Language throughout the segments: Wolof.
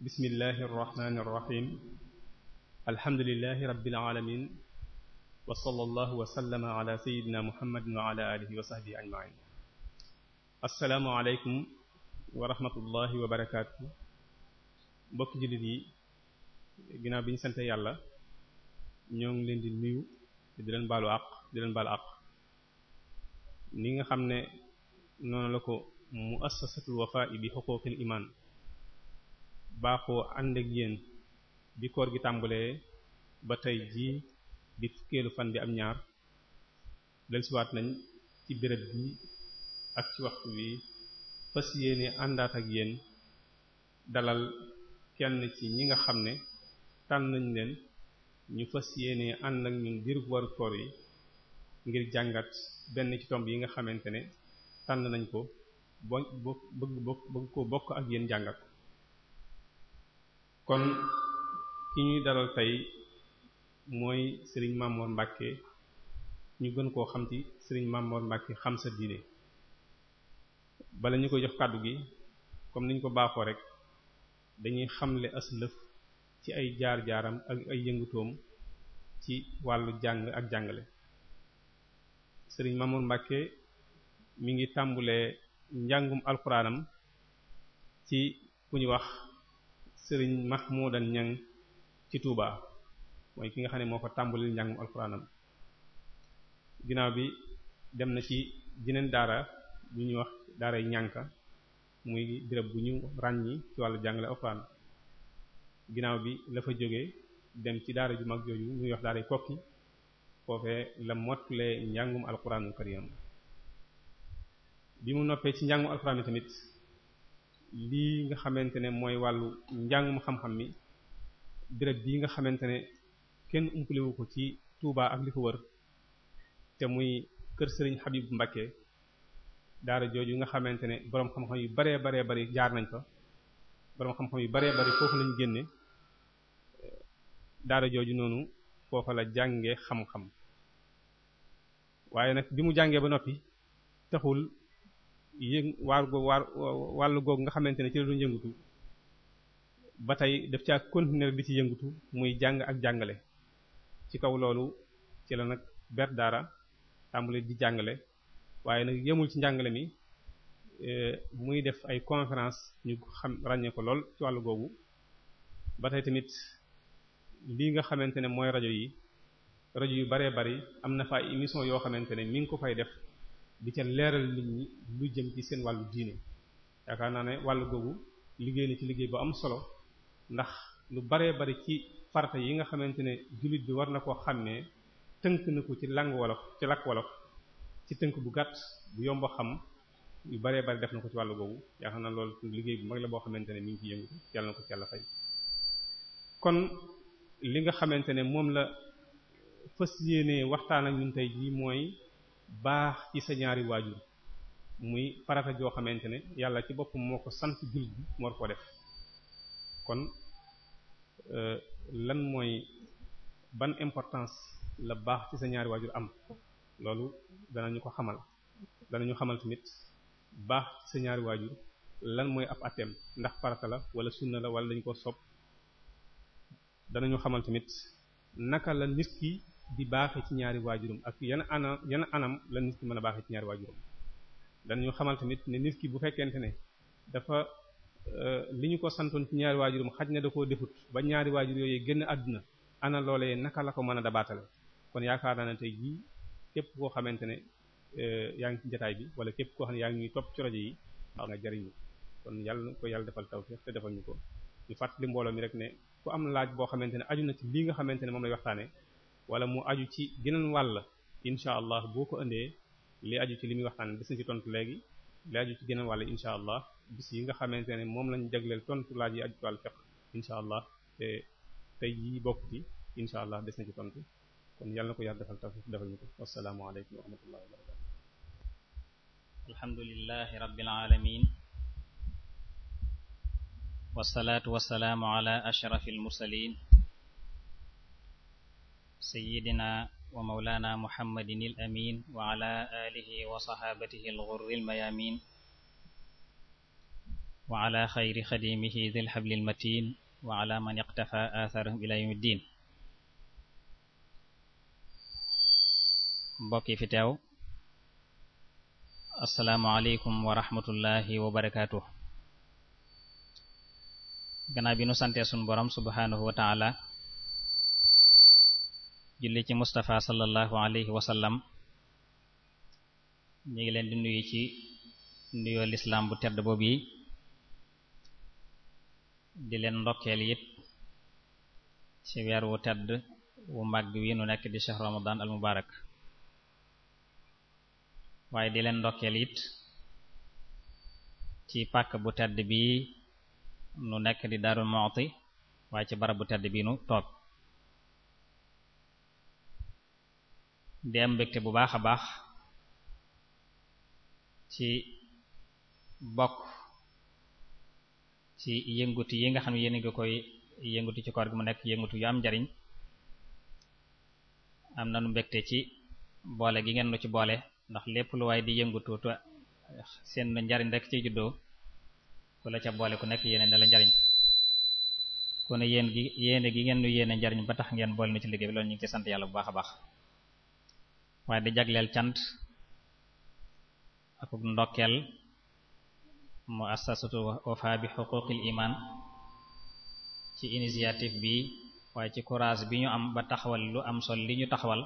bismillahi arrahmani irrahim alhamdulilahi rabilalamin wasala allahu wasallama ala seyidina muhammadin wa ala alihi wa sahbihi ajmain assalaamu aleykum wa rahmatullahi wa barakatuh mbokk jullit yi ginnaaw bi ñu sante yàlla ñoo ngi leen di nuyu di leen baalu àq di leen baalu àq ni nga xam ne noonu la ko muassasatul wafa'i bi xuquqil iman baaxoo ànd ak yéen bi koor gi tàmbalee ba tey jii di fukkeelu fan bi am ñaar dellusiwaat nañ ci béréb bi ak ci waxtu wi fas yéene àndaat ak yéen dalal kenn ci ñi nga xam ne tànn nañ leen ñu fës yéene ànd ak ñun diiru waru koor yi ngir jàngat benn ci tomb yi nga xamante ne tànn nañ ko bo bëgg bëgg ko bokk ak yéen jàngat ko kon ki ñuy dalal tey mooy sëriñ Mamor Mbàkke ñu gën koo xam ci sëriñ Mamor Mbàkke xam sa diine bala ñu ko jox kàddu gi comme niñ ko baaxoo rek dañuy xamle aslëf ci ay jaar-jaaram ak ay yëngutoom ci wàllu jàng ak jàngale sëriñ Mamour Mbacke mu ngi tàmbulee njàngum alxuraanam ci ku ñu wax sëriñ Mahmoudan Niang ci Touba mooy ki nga xam ne moo ko tàmbalil njàngum alxuraanam ginnaaw bi dem na ci jeneen daara bu ñuy wax daaray ñànka muy béréb bu ñu ràññi ci wàllu jàngale alxuraan ginnaaw bi la fa jógee dem ci daara ju mag jooju muy wax daaray kokki foofee la mottalee njàngum alxuraanul karim bi mu noppee ci njàngum alxuraan tamit lii nga xamante ne mooy wàllu njàngum xam-xam mi béréb bii nga xamante ne kenn umpalewu ko ci tuubaa ak li ko wër te muy kër Serigne Habib Mbacké daara jooju nga xamante ne borom xam-xam yu baree baree bari jaar nañ fa borom xam-xam yu baree bari foofu lañu génne daara jooju noonu foofa la jànge xam-xam waaye nag bi mu jàngee ba noppi taxul. yëg waar googu waar nga xamante ne ci la doon ba tey daf caa continuer bi ci yëngatu muy jàng ak jàngale ci kaw loolu ci la nag ber daara tàmbali di jàngale waaye nag yëmul ci njàngale mi e, muy def ay conférence ñu xam ràññee lool ci wàllu googu ba tey tamit lii nga xamante ne mooy rajo yi rajo yu baree bari am na fa ay émission yoo xamante ne mi ngi ko fay def di ca leeral nit ñi lu jëm ci seen wàllu diine yaakaar naa ne wàllu googu liggéey na ci liggéey bu am solo ndax lu baree bari ci farata yi nga xamante ne jullit bi war na koo xàmmee tënk na ko ci lang wolof ci lakk wolof ci tënk bu gàtt bu yomb xam yu baree bari def na ko ci wàll googu yaakaar naa loolu liggéey bu mag la boo xamante ne mi ngi ci yëngu yàlla na ko ci yàlla fay kon li nga xamante ne moom la fas yéenee waxtaan ak ñun tey jii mooy. baax ci sa ñaari waajur muy farata joo xamante ne yàlla ci boppam moo ko sant jullit bi moo ko def kon euh, lan mooy ban importance la baax ci sa ñaari waajur am loolu danañu ko xamal dana danañu xamal tamit baax ci sa ñaari waajur lan mooy ab atem ndax farata la wala sunna la wala dañu ko sopp danañu xamal tamit naka la nit ki di baaxe ci ñaari waajuram ak yan anam yan anam la nit ki mën a baaxe ci ñaari waajuram dañu xamal tamit ne nit ki bu fekkente ne dafa euh, li ñu ko santoon ci ñaari waajuram xaj na da koo defut ba ñaari waajur yooyu génn àdduna ana loolee naka la ko mën a dabaatale kon yaakaar na na tey jii képp koo xamante ne euh, yaa ngi ci jotaay bi wala képp koo xam ne yaa ngi ñuy topp ci rajo yi waaw nga jariñu kon na ko yàlla defal tawfiq te defal ñu ko ñu fàttali mbooloo mi rek ne ku am laaj boo xamante ne aju na ci lii nga xamante ne moom lay waxtaane wala mu aju ci geneen wàll incha allah boo ko indee li aju ci li muy waxtaan bis na ci tontu léegi li aju ci geneen wàll incha allah bis yi nga xamante ne moom lañ jagleel tontu laaj yi aju ci wàllu fiqh incha allah te tey yi bokk ci incha allah des na ci tontu kon yàlla na ko yàlla defal tawfiq defal ñu ko wassalaamu aleykum wa rahmatullahi wa barakatuh alhamdulillahi rabbil alamin wasalaatu wasalaamu ala ashrafil mursalin سيدنا ومولانا محمد الأمين وعلى آله وصحابته الغر الميامين وعلى خير خديمه ذي الحبل المتين وعلى من اقتفى آثارهم إلى يوم الدين mbokki fi teew asalaamaaleykum wa rahmatullahi wa barakaatu gannaaw bi nu sante sun borom subhaanahu wa taala julli ci Mustafa sallallahu alayhi wa sallam ñu ngi leen di nuyu ci nuyoo lislaam bu tedd boobu yi di leen ndokkeel it ci weer wu tedd wu mag wi nu nekk di shahr ramadan al mubarak waaye di leen ndokkeel it ci pàkk bu tedd bi nu nekk di Darou Moukhty waaye ci barab bu tedd bii nu toog di am mbégte bu baax a baax ci bokk ci yëngutu yi nga xam ne yéen a ngi koy yëngutu ci koor gi mu nekk yëngutu yu am njariñ am na nanu mbégte ci boole gi ngeen nu ci boole ndax lépp lu waaye di yëngutu te seen njariñ rek ci juddoo ku la ca boole ku nekk yéene na la njariñ kon yéen gi yéene gi ngeen nu yéene njariñ ba tax ngeen boole nu ci liggéey bi loolu ñu ngi ci sant yàlla bu baax a baax waaye di jagleel cant akub ndokkeel mu assasatu Wafa bi xuquqil iman ci initiative bi waaye ci courage bi ñu am ba taxawal lu am sol li ñu taxawal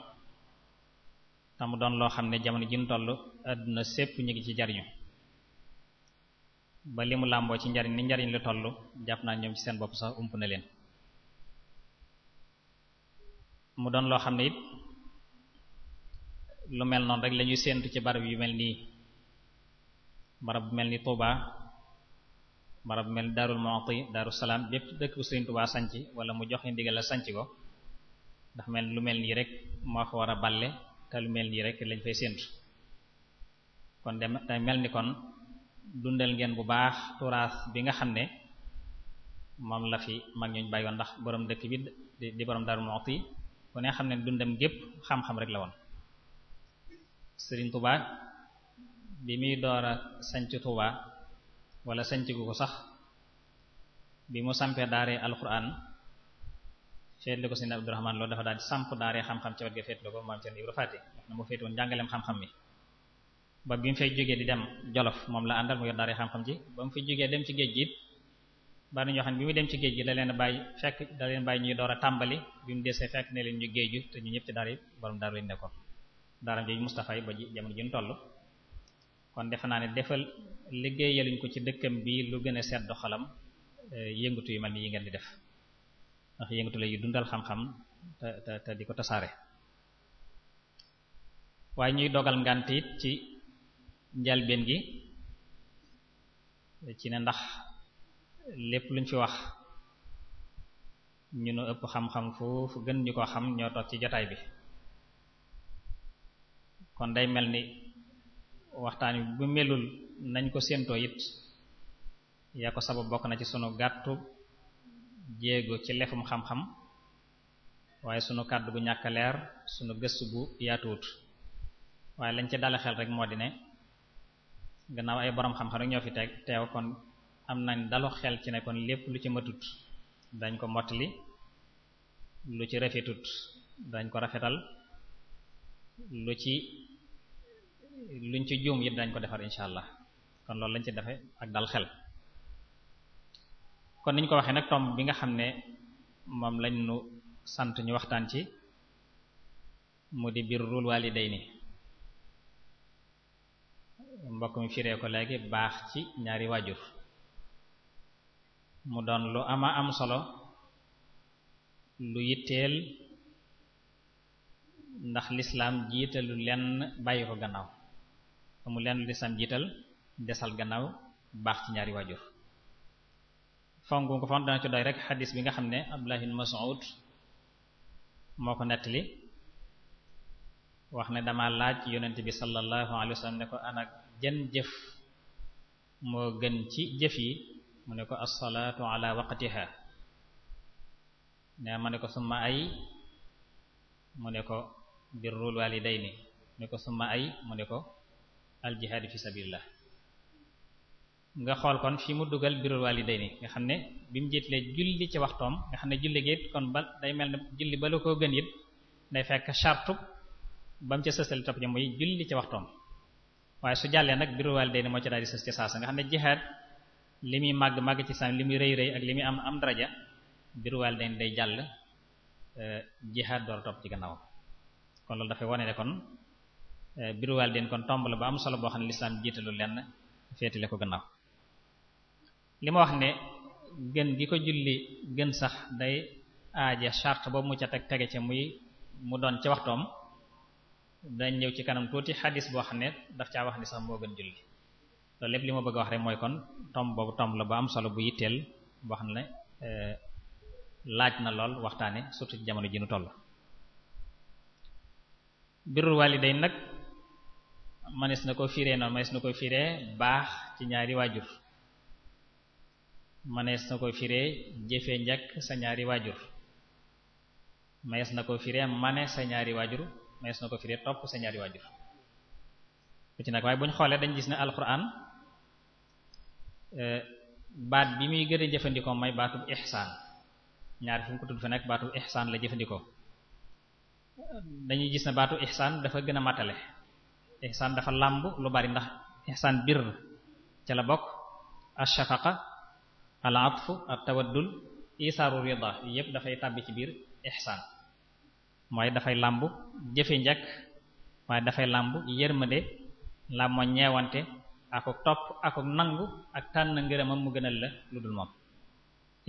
te mu doon loo xam ne jamono ji ñu toll àdduna sépp ñu ngi ci jariñu ba li mu làmboo ci njariñ ni njariñ lu toll jàpp naa ñoom ci seen bopp sax ump na leen mu doon loo xam ne it lu mel noonu rek lañuy séentu ci barab yu mel nii barab bu mel ni Touba barab bu mel ni Darou yi Darou Salam bépp dëkk bu Serigne Touba sanc wala mu joxe ndigal la sanc ko ndax mel lu mel nii rek moo ko war a balle te lu mel lañ fay séentu kon dem day mel ni kon dundal ngeen bu baax turaas bi nga xam ne moom la fi mag ñu bàyyoon ndax boroom dëkk bi di borom Darou yi ku ne xam ne dundam gépp xam-xam rek la woon Serigne Touba bi muy door a sanc Touba wala sanc gu ko sax bi mu sampee daaree alquran feetli ko Serigne Abdourahmane loolu dafa daal di samp daaree xam-xam ca wet ga feetli ko moom Serigne Ibra Faty na mu feetu woon njàngaleem xam-xam mi ba bi mu fay jógee di dem Jolof moom la àndal mu yor daaree xam-xam ci ba mu fi jógee dem ci géej gi it bari na ñoo xam ne bi mu dem ci géej gi da leen bàyyi fekk da leen bàyyi ñuy door tàmbali bi mu desee fekk ne leen ñu géeju te ñu ñëpp ci dara yi borom dara lañ daaram jooju Moustapha yi ba jamono ji ñu toll kon defe naa ne defal liggéeyaluñ ko ci dëkkam bi lu gën a sedd xolam eh, yëngatu yi mel ni yi ngeen di def ndax yëngatu la yu dundal xam-xam te te di ko tasaare waaye ñuy dogal ngant it ci njalbeen gi ci ne ndax lépp luñ fi wax ñu nu ëpp xam-xam foofu gën ñu ko xam ñoo toog ci jotaay bi kon day mel ni waxtaan wi bu melul nañ ko séentoo it yaa ko sabab bokk na ci sunu gàttu jéego ci lefum xam-xam waaye sunu kàddu gu ñàkk leer sunu gëstu bu yaatuwut waaye lañ ci dale xel rek moo di ne gannaaw ay boroom xam-xam rek ñoo fi teg teew kon am nañ dalu xel ci ne kon lépp lu ci matut dañ ko mottali lu ci rafetut dañ ko rafetal lu ci luñ ci juum it dañ ko defar incha allah kon loolu lañ ci defe ak dal xel kon niñ ko waxee nag tomb bi nga xam ne moom lañ nu sant ñu waxtaan ci mu di birrul walidayni mbokk mi firee ko léegi baax ci ñaari waajur mu doon lu ama am solo lu yitteel ndax lislaam jiitalu lenn bàyyi ko gannaaw amul lenn lislam jiital desal gannaaw baax ci ñaari waajur fonk ko fonk dana ci doy rek bi nga xam ne Abdullah ibn Mas'ud moo ko nettali wax ne dama laaj yonent bi sallallahu alayhi ko ana jën jëf gën ci jëf yi mu ne ko as-salaatu ala waqtiha ne ma ne ko summa ay mu ne ko birrul walidayni ne ko summa ay mu ne ko aljihaadi fi sabilillah nga xool kon fi mu dugal birul walidayni nga xam ne bi mu jiitlee julli ci waxtoom nga xam ne julli gi kon ba day mel ne julli ba lu ko gën it day fekk chartu ba mu ca sësali topp ja muy julli ci waxtoom waaye su jàllee nag birul walidayni moo ci daal di sës ci saasa nga xam ne jihaad li muy màgg màgg ci sam li muy rëy rëy ak li muy am am daraja birul walidayni day jàll euh, jihaad door topp ci gannaaw kon loolu dafay Eh, biru waalideen kon tomb la ba am solo boo xam ne lislaam jiitalu lenn féetale ko gannaaw li ma wax ne gën gi ko julli gën sax day aaja charte boobu mu ca teg tege ca muy mu doon ci waxtoom dañ ñëw ci kanam tuuti xadis boo xam ne daf caa wax ni sax moo gën julli loolu lépp li ma bëgg a wax rek mooy kon tomb boobu tomb la ba am solo bu yitteel boo xam ne eh, laaj na lool waxtaane surtout jamono ji nu toll birul walidayn nag manees na ko firee noonu manees na ko firee baax ci ñaari waajur manees na ko firee jëfe njëkk sa ñaari waajur manees na ko firee mane sa ñaari waajur manees na ko firee topp sa ñaari waajur ku nag waaye bu ñu xoolee dañ gis ne alxuraan eh, baat bi muy gën a jëfandikoo may baatub ixsaan ñaar fu mu ko tudd fa nekk baatub ixsaan la jëfandikoo dañuy gis ne baatu ixsaan dafa gën a matale ihsaan dafa làmb lu bari ndax ihsaan bir ca la bokk ash-shafaqa al-atf at-tawaddul isaaru rida yëpp dafay tàbbi ci biir ihsaan mooy dafay làmb jëfe njëkk waaye dafay làmb yërmande làmb moo ñeewante ak topp ak nangu ak tànn ngërëmam mu gënal la lu dul moom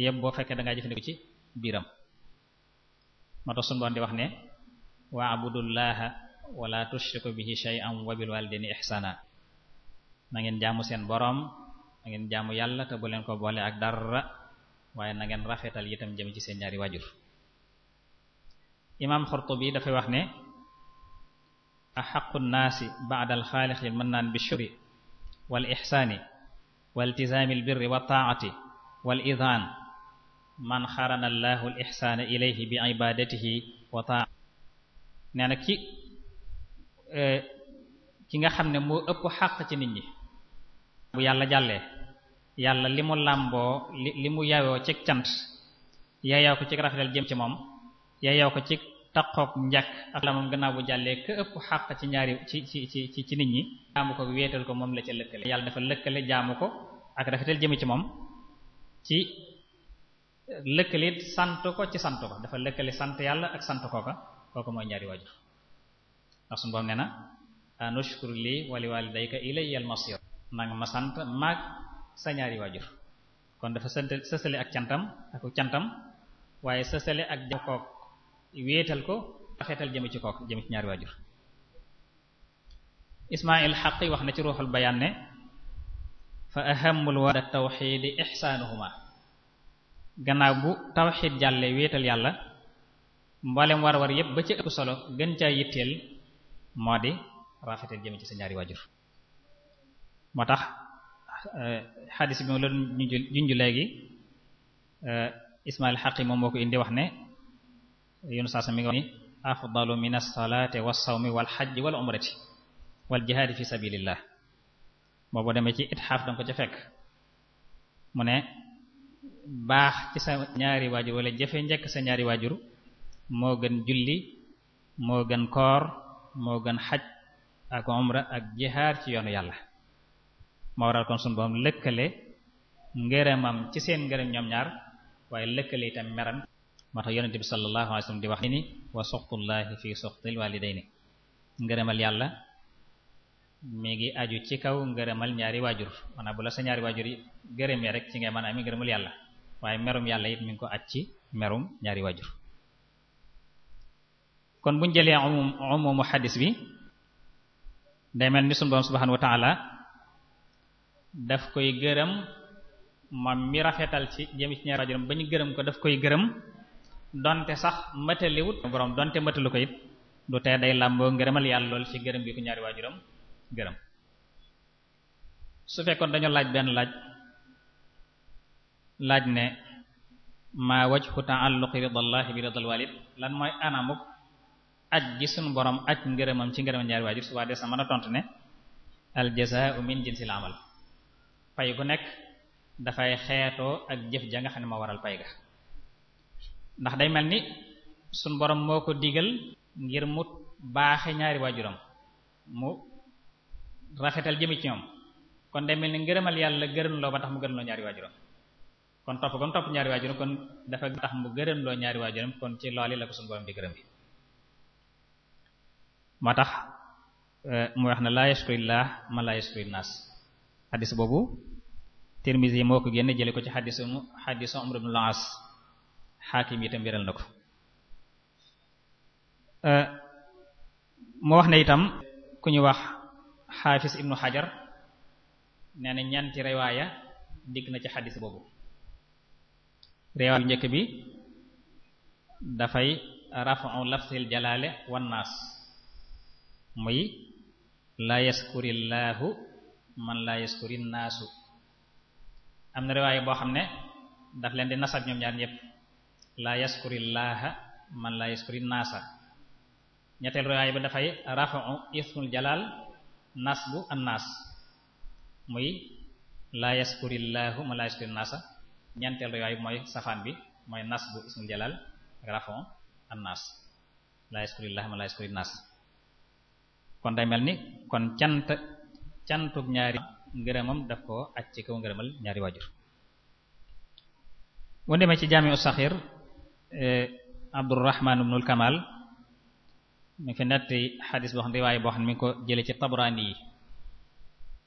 yëpp boo fekkee da ngaa jëfandikoo ci biiram moo tax sunu di wax ne wa abudullaha wala tushriku bi shay'an wa bil walidayni ihsana na ngeen jaamu seen boroom na ngeen jaamu yàlla te bu ko boole ak dara waaye na ngeen rafetal itam jëm ci sen ñaari wajur imaam Xurtubi dafay wax ne axaqu nnaasi ba'da alxaaliqi almannaan bishukri wal ixsaani waltizaami albirri wa taa'ati wal idaan man xarana allahu alixsaana ilayhi bi ibaadatihi wa taa'ati nee na ki Euh, ki nga xam ne moo ëpp xàq ci nit ñi bu yàlla jàllee yàlla li mu làmboo li li mu yaayoo ci cant yayoo ko ci rafetal jëm ci moom yayoo ko ci taqoog njàkk ak la moom gannaaw bu jàllee ka ëpp xàq ci ñaari ci ci ci nit ñi jaamu ko weetal ko moom la ca lëkkale yàlla dafa lëkkale jaamu ko ak rafetal jëm ci moom ci lëkkale sant ko ci sant ko dafa lëkkale sant yàlla ak sant kooka kooka mooy ñaari waajur ndax suñu boom nee na anushkur ah, lii wali walidayka ilayyal masir nanga ma sant maag sa ñaari waajur kon dafa sant sësale ak cantam ak cantam waaye sësale ak jëm ko xeetal jëme ci kook jëme ci ñaari waajur ismail xaqi wax na ci ruuxul bayaan ne fa ahamul wada tawxidi war yépp ba ci ëpp solo gën caa yitteel moo di rafetal jëme ci sa ñaari waajur moo tax eh, xadis bi loolu junju léegi eh, Ismail Xaqi moom moo ko indi wax ne yonu saasa mi ngi wax ni afdalu min as-salati was-sawmi wal-hajji wal-umrati wal-jihadi fi sabilillah boobu demee ci itxaaf danga ko ca fekk mu ne baax ci sa ñaari waajur wala jëfe njëkk sa ñaari waajur moo gën julli moo gën koor moo gën xaj ak umra ak jihaar ci yoonu yàlla moo waral kon sunu borom lëkkale ngërëmam ci seen ngërëm ñoom ñaar waaye lëkkale itam meram moo tax yonente bi sallallahu alayhi wasallam di wax ni wa suxtullahi fi suxtil walidayni ngërëmal yàlla mi ngi aju ci kaw ngërëmal ñaari waajur maanaam bu la sa ñaari waajur yi gërëmee rek ci ngay mën a ami ngërëmul yàlla waaye merum yàlla it mi ngi ko aj ci merum ñaari waajur kon bu buñ jëlee umum umumu xadis bi day mel ni sunu borom subhanahu wa ta'ala daf koy gërëm moom mi rafetal ci jëm ci ñaar waajuram ba ñu gërëm ko daf koy gërëm donte sax mataliwut borom donte matalu ko it du tee day làmboo ngërëmal yàlla lool ci gërëm gi ko ñaari waajuram gërëm su fekkoon dañu laaj benn laaj laaj ne ma wajhu ta'alluqi ridallahi bi ridal walid lan mooy anamuk aj gi suñu borom aj ngërëmam ci ngërëma ñaari waajur subaa des na mën a tontu ne al jazaa'u jinsil amal pay gu nekk dafay xeetoo ak jëf janga xam ne ma waral pay ga ndax day mel ni suñu borom moo ko digal ngir mu baaxe ñaari waajuram mu rafetal jëmi ci ñoom kon day mel ni ngërëmal yàlla gërëm loo ba tax mu gërëm loo ñaari waajuram kon topp gam topp ñaari waajuram kon dafa tax mu gërëm loo ñaari waajuram kon ci loolu la ko suñu borom di bi ma tax euh, mu wax ne laa yashkurillah ma laa yashkurin nas xaddis boobu Tirmizi moo ko génne jële ko ci xaddisu xaddisu Amr ibn al-As xaakim itam wéral na ko euh, mu wax ne itam ku ñu wax xaafis ibnu xajar nee na ñanti riwaaya digg na ci xaddis boobu riwaaya njëkk bi dafay rafu lafsil jalaale wan naas muy laa yaskurillaahu man laa yaskuri naasu am na riwaaya boo xam ne daf leen di nasab ñoom ñaar ñëpp laa yaskurillaaha man laa yaskuri naasa ñetteel bi dafay rafa'u ismul jalal nasbu an naas muy laa yaskurillaahu man laa yaskuri naasa ñeenteel bi mooy safaan bi mooy nasbu ismul jalal rafa'u an naas laa yaskurillaaha man laa yaskuri kon day mel ni kon cant cantug ñaari ngërëmam daf koo aj ci kaw ngërëmal ñaari waajur bu demee ci jaamiu saxir e, abdurrahman ibnul kamal mi fi netti xadis boo xam riwaay boo xam ne mi ko jële ci tabraani yi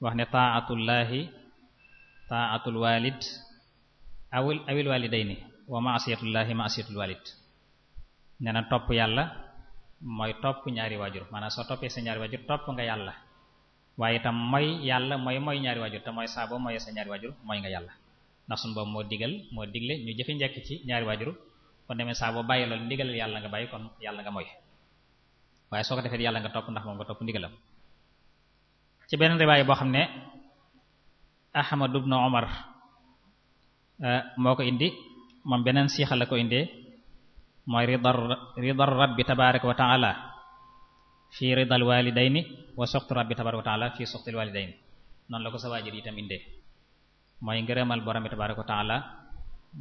wax ne taatullahi taatul walid awil awil walidayni wa maasiyatullahi maasiyatul walid topp yàlla mooy topp ñaari waajur maanaam soo toppee sa ñaari waajur topp nga yàlla waaye itam mooy yàlla mooy mooy ñaari waajur te mooy saa boo mooyee sa ñaari waajur mooy nga yàlla ndax suñu boobu moo diggal moo digle ñu jëfe njekk ci ñaari waajur kon demee saa boo bàyyi ndigal yàlla nga bàyyi kon yàlla nga waaye soo ko defee yàlla nga topp ndax moom nga topp ndigalam ci benn riwaay boo xam ne Ahmad ibn Umar eh, moo ko indi moom beneen siixa la ko indee mooy ridar ridar rabbi tabaraka wa taala fi ridal walidayni wa suxtu rabbi tabaraka wa taala fi suxtil walidayni noonu la ko sa waajur itam indee mooy ngërëmal borom bi tabaraka wa taala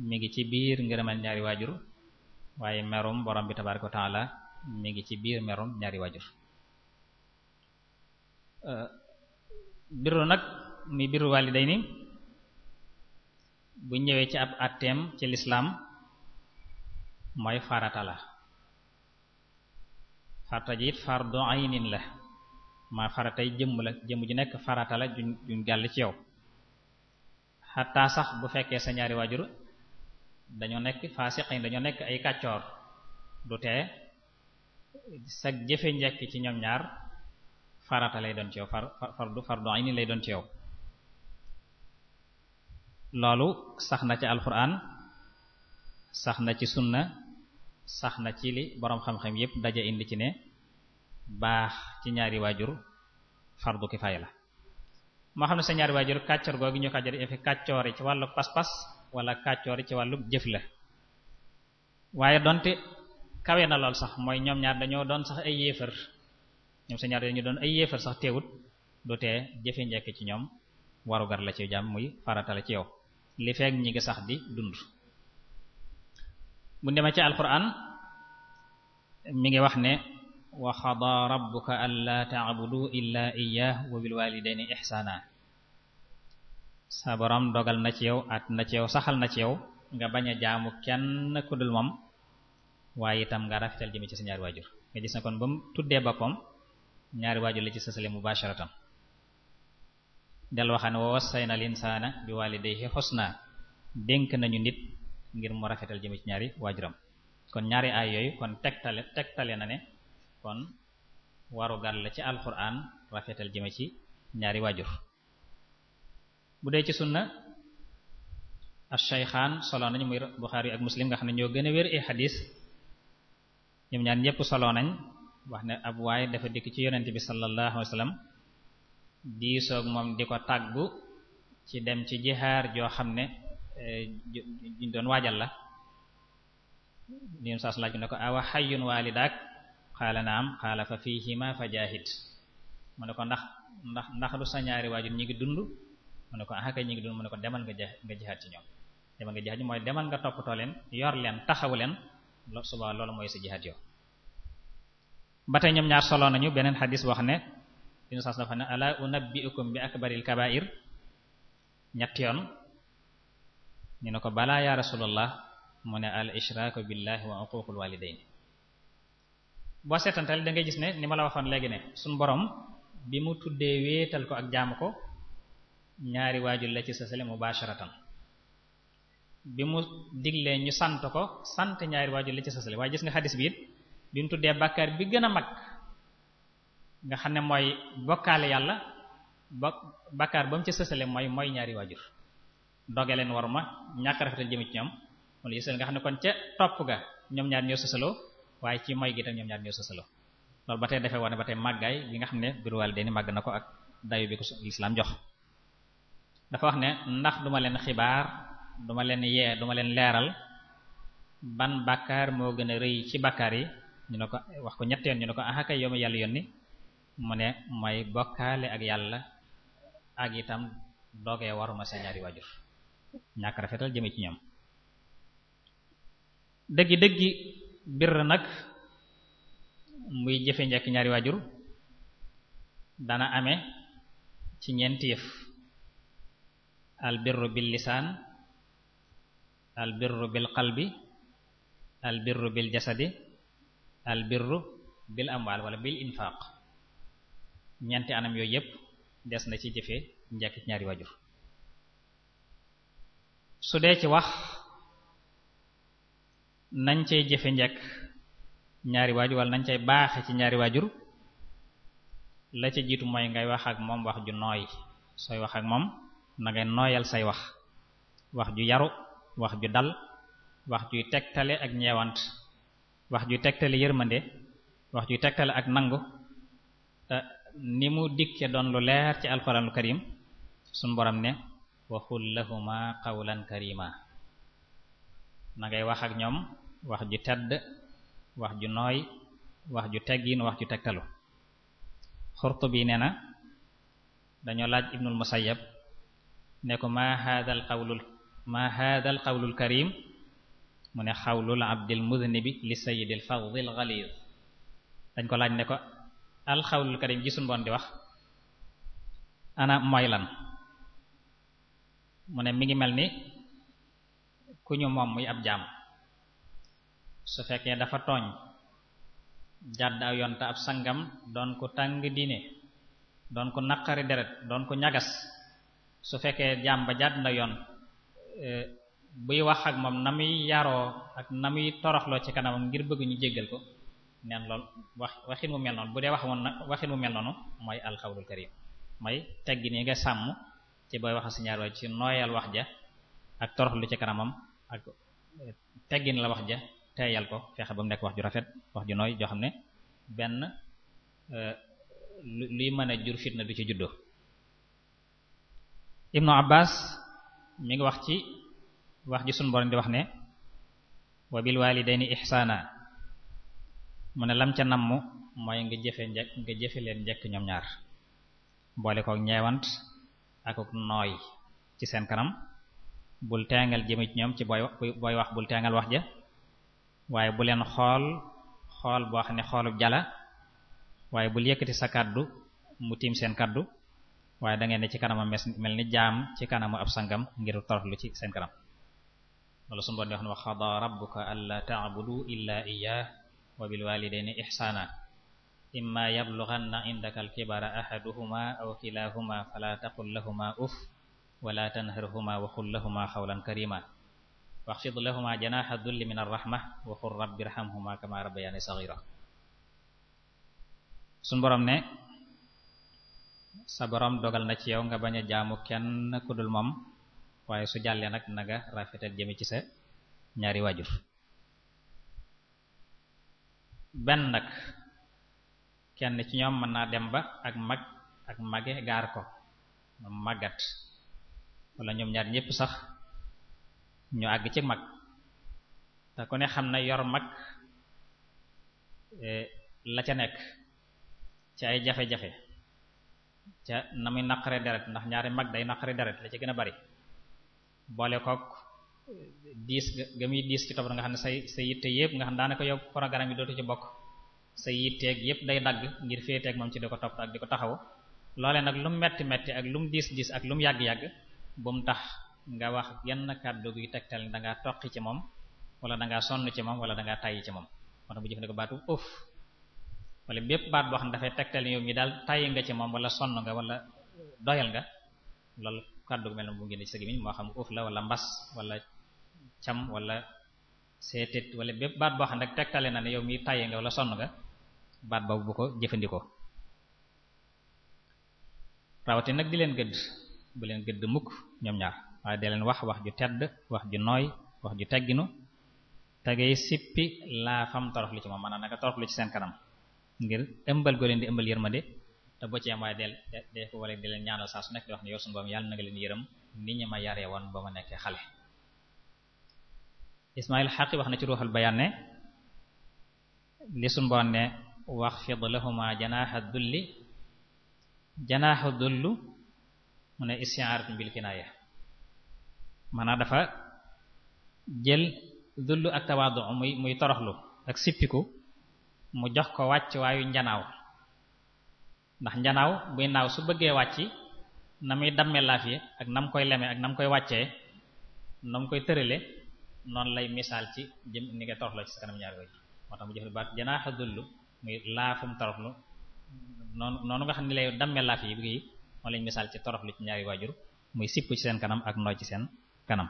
mi ngi ci biir ngërëmal ñaari waajur waaye bi tabaraka mi ngi ci biir merum ñaari waajur biru nag mi biru walidayni bu ñëwee ci ab atteem ci lislaam mooy farata la farata ji fardon fardu aynin la maa faratay jëmm la jëmm ju nekk farata la juñ juñ gàll ci yow xataa sax bu fekkee sa ñaari waajur dañoo nekk faasiqin dañoo nekk ay kàccoor du tee sa jëfe njekk ci ñoom ñaar farata lay doon ci yow far fardu fardu ayni lay doon ci yow loolu sax na ci alquran sax na ci sunna sax na ci li boroom xam-xam yépp daje indi ci ne baax ci ñaari waajur fardu fay la moo xam ne sa ñaari waajur kàccoor googu ñu kàccoor yi kàccoor ci wàllu pas-pas wala kàccoor ci wàllu jëf la waaye donte kawe na lool sax mooy ñoom ñaar dañoo doon sax ay yéefar ñoom sa ñaar dañu doon ay yéefar sax teewut du tee jëfe njekk ci ñoom warugar la ci jàmm muy farata la ci yow li feek ñi ngi sax di dund bu demee ci alquran mi ngi wax ne wa xadaa rabbuka alla ta'budu illa iyyah wa bil walidayni ihsana sa borom dogal na ci yow at na ci yow saxal na ci yow nga bañ a jaamu kenn ku dul moom waaye itam nga rafetal jëme ci sa ñaari waajur nga gis na kon ba tuddee boppam ñaari waajur la ci sësale mubasharatan del waxaan wa wassayna al insana bi walidayhi husna dénk nañu nit ngir mu rafetal jëme ci ñaari waajuram kon ñaari aay yooyu kon tegtale tegtale na ne kon warugar la ci alquran rafetal jëme ci ñaari waajur bu dee ci sunna ash-shaykhaan solo nañu muy Bukhari ak Muslim nga xam ne ñoo gën a wér ay xadis ñoom ñaar ñëpp solo nañ wax ne ab waaye dafa dikk ci yonent bi sallallahu alayhi diisoog moom di ko tàggu ci dem ci jihaar joo xam ne Eh, juñ doon waajal la neen saas laaj ne ko awa xayyun waalidaak xaala naam xaala fa fiihima fa jaahid mu ne ko ndax ndax ndax du sa ñaari waajur ñi ngi dund mu ne ko ah kay ñi ngi dund mu ne ko demal nga ja nga jihaat ci ñoom demal nga jihaat mooy demal nga toppatoo leen yor leen taxawu leen suba loolu mooy si jihaat yow. ba tey ñoom ñaar solo nañu beneen xadis wax ne dina saas dafa ne ala unabbi'ukum bi akbaril kabaa'ir ñett yoon. ñu ne ko balaa ya rasulallah mu ne al ishraaku billahi wa uququl walidayn boo seetantal da ngay gis ne ni ma la waxoon léegi ne suñu borom bi mu tuddee wéetal ko ak jaamu ko ñaari waajur la ci sasale mubasharatan bi mu diglee ñu sant ko sant ñaari waajur la ci sasale waaye gis nga xadis bi it bi mu tuddee bàkkaar bi gën a mag nga xam ne mooy bokkaale yàlla ba bàkkaar ba mu ci sësale mooy mooy ñaari waajur doge leen war ma ñàkk rafetal jëme ci ñoom wala yësal nga xam ne kon ca topp ga ñoom ñaar ñoo sësaloo waaye ci moy gi tam ñoom ñaar ñoo sësaloo loolu ba tey dafay wane ba tey màggaay gi nga xam ne biru waalidayni màgg na ko ak dayu bi ko lislaam jox dafa wax ne ndax duma leen xibaar duma leen yee duma leen leeral ban bàkkaar moo gën a rëy ci bàkkaar yi ñu ne ko wax ko ñett yoon ñu ne ko ah kay yow yàlla yónni mu ne mooy bokkaale ak yàlla ak itam waruma sa ñàkk rafetal jëme ci ñoom dëggi dëggi bir nag muy jëfe njekk ñaari waajur dana ame ci ñeenti yëf al birru bil lisaan al birru bil qalbi al birru bil jasadi al birru bil amwaal wala bil infaaq ñeenti anam yooyu yëpp des na ci jëfe njekk ñaari waajur su dee ci wax nañ cay jëfe njekk ñaari waajur wala nañ cay baaxe ci ñaari waajur la ca jiitu mooy ngay wax ak moom wax ju nooy sooy wax ak moom na nooyal say wax wax ju yaru wax ju dal wax juy tegtale ak ñeewant wax juy tegtale yërmande wax juy tegtale ak nangu eh, ni mu dikke doon lu leer ci alxuraanul karim sunu borom ne waxul lahuma qawlan karima na ngay wax ak ñoom wax ju tedd wax ju nooy wax ju teg teggin wax ju tegtalu Xurtubi nee na dañoo laaj Ibnul Musayyab ne ko ma haadal qawlul ma haadal qawlul karim mu ne xawlul abdil mudnibi li sayyidil fadhil ghaliz dañ ko laaj ne ko al qawlul karim ji suñu boon wax ana mooy lan mu ne mu ngi mel ni ku ñu moom muy ab jàmm su fekkee dafa tooñ jàdd aw yoon te ab sangam doon ko tàng diine doon ko naqari deret doon ko ñagas su fekkee jaam ba jàdd na yoon e, buy wax ak moom na muy yaroo ak na muy toroxloo ci kanamam ngir bëgguñu ñu jéggal ko neen lool wax waxin mu mel noonu bu dee wax woon na waxin mu mel noonu mooy alxawlul karim mooy teggi nii nga sàmm ci booy waxal si ñaar waay ci nooyal wax ja ak toroxlu ci kanamam ak teggin la wax ja teyal ko fexe ba mu nekk wax ju rafet wax ju nooy jox xam ne benn euh, luy mën a jur fitna du ci juddoo Ibnu Abbas mi ngi wax ci wax ji sunu borom di wax ne wa bil walidayni ihsana mu ne lam ca namm mooy nga jëfe njekk nga jëfe leen njekk ñoom ñaar boole koog ñeewant akuk nooy ci seen kanam bul teengal jëme ci ñoom ci booy wax bul teengal wax ja waaye bu leen xool xool boo xam ne xoolub jala waaye bul yëkkati sa kaddu mu tiim seen kaddu waaye da ngeen ne ci kanamam mel ni jaam ci kanamu ab sangam ngir torotlu ci seen kanam loolu sunu boon di wax ne wa qada rabbuka wa bil walidayni ihsana imma yablughanna indaka al-kibara ahaduhuma aw kilahuma fala taqul lahuma uff wala tanharhuma wa lahuma qawlan karima waxfid lahuma janaha dhulli min ar-rahma wa rabbi irhamhuma kama rabbayani saghira suñ borom ne sa borom dogal na ci yow nga bañ a jaamu kenn ku dul moom waaye su jàllee nag naga rafetal jëme ci sa ñaari waajur benn nag kenn ci ñoom mën naa dem ba ak mag ak mage gaar ko moom màggat wala ñoom ñaar ñépp sax ñu àgg ci mag te ku ne xam na yor mag eh, la ca nekk ca ay jafe-jafe ca na muy naqare deret ndax ñaari mag day naqare deret la ca gën a bari boole kook eh, diis ga muy diis ci topp nga xam ne sa say yitte yépp nga xam daanaka yow programme yi dootu ci bokk sa yitteeg yépp day dagg ngir féeteeg moom ci di ko topp ak di ko taxaw loole nag lu mu metti metti ak lu mu diis diis ak lu mu yàgg-yàgg bu mu tax nga wax yenn kàddu gi tegtal ni da ci moom wala da ngaa ci moom wala da ngaa ci moom moo tax bu jëfandikoo baatu ëf wala bépp baat boo xam ne dafay tegtal yow mi daal tàyyi nga ci moom wala sonn nga wala doyal nga loolu kàddu mel ne bu ngeen ci sa moo xam ëf la wala mbas wala cam wala seetit wala bépp baat boo xam ne tegtale na ne yow mi tàyyi nga wala sonn nga baat boobu bu ko jëfandikoo rawati nag di leen gëdd bu leen gëdd mukk ñoom ñaar waaye di leen wax wax ju tedd wax ju nooy wax ju tegginu tegay sippi laa fam toroxlu ci moom maanaam naka toroxlu ci seen kanam ngir ëmbal goo leen di ëmbal de te boo am waaye del de ko wala di leen ñaanal saa su nekk di wax ne yow suñu boom yàlla leen yërëm ni ñu ma yaree woon ba ma nekkee xale Ismail Xaqi wax na ci ruuxal bayaan ne li suñu ne waxfid lahuma janaaxa dulli janaaxa dullu mu ne isti'aratun bil kinaaya maanaam dafa jël dullu ak tawaadu muy muy toroxlu ak sippiku mu jox ko wàcc waayu njanaaw ndax njanaaw buy naaw su bëggee wàcc na muy damme laafiya ak nam koy leme ak nam koy wàccee nam koy tërale noonu lay misaal ci jëm ni nga toroxloo ci sa kanam ñaar yooyu moo tax mu jëf baat janaaxa dullu muy laafum toroxlu noonu nga xam ne lay damme laaf yi bi moo lañ misaal ci toroxlu ci ñaari waajur muy sipp ci seen kanam ak nooy ci seen kanam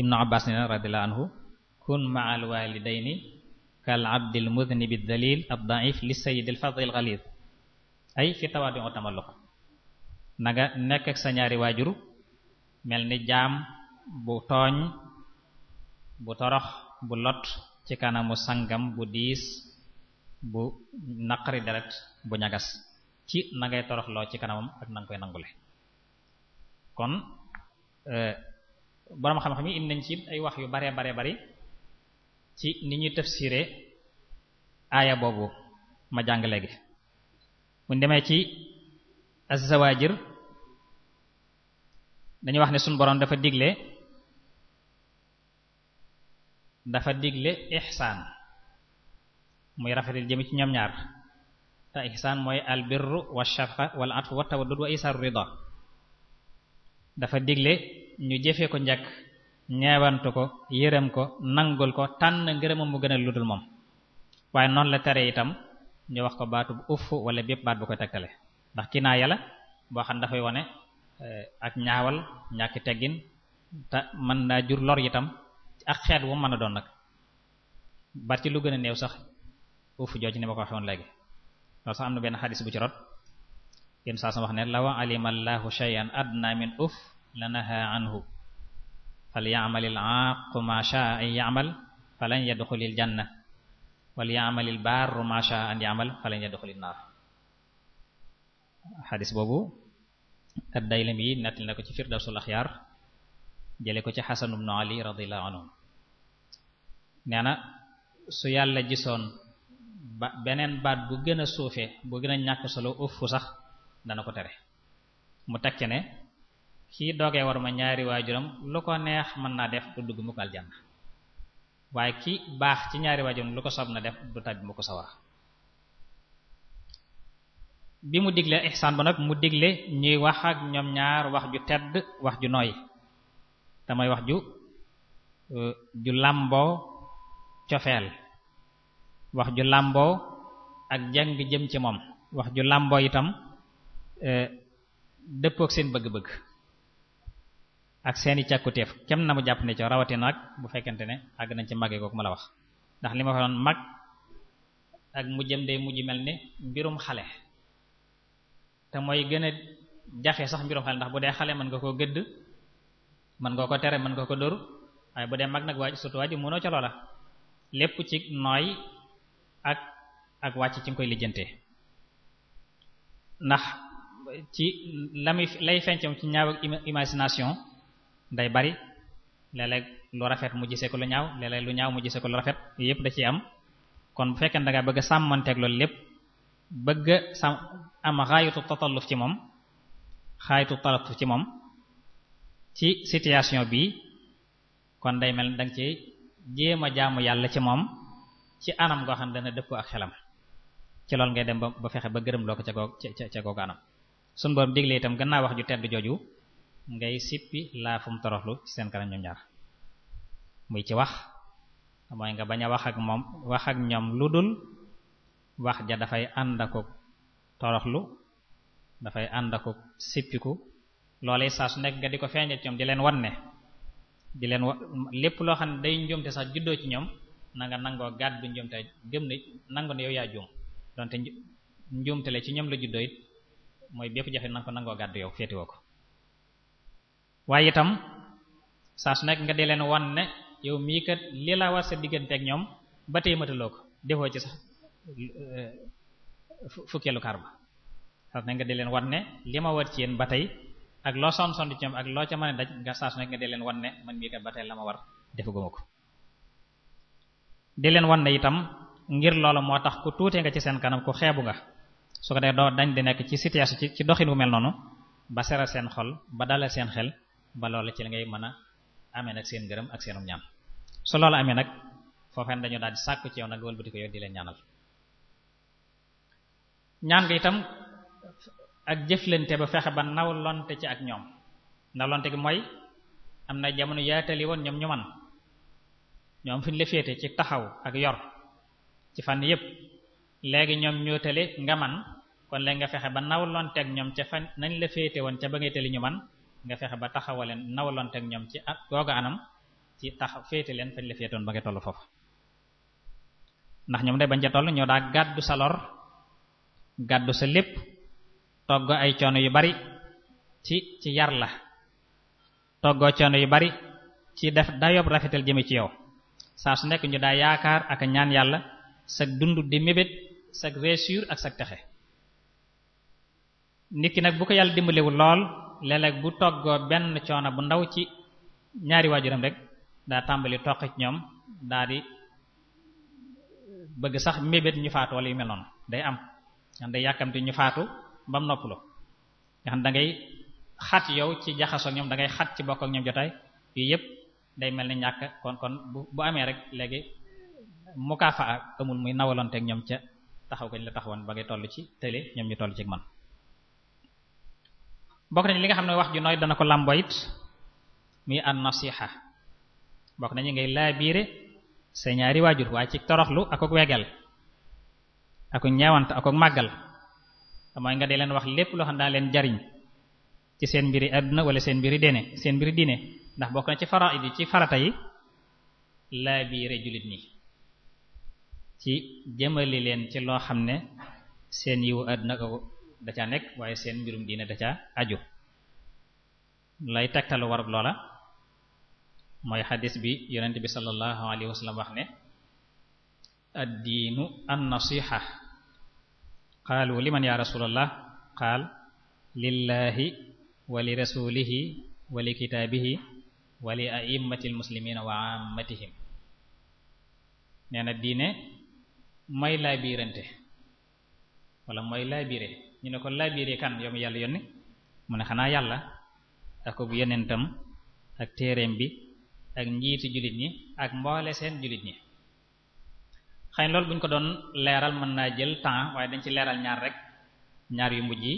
ibnu abbas ne radiyallahu anhu kun ma'al walidayni kal abdil mudnibi dalil ad da'if li sayyidil fadil ghalid ay fi tawaadu tamalluq na nga nekk sa ñaari waajur mel ni jaam bu tooñ bu torox bu lot ci kanamu sangam bu diis bu naqari deret bu ñagas ci na ngay toroxloo ci kanamam ak na koy nangule kon euh, borom xam-xam yi indi nañ ci ay wax yu baree baree bari ci ni ñuy tafsiree aaya boobu ma jàng léegi buñ demee ci az-Zawaajir dañuy wax ne suñu borom dafa digle dafa digle ihsaan muy rafetal jëme ci ñoom ñaar te ihsaan mooy albirru wa shafqa wal atfu wa tawaddud wa isaru rida dafa digle ñu jëfee ko njàkk ñeewantu ko yërëm ko nangul ko tànn ngërëmam mu gën a ludul moom waaye noon la tere itam ñu wax ko baatu bu uff wala bépp baat bu koy tegtale ndax kii naa yàlla boo xam dafay wane eh, ak ñaawal ñàkk teggin te mën naa jur lor itam ak xeet wu mën a doon nag bar ci lu gën a néew sax uuf jooju ni ma ko waxee woon léegi loolu sax am xadis bu ci rot yéen saa adna min uuf lanaha anhu fal ya'malil aaqu ma sha'a an ya'mal falan yadxulil janna wal ya'malil barru ma sha'a an ya'mal falan yadxulin naar xadis boobu ad-Daylami nettali na ko ci Firdawsul Axyaar jële ko ci Xasan ibnu Ali radiyallahu anhu nee na su yàlla gisoon beneen baat bu gën a suufee bu gën a ñàkk solo ëff sax dana ko tere mu teg ci ne kii doogee war ma ñaari waajuram lu ko neex mën naa def du dugg mu ko aljanna waaye ki baax ci ñaari waajuram lu ko soob na def du tàbbi mu ko sawara bi mu diglee ihsaan ba nag mu digle ñuy wax ak ñoom ñaar wax ju tedd wax ju nooy damay wax ju euh, ju làmboo cofeel wax ju làmboo ak jàng jëm ci moom wax ju làmboo itam e, dëppook seen bëgg-bëgg ak seeni càkkutéef kem na mu jàpp ne ci rawatina bu fekkente ne àgg nañ ci màggee kooku ma la wax ndax li ma fa doon mag ak mu jëm day mujj mel ne mbirum xale te mooy gën a jafe sax mbirum ndax bu dee xale mën nga koo gëdd mën nga ko tere mën nga ko dóor waaye mag nag waaj surtout waaj mënoo ca loola lépp ci nooy ak ak wàcc ci nga koy lijjante ndax ci lami lay fencam ci ñaaw imagination day bari léeg lu rafet mu gisee ko lu ñaaw léeg lu ñaaw mu gisee ko lu rafet yépp da ciy am kon bu fekkee ne bëgg a sàmmanteeg loolu lépp bëgg a sàmm am xaayitu tatalluf ci moom xaayitu talatuf ci moom ci situation bi kon day mel danga ci jéem a yàlla ci moom ci anam goo xam ne dana dëppoo ak xelam ci loolu ngay dem ba fexe ba gërëm loo ko ca goo ca googu anam suñu borom digle itam gannaaw wax ju tedd jooju ngay sippi laafum toroxlu ci seen kanam ñoom ñaar muy ci wax mooy nga bañ a wax ak moom wax ak ñoom lu dul wax ja dafay ànd ak toroxlu dafay ànd ak sippiku loolee saa su nekk nga di ko feeñal ci ñoom leen wan ne di leen wa lépp loo xam ne day njuumte sax juddoo ci ñoom na nga nangoo gàddu njuumte gëm ne nangu ne yow yaa juum donte njuumte ci ñoom la juddoo it mooy bépp jafe na nangoo gàddu yow féetewoo ko waaye itam saa su nekk nga dee leen wan ne yow mii kat li la war sa diggante ak ñoom ba tey mataloo ko defoo ci sax eh, nga dee leen wan ne li ma war ci yéen ba tey ak loo son son ci ñoom ak loo ca mën a daj nga saa su nekk nga dee leen wan ne man mii kat ba tey la ma war defaguma ko di leen wan ne itam ngir loolu moo tax ku tuute nga ci seen kanam ku xeebu nga su ko dee doo dañ di nekk ci situation ci ci doxin wu mel noonu ba seral seen xol ba dalal seen xel ba loolu ci li ngay mën a amee nag seen ngërëm ak seenum ñaan su loolu amee nag foofeen dañu daal di sàkku ci yow nag wëlbati ko yow di leen ñaanal ñaan nga itam ak jëflante ba fexe ba nawlonte ci ak ñoom nawlonte gi mooy am na jamono yaatali woon ñoom ñu man ñoom fi ñu la féete ci taxaw ak yor ci fànn yépp léegi ñoom ñoo tële nga man kon léegi nga fexe ba nawlonteeg ñoom ca fan nañ la féete woon ca ba ngay tëli ñu man nga fexe ba taxawaleen nawlonteeg ñoom ci ak googa ci taxaw féete leen fañ la féete woon ba ngay toll foofu ndax ñoom day bañ ca toll ñoo daa gàddu sa lor gàddu sa lépp togg ay coono yu bari ci ci yar la toggoo coono yu bari ci def dayob rafetal jëme ci yow saa su nekk ñu daa yaakaar ak ñaan yàlla sag dund di mébét sag réussir ak sag texe nit ki nag bu ko yàlla dimbaliwul lool léeg bu toggoo benn coono bu ndaw ci ñaari waajuram rek daa tàmbali toq ci ñoom daa di bëgg sax mébét ñu faatu wala yu mel day am xam day yàkkamti ñu faatu bam noppalu nga xam da ngay xat yow ci jaxasoo ñoom da ngay xat ci bokk ak ñoom jotaay yii yépp day mel na ñàkk kon kon bu bu amee rek léegi mukaafa amul muy nawalonteeg ñoom ca taxaw gañ la taxawoon ba ngay toll ci tële ñoom ñu tollu ci man bokk nañ li nga xam ne wax ju nooy dana ko làmboo it muy an nasiha bokk nañu ngay laabiire sa ñaari waajur waaye ci toroxlu ak ak wegal ak ak ñeewant ak ak màggal mooy nga dee leen wax lépp loo xam daa leen jariñ ci seen mbiri àdduna walla seen mbir dene seen mbiri ndax bokk na ci faraid ci farata yi laa biire jullit ñi ci jëmali leen ci loo xam ne seen yiwu àdduna ko da nekk waaye seen mbirum diine da caa aju lay tegtalu warab loola mooy xadis bi yonent bi sallallahu alayhi wa wax ne addiinu an qaalu liman ya rasulallah qaal lillahi wa li rasulihi kitaabihi wa li a'immati almuslimina wa ammatihim nee na diine mooy laabirante wala mooy laabire ñu ne ko laabire kan yoom yàlla yónni mu ne xanaa yàlla ak bu yonentam ak téereem bi ak njiiti jullit ñi ak mboole seen jullit ñi xëy lool loolu bu ñu ko doon leeral mën naa jël temps waaye dañ ci leeral ñaar rek ñaar yu mujj yi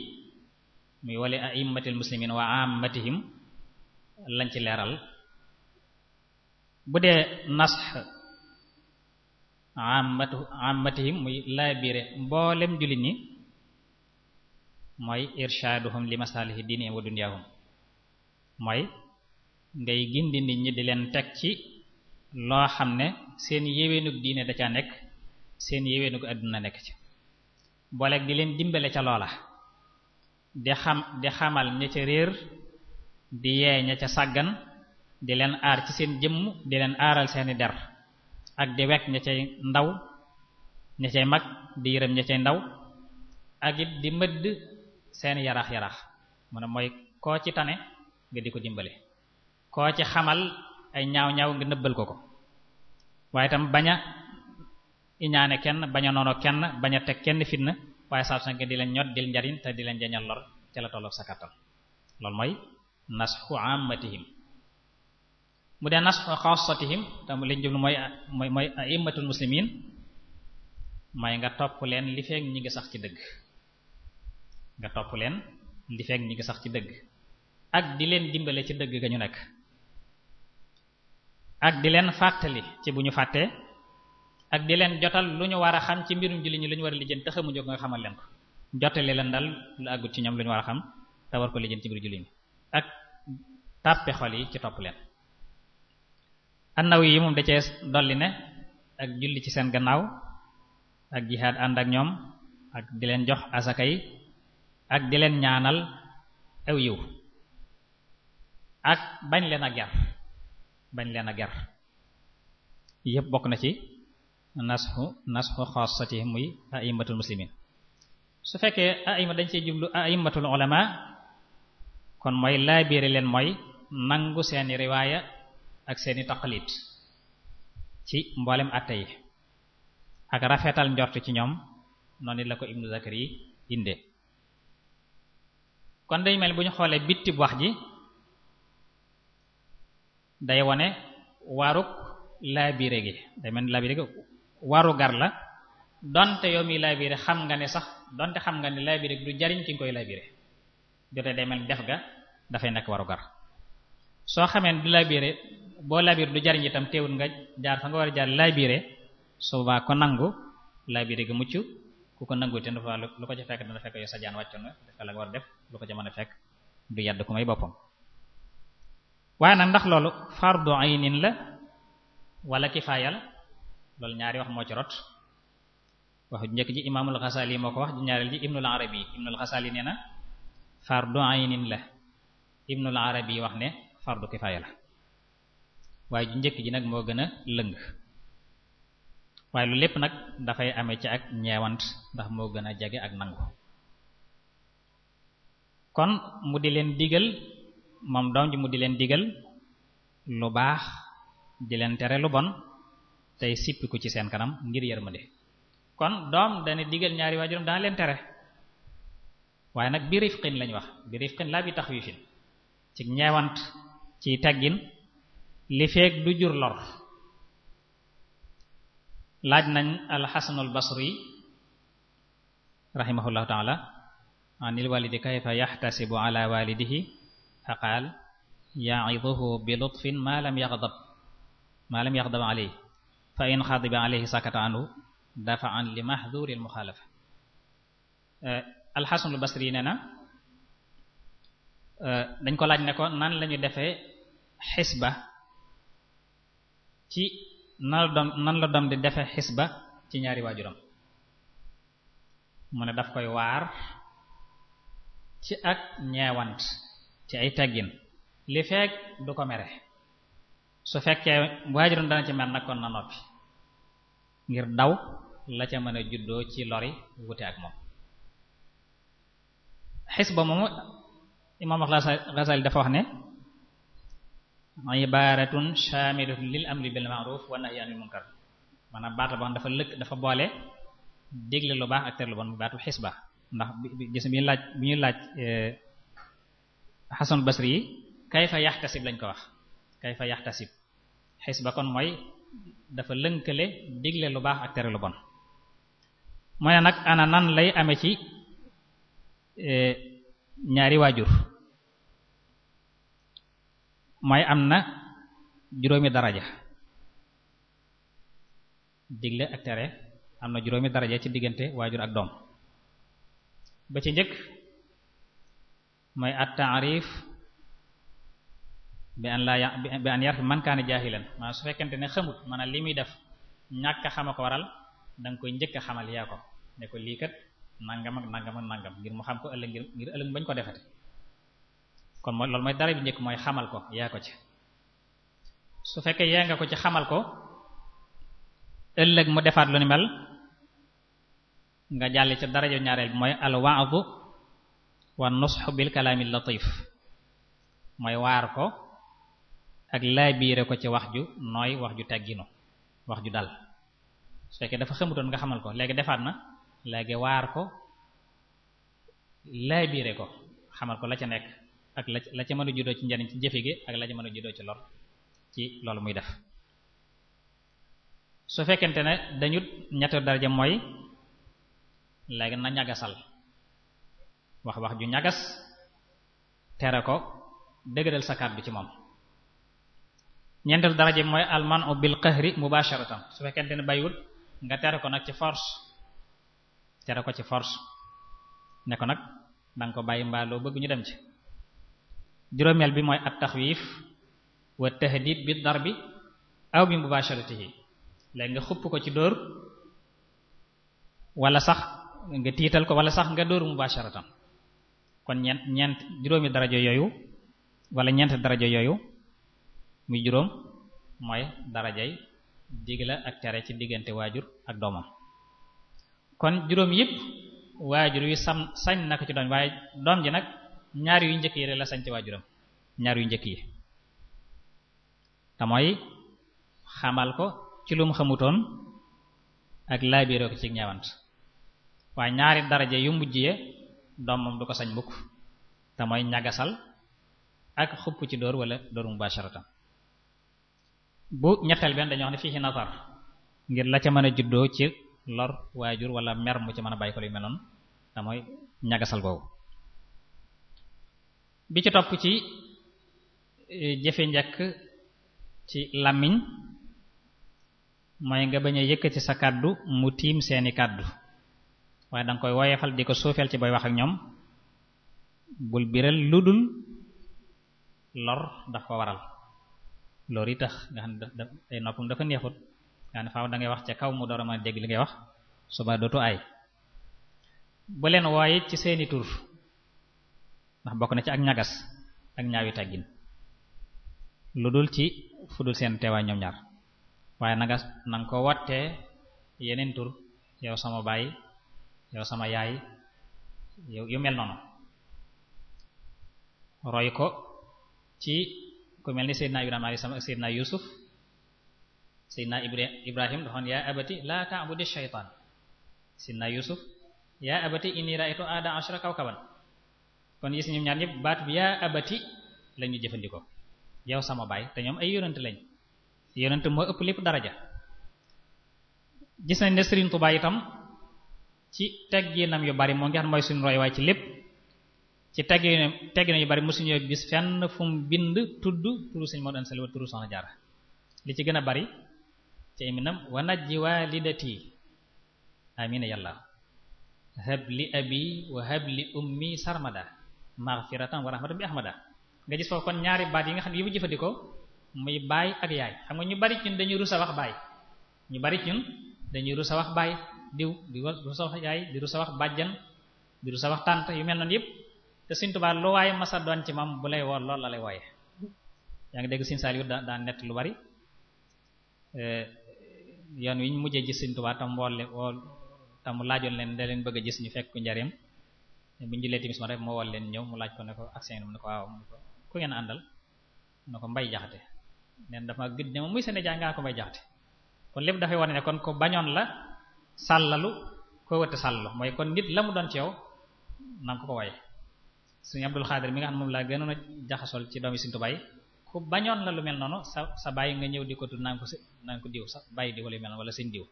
muy wali a'immatil muslimin wa ammatihim lañ ci leeral bu dee nasx amatu amatihim muy laabire mboolem jullit ñi mooy irshaaduhum li masaalihi diinihim wa dunyaahum mooy ngay gindi nit ñi di leen teg ci loo xam ne seen yéwénug diine da nekk seen yéwénug àdduna nekk ci booleeg di leen dimbale ca loola di xam di xamal ña ca réer di yee ña ca sàggan di leen aar ci seen jëmm di leen aaral seeni der ak di wekk ña cay ndaw ña cay mag di yërëm ña cay ndaw ak it di mëdd seeni yaraax yaraax mu ne mooy koo ci tane nga di ko dimbale koo ci xamal ay ñaaw ñaaw nga nëbbal ko ko waaye tam bañ a iñaane kenn bañ a noonu kenn bañ a teg kenn fitna waaye saab sa nga di leen ñot dil njariñ te di leen jañal lor ca la tolloog sa kattan loolu mooy nasxu ammatihim mu dee nasxu xaasatihim tam liñ jublu mooy mooy mooy aimmatul muslimin may nga topp leen li feek ñi ngi sax ci dëgg nga topp leen li feek ñi ngi sax ci dëgg ak di leen dimbale ci dëgg ga ñu nekk ak di leen fàttali ci bu ñu fàttee ak di leen jotal lu ñu war a xam ci mbirum julli ñi lu ñu war a lijjën te xamuñu ko nga xamal leen ko jotale leen dal lu àggut ci ñoom lu ñu war a xam te war ko lijjën ci mbiru julli ñi ak tàppe xol yi ci topp leen annaw yi moom de cee dolli ne ak julli ci seen gannaaw ak jihaad ànd ak ñoom ak di leen jox asaka yi ak di leen ñaanal aw yiw ak bañ leen a ger bañ leen a ger yépp bokk na ci nasxu nasxu xaasati muy aimatul muslimin su fekkee aima dañ cee jublu aimatul ulama kon mooy laabiire leen mooy nangu seeni riwaaya ak seeni taqlid ci mboolem atte yi ak rafetal njort ci ñoom noonu la ko ibnu zakari inde kon day mel bu ñu xoolee bitib wax ji day wone waaruk laabiire gi day mel laabiire gi waru gar la donte yow mi laabiire xam nga ne sax donte xam nga ne laabiire gi du jariñ ki nga koy laabiire jotee day mel def ga dafay nekk waru gar soo xamee du labiré boo labiré du jariñ tam teewul nga jaar fa nga war a jaar labiré su baa ko nangu labiré gi mucc ku ko nangu te dafa lu ko ci fekk dana fekk yow sa jaan wàccoon na dafa la war a def lu ko a fekk du yàdd ku may boppam waaye loolu ñaari wax moo ci wax njëkk ji imaamul Xasaali moo ko wax ñaareel ji Ibnul Arabi Ibnul Xasaali nee na fardu aynin la ibnul arabi yi wax ne fardu fay la waaye ju njëkk ji nag moo gën a lëng waaye lu lépp nag dafay ame ci ak ñeewant ndax moo gën a jege ak nangu kon mu di leen digal moom doom ji mu di leen digal lu baax di leen tere lu bon tey sippiku ci seen kanam ngir yërmande kon doom dana digal ñaari waajuram dana leen tere waaye nag bi rifqin lañ wax bi rifqin laa bi taxwifin ci ñeewant ci teggin li feek du jur lor laaj nañ alxasanul basri rahimahullahu taala anil walidi kayfa yaxtasibu ala walidihi fa qaal ya'iduhu bi lutfin ma lam yaxdab ma lam yaxdab alayhi fa in xadiba alayhi sakata anhu dafa an li mahduril muxaalafa alxasanul basri ne na euh, dañ ko laaj ne ko nan la ñu defee ba ci nan la doom nan la doom di defee xisba ci ñaari waajuram mu ne daf koy waar ci ak ñeewant ci ay teggin li feek du ko mere su fekkee waajuram dana ci mer nag kon na noppi ngir daw la ca mën a juddoo ci lori wute ak moom xisba moomu imaam Ghazali dafa wax ne ibaratun shamilatun lil amri bil ma'ruf wa nahyi anil munkar maanaam baata boo xam dafa lëkk dafa boole dégle lu baax ak tere lu bon baatu xisba ndax gis bi laaj bi ñu laaj eh, Hasan Basri kayfa yaxtasib lañ ko wax kayfa yaxtasib xisba kon mooy dafa lënkale dégle lu baax ak lu bon nag ana lay amee ci Eh, ñaari waajur may am na juróomi daraja digle ak tere am na juróomi daraja ci diggante waajur ak doom ba ci njëkk may at-ta'rif bi an la bi an yarf man kaana jaahilan maanaam su fekkente ne xamut maanaam li muy def ñàkk a ko waral da koy njëkk xamal yaa ko ne ko lii nangam ak nangam ak nangam ngir mu xam ko ëllëg ngir ngir ëllëg bañ ko defete kon mooy loolu mooy dara bi njëkk mooy xamal ko yaa ko ci su fekkee yaa nga ko ci xamal ko ëllëg mu defaat lu ni mel nga jàll ci darajo ñaareel bi mooy al wa'dhu wa nushu bil kalaami latif mooy waar ko ak laabiire ko ci wax ju nooy wax ju tegginu wax ju dal su fekkee dafa xamutoon nga xamal ko léegi defaat na léegi waar ko laabire ko xamal ko la ca nekk ak la la ca mën a juddoo ci njariñ ci jëfe gi ak la ca mën a juddoo ci lor ci loolu muy def su fekkente ne dañu ñetteel daraja mooy léegi na ñagasal wax wax ju ñagas tere ko dëgëral sa kàddu ci moom ñeenteel daraja mooy alman u bil qahri mubasharatan su fekkente ne bayiwul nga tere ko nag ci force tere ko ci force ne ko nag danga ko bàyyi mbaa bëgg ñu dem ci juróomeel bi mooy at taxwiif wa tahdid bi darbi aw bi mubasharatihi léegi nga xupp ko ci dóor walla sax nga tiital ko wala sax nga dóor mubasharatan kon ñeent ñeent juróomi darajo yooyu walla ñeent darajo yooyu muy juróom mooy darajay digle ak tere ci diggante waajur ak doomam kon juróom yëpp waajur yu sam sañ na ko ci doom waaye doom ji nag ñaar yu njëkk yi rek la sañ ci waajuram ñaar yu njëkk yi te xamal ko ci lum mu xamutoon ak laabiroo ko ci ñeewant waaye ñaari daraje yu mujjee doom moom du ko sañ mukk te mooy ñagasal ak xupp ci dóor wala dóor mubasharatan bu ñetteel benn dañoo wax ne fii ci nasar ngir la ca mën juddoo ci lor waajur wala mer mu ci mën a bàyyi ko lu mel ñagasal boobu bi ci topp ci eh, jëfe njëkk ci làmmiñ mooy nga bañ a yëkkati sa kàddu mu tiim seeni kàddu waaye danga koy woyefal di ko suufeel ci booy wax ak ñoom bul biral lu dul lor daf ko waral loolu yi tax nga xam ne ay noppam dafa neexut daan faaw da ngay wax ca kaw mu door a mën dégg li ngay wax suba dootu ay bu leen wooyit ci seeni tur ndax bokk na ci ak ñagas ak ñaawi taggin lu dul ci fu dul seen teewaay ñoom ñaar waaye nagas nanga ko wattee yeneen tur yow sama baay yow sama yaay yow yu mel noonu roy ko ci ku mel ni Seydina Ibrahima alayhi salaam ak Seydina Yusuf seydna ibrahim doxoon yaa abati la ta'budi shaytaan seydna yusuf yaa abati inni ra'aytu aada ashra kawkaban kon gis ñoom ñaar ñëpp baat bi yaa abati la jëfandikoo yow sama baay te ñoom ay yonent lañ yonent moo ëpp lépp daraja gis nañ ne Serigne Touba itam ci tegginam yu bari moo ngi xam mooy suñu ci lépp ci tegginam tegginam yu bari mosuñu gis fenn fu bind tudd turu Serigne Modou Anta Sali wala turu Soxna Jaara li ci gën bari ci iminam wa najji walidati amina yàlla hab li abi wa hab li ummi sarmada maghfiratan wa rahmatan bi ahmada nga gis foofu kon ñaari baat yi nga xam ne yi jëfandikoo muy baay ak xam nga ñu bari ci ñun dañuy rus a wax baay ñu bari ci ñun dañuy rus a wax baay diw di rus a wax yaay di rus a wax bàjjan di rus a wax tànt yu mel noonu yëpp te Sëriñ Tuubaa lu waaye masa doon ci moom bu lay woo lool la lay wooye yaa ngi dégg Sëriñ Saliou daan nett lu bari yoon wi ñu mujjee gis Sëriñ Tuubaa tam woole wool tam mu laajoon leen da leen bëgg a gis ñu fekk njariñ bu ñu jullee timis ma rek moo wool leen ñëw mu laaj ko ne ko ak seen mu ne ko waaw mu ne ko àndal mu mbay jaxate neen dafa gëj ne muy seen jàngaa ko mbay jaxate lépp dafay wone ne kon ko bañoon la sàllalu koo wëtt sàllalu mooy kon nit la mu doon ci yow na ko ko waye suñu Abdul Xaadir mi nga xam moom laa gënoon a jaxasool ci doomi Sëriñ Tuubaa ku bañoon la lu mel noonu sa sa bàyyi nga ñëw di ko tudd naan ko si naan ko diw sa bàyyi di wala yu mel noonu wala seen diw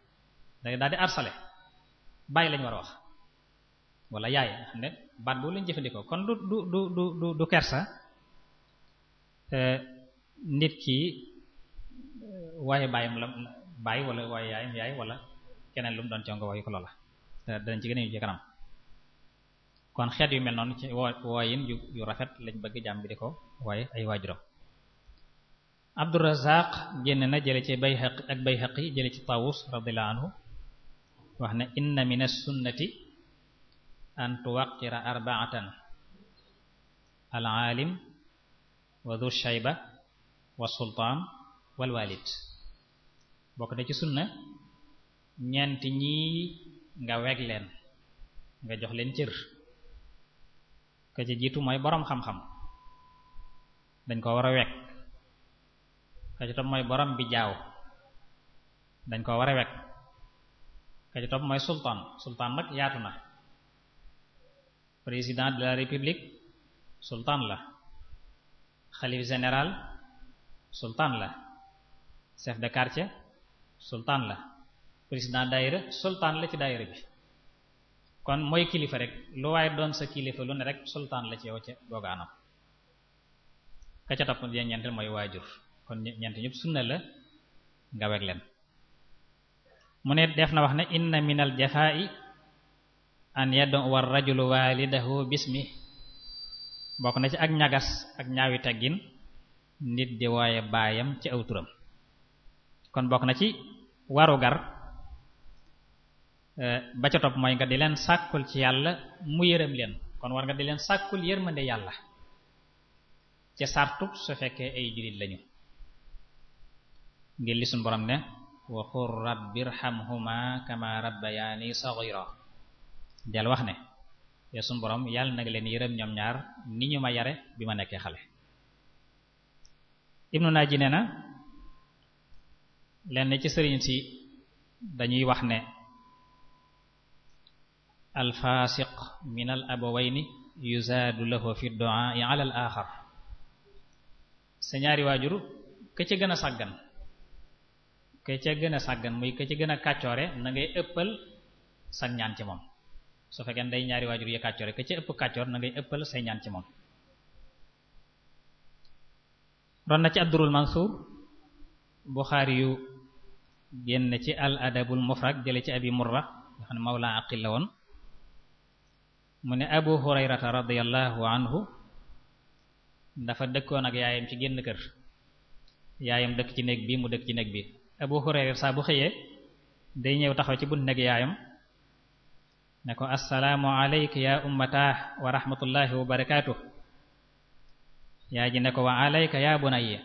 da di arsale bàyyi lañu war a wax wala yaay xam ne baat boobu jëfandikoo kon du du du du nit ki euh, waaye bàyyam la wala waaye yaayam yaay wala keneen lum mu doon coow nga wax ko loola danañ ci ñu ci kanam kon xeet yu mel noonu ci wooyin yu rafet lañ bëgg jàmm bi di ko waaye ay waajuram Abdourazaq génn na jële ci Bayhaqi ak Bayhaqi jële ci Tawus radiyallahu anhu wax na inna min as-sunnati an tuwaqira arba'atan al-alim wa dhu shayba wa sultaan wal walid bokk na ci sunna ñeent ñii nga weg leen nga jox leen cër ka ci jiitu mooy boroom xam-xam dañ ko war a ka mooy borom bi jaaw dañ koo war a wekk ka mooy sultaan sultaan nag yaatu na président de la république sultaan la xalif général sultaan la chef de quartier sultaan la président daayira sultaan la ci daayira bi kon mooy kilifa rek lu waaye doon sa kilifa lu ne rek sultaan la ci yow ca googaanam ka ca ñeenteel mooy waajur kon ñeent ñëpp sunna la nga weg leen mu ne def na wax ne inna minal al jafaa'i an yad'u war rajulu waalidahu mi bokk na ci ak ñagas ak ñaawi teggin nit di wooye baayam ci aw turam kon bokk na ci warugar eh, ba ca topp mooy nga di leen sàkkul ci yàlla mu yërëm leen kon war nga di leen sàkkul yërmande yàlla ci sartu su fekkee ay jullit lañu ngir li suñu borom ne wa qur rabbi irhamhuma kama rabbayani saghira del wax ne yow suñu borom yàlla nag leen yërëm ñoom ñaar ni ñu ma yare bi ma nekkee xale ibnu naaji nee na lenn ci sëriñ si dañuy wax ne alfaasiq min al abawayni yuzaadu lahu fi du'a ala al axar sa ñaari waajur ka ca gën a sàggan ke ca gën a sàggan muy ke ca gën a kàccoore na ngay ëppal sa ñaan ci moom su fekkee day ñaari waajur yi kàccoore ke ca ëpp kàccoor na ngay ëppal say ñaan ci moom ron na ci Abdurul Mansuur Buxaari yu génn ci al adabul mufrad jële ci abi murra nga xam ne mawla aqil la woon mu ne abu hurayrata radiyallahu anhu dafa dëkkoon ak yaayam ci génn kër yaayam dëkk ci néeg bi mu dëkk ci néeg bi Abu Hurayra saa bu xëyee day ñëw taxaw ci bunt nag yaayam ne ko assalaamu alayka ya ummata wa rahmatullahi wa barakaatuh yaay ji ne ko wa alayka ya bunayya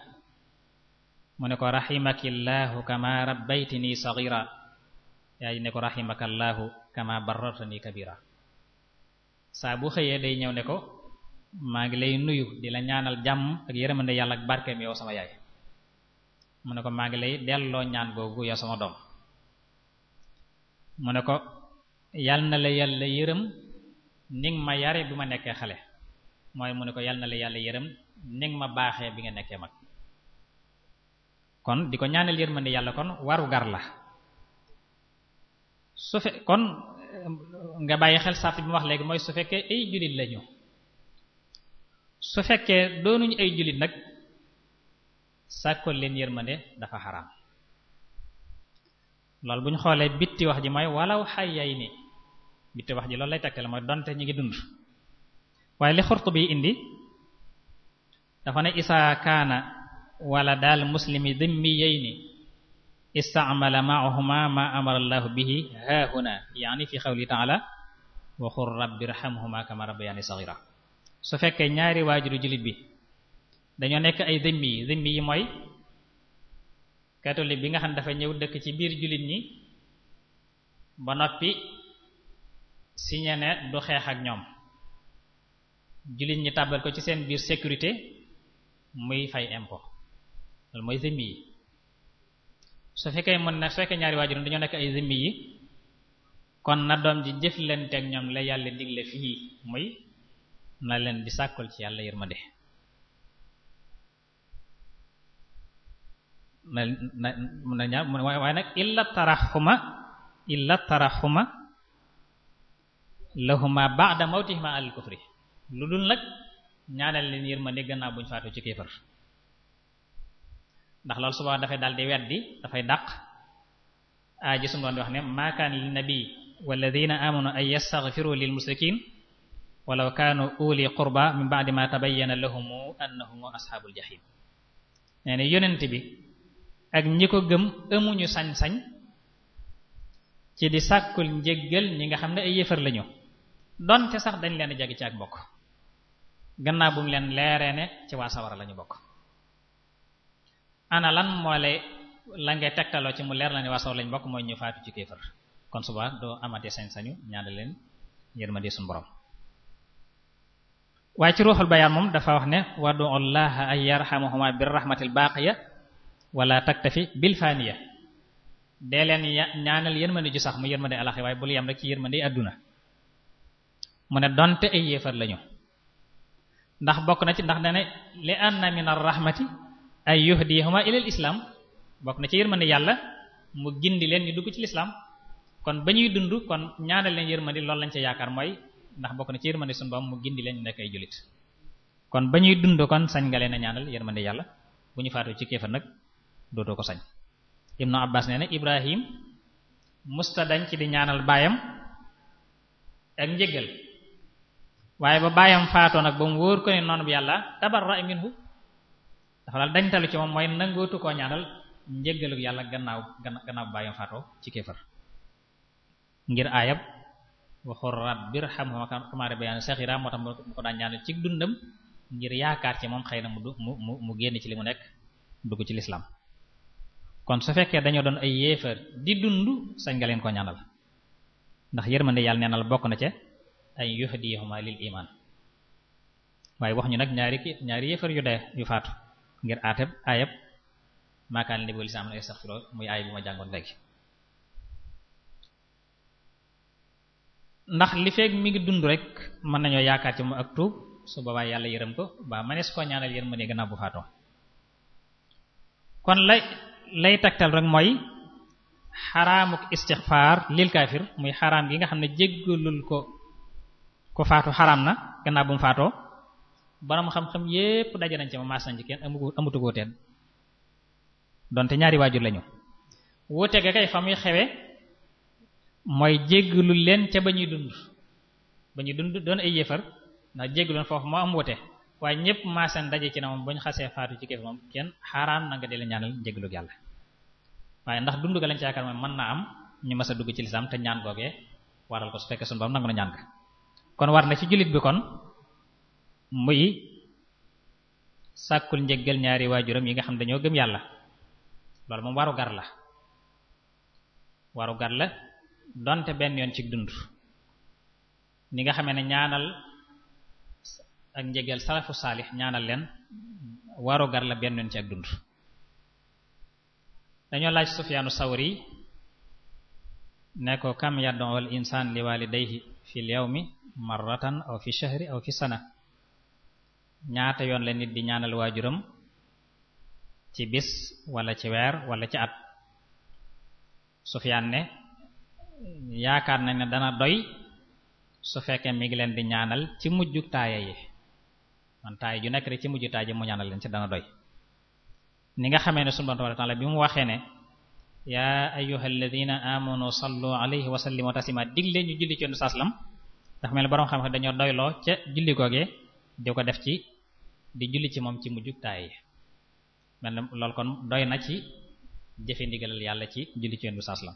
mu ne ko rahimakillahu kama rabbaytini saghira yaay ji ne ko rahimakallahu kama barratani kabira saa bu xëyee day ñëw ne ko maa ngi lay nuyu di la ñaanal jàmm ak yërmande yàlla ak barkeem yow sama yaay mu ne ko maa ngi lay delloo ñaan googu yow sama doom mu ne ko yal na la yàlla yërëm ni ma yare bi ma nekkee xale mooy mu ne ko yal na la yàlla yërëm ni ma baaxee bi nga nekkee mag kon di ko ñaanal yërmande yàlla kon waru gar la su fe kon nga bàyyi xel sàrt bi mu wax léegi mooy su fekkee ay jullit lañu su fekkee doonuñu ay jullit nag sàkkoon leen yërmande dafa xaraam loolu bu ñu xoolee bitti wax ji may walaw xayay bitti wax ji lool lay tegtale mooy donte ñu ngi dund waaye li Xurtubi indi dafa ne isaa kaana wala daal muslimi dimmiyayni istamala maahuma ma amara llahu bihi haahuna yaani fi xawli taala waxul rabbi irhamhuma kama rabbayani saghira su fekkee ñaari waajuru jullit bi dañoo nekk ay zimmi yi zimmi yi mooy catholique bi nga xam ne dafa ñëw dëkk ci biir jullit ñi ba noppi signé ne du xeex ak ñoom jullit ñi tàbbal ko ci seen biir sécurité muy fay impôt loolu mooy zimmi yi su fekkee mën na su fekkee ñaari waajur dañoo nekk ay zimmi yi kon na doom ji jëflanteeg ñoom la yàlla digle fii muy na leen di sàkkool ci yàlla yërmande na na na ñaar waaye nag illa taraxuma illa taraxuma lahuma ba'da mawtihima al kufri lu dul nag ñaanal leen yërmande gannaaw buñ faatu ci kéefar ndax loolu suba dafay daal di weddi dafay dàq aaji sunu doon di wax ne ma kaana li nabi walladina amanu an yastaghfiru lil musrikin walaw kaanu uli qurba min ba'di ma tabayyana lahum annahum ashabul jahim nee ne yonent bi ak ñi ko gëm amuñu sañ-sañ ci di sàkkul njëggal ñi nga xam ne ay yéefar lañu donte sax dañ leen jag ci ak bokk gannaaw bu mu leen leeree ne ci waa sawara lañu bokk ana lan moo lay la ngay tegtaloo ci mu leer la ne waa lañu bokk mooy ñu faatu ci kéefar kon suba doo amate sañ-sañu ñaada leen yërmande suñu borom waaye ci ruuxul bayaan moom dafa wax ne wad'u llaha ay yarhamuhuma bir rahmatil baqiya wala taktafi bil faniya dee leen ñaanal yërmande ju sax mu yërmande alaxe waaye bul yam rek ci yërmande àdduna mu ne donte ay yéefar lañu ndax bokk na ci ndax dane li anna min ar-rahmati ay yuhdihuma ilal islam bokk na ci yërmande yàlla mu gindi leen ñu dugg ci lislaam kon ba ñuy dund kon ñaanal leen yërmande loolu lañ ca yaakaar mooy ndax bokk na ci yërmande suñu boom mu gindi leen ñu nekk ay jullit kon ba ñuy dund kon sañ nga leen a ñaanal yërmande yàlla bu ñu faatu ci kéefar nag dootoo ko sañ ibnu abbas nee na ibrahim musta dañ ci di ñaanal baayam ak njëggal waaye ba baayam faatoo nag ba mu wóor ko ne noonu bi yàlla tabarra minhu dafa daal dañtalu ci moom mooy nangootu koo ñaanal njëggalu yàlla gannaaw gannaaw baayam faatoo ci kéefar ngir aayab waxul rabbi irhamhu kamaa rabbayaani saxiira moo tax mu ko daan ñaanal ci dundam ngir yaakaar ci moom xëy na mu mu mu génn ci li mu nekk dugg ci lislaam kon su fekkee dañoo doon ay yéefar di dund sañ nga leen ko ñaanal ndax yërmande yàlla neenal bokk na ca ay yuhdihuma lil iman waaye wax ñu nag ñaari ki ñaari yéefar yu dee yu faatu ngir aateb ayab maakaan li bul islam na yastaghfiru muy aay bi ma jàngoon léegi ndax li feeg mi ngi dund rek mën nañoo yaakaar ci mu ak tuub su boobaa yàlla yërëm ko baa manees koo ñaanal yërmande gannaaw bu faatoo kon lay lay tegtal rek mooy xaraamuk istixfaar lil kaafir muy xaraam gi nga xam ne jéggalul ko ko faatu xaraam na gannaaw bu mu faatoo borom xam-xam yépp daje nañ ci ma maas nañ ci kenn amu amutugoo donte ñaari waajur lañu wuute ga kay xewe mooy jéggalul leen ca ba ñuy dund ba ñuy dund doon ay yéefar ndax jéggaluwoon foofu moo am wuute waaye ñépp maaseen daje ci na moom bu ñu xasee faatu ci képp moom kenn xaaraan na nga di la ñaanal njéggalu yàlla waaye ndax dund ga lañ ci yaakaar mooy mën na am ñu mës a dugg ci lislaam te ñaan googee waral ko su fekkee suñu borom nangu na ñaan ga kon war na ci jullit bi kon muy sàkkul njëggal ñaari waajuram yi nga xam dañoo gëm yàlla loolu moom waru gar la waru gar la donte benn yoon ci dund ni nga xamee ne ñaanal ak njëggal salafu saalix ñaanal leen waru gar la benn yoon ci ak dund dañoo laaj Sufyaanu Sawri nekkoo ko kam yad'u al insaan li walidayhi fil yawmi marratan aw fi shahri aw fi sana ñaata yoon la nit di ñaanal waajuram ci bis walla ci weer wala ci at Sufyaan ne yaakaar na ne dana doy su fekkee mi ngi leen di ñaanal ci mujju taaya yi man taay ju nekk rek ci mujju taay ji mu ñaanal leen ci dana doy ni nga xamee ne sunu Boroom tabaaraka wa bi mu waxee ne yaa ayyuhal ladina amanu sallu alayhi wa sallimu taslima digle ñu julli ci yoonu saslam dafa mel ne boroom xam-xam dañoo doyloo ca julli googee di ko def ci di julli ci moom ci mujjug taay mel na loolu kon doy na ci jëfe ndigalal yàlla ci julli ci yoonu saslam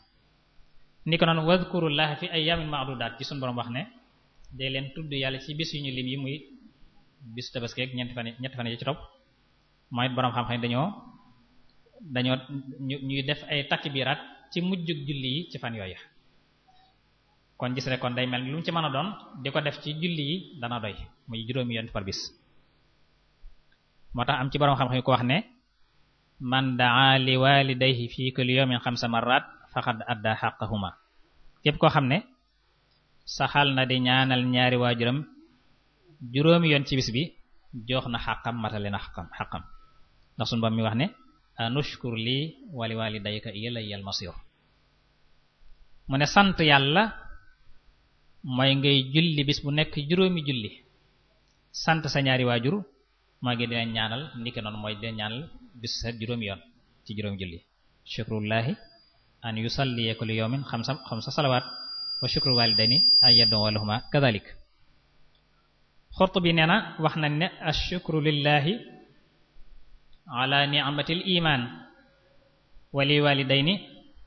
ni ko noonu wadkurullaha fi ayyamin ma'dudat ci sunu boroom wax ne dee leen tudd yàlla ci bis yu ñu lim yi muy bisu tabaski ak ñeenti fan mooy it boroom xam-xam dañoo dañoo ñuy def ay takbiraat ci mujjug julli yi ci fan yooyu kon gis rek kon day mel lu mu ci mën doon di ko def ci julli yi dana doy muy juróomi yoon par bis moo tax am ci boroom xam-xam yi ko wax ne man daa li walidayhi fi kulli yawmin xamsa marrat faqad adda xaqahuma képp koo xam ne saxal na di ñaanal ñaari waajuram juróomi yoon ci bis bi jox na xaqam matale na xaqam xaqam ndax suñu bam mi wax ne anushkur lii wali walidayka ilayyal masir mu ne sant yàlla mooy ngay julli bis bu nekk juróomi julli sant sa ñaari waajur maa ngi dina ñaanal niki noonu mooy dina ñaanal bis sa juróomi yoon ci juróomi julli shukrullahi an yusalli kulli yawmin xamsa xamsa salawaat wa shukru walidayni an yaddu walahuma bi nee na wax nañ ne ashukru lillahi ala ni'matil iman wali walidayni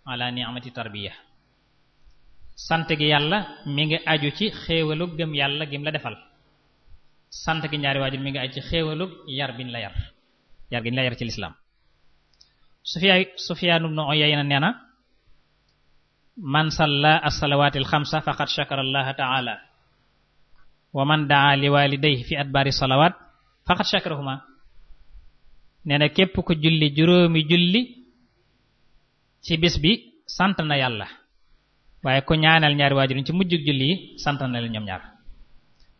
ala ni'mati tarbiya sant gi yàlla mi ngi aju ci xéewalu gëm yàlla gim la defal sant gi ñaari waajur mi ngi aju ci xéewalu yar biñ la yar yar giñ la yar ci lislaam Sufyaan Sufyaan ibn Uyayna nee na man salla as-salawaatil xamsa faqad shakara Allaha wa man da'a li walidayhi fi adbaari salawaat faqad shakarahuma nee na képp ku julli juróomi julli ci bis bi sant na yàlla waaye ku ñaanal ñaari waajurum ci mujjug julli yi sant na leen ñoom ñaar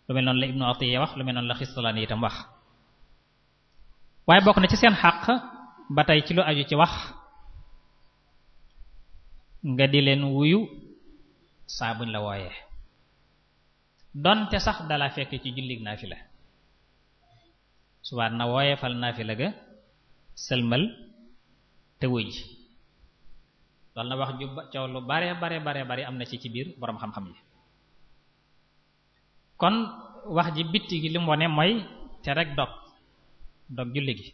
lu mel noonu la Ibnu Atiyya wax lu mel noon la Xistalaani itam wax waaye bokk na ci seen xàq ba tey ci lu aju ci wax nga di leen wuyu saa buñ la wooyee donte sax dala fekk ci jullig naafila subaat na wooyee fal naafila ga sëlmal te wuy ji na wax ju coow lu bare bare bare bare am na ci ci biir boroom xam-xam yi kon wax ji bitti gi li mu wone mooy te rek dog dog julli gi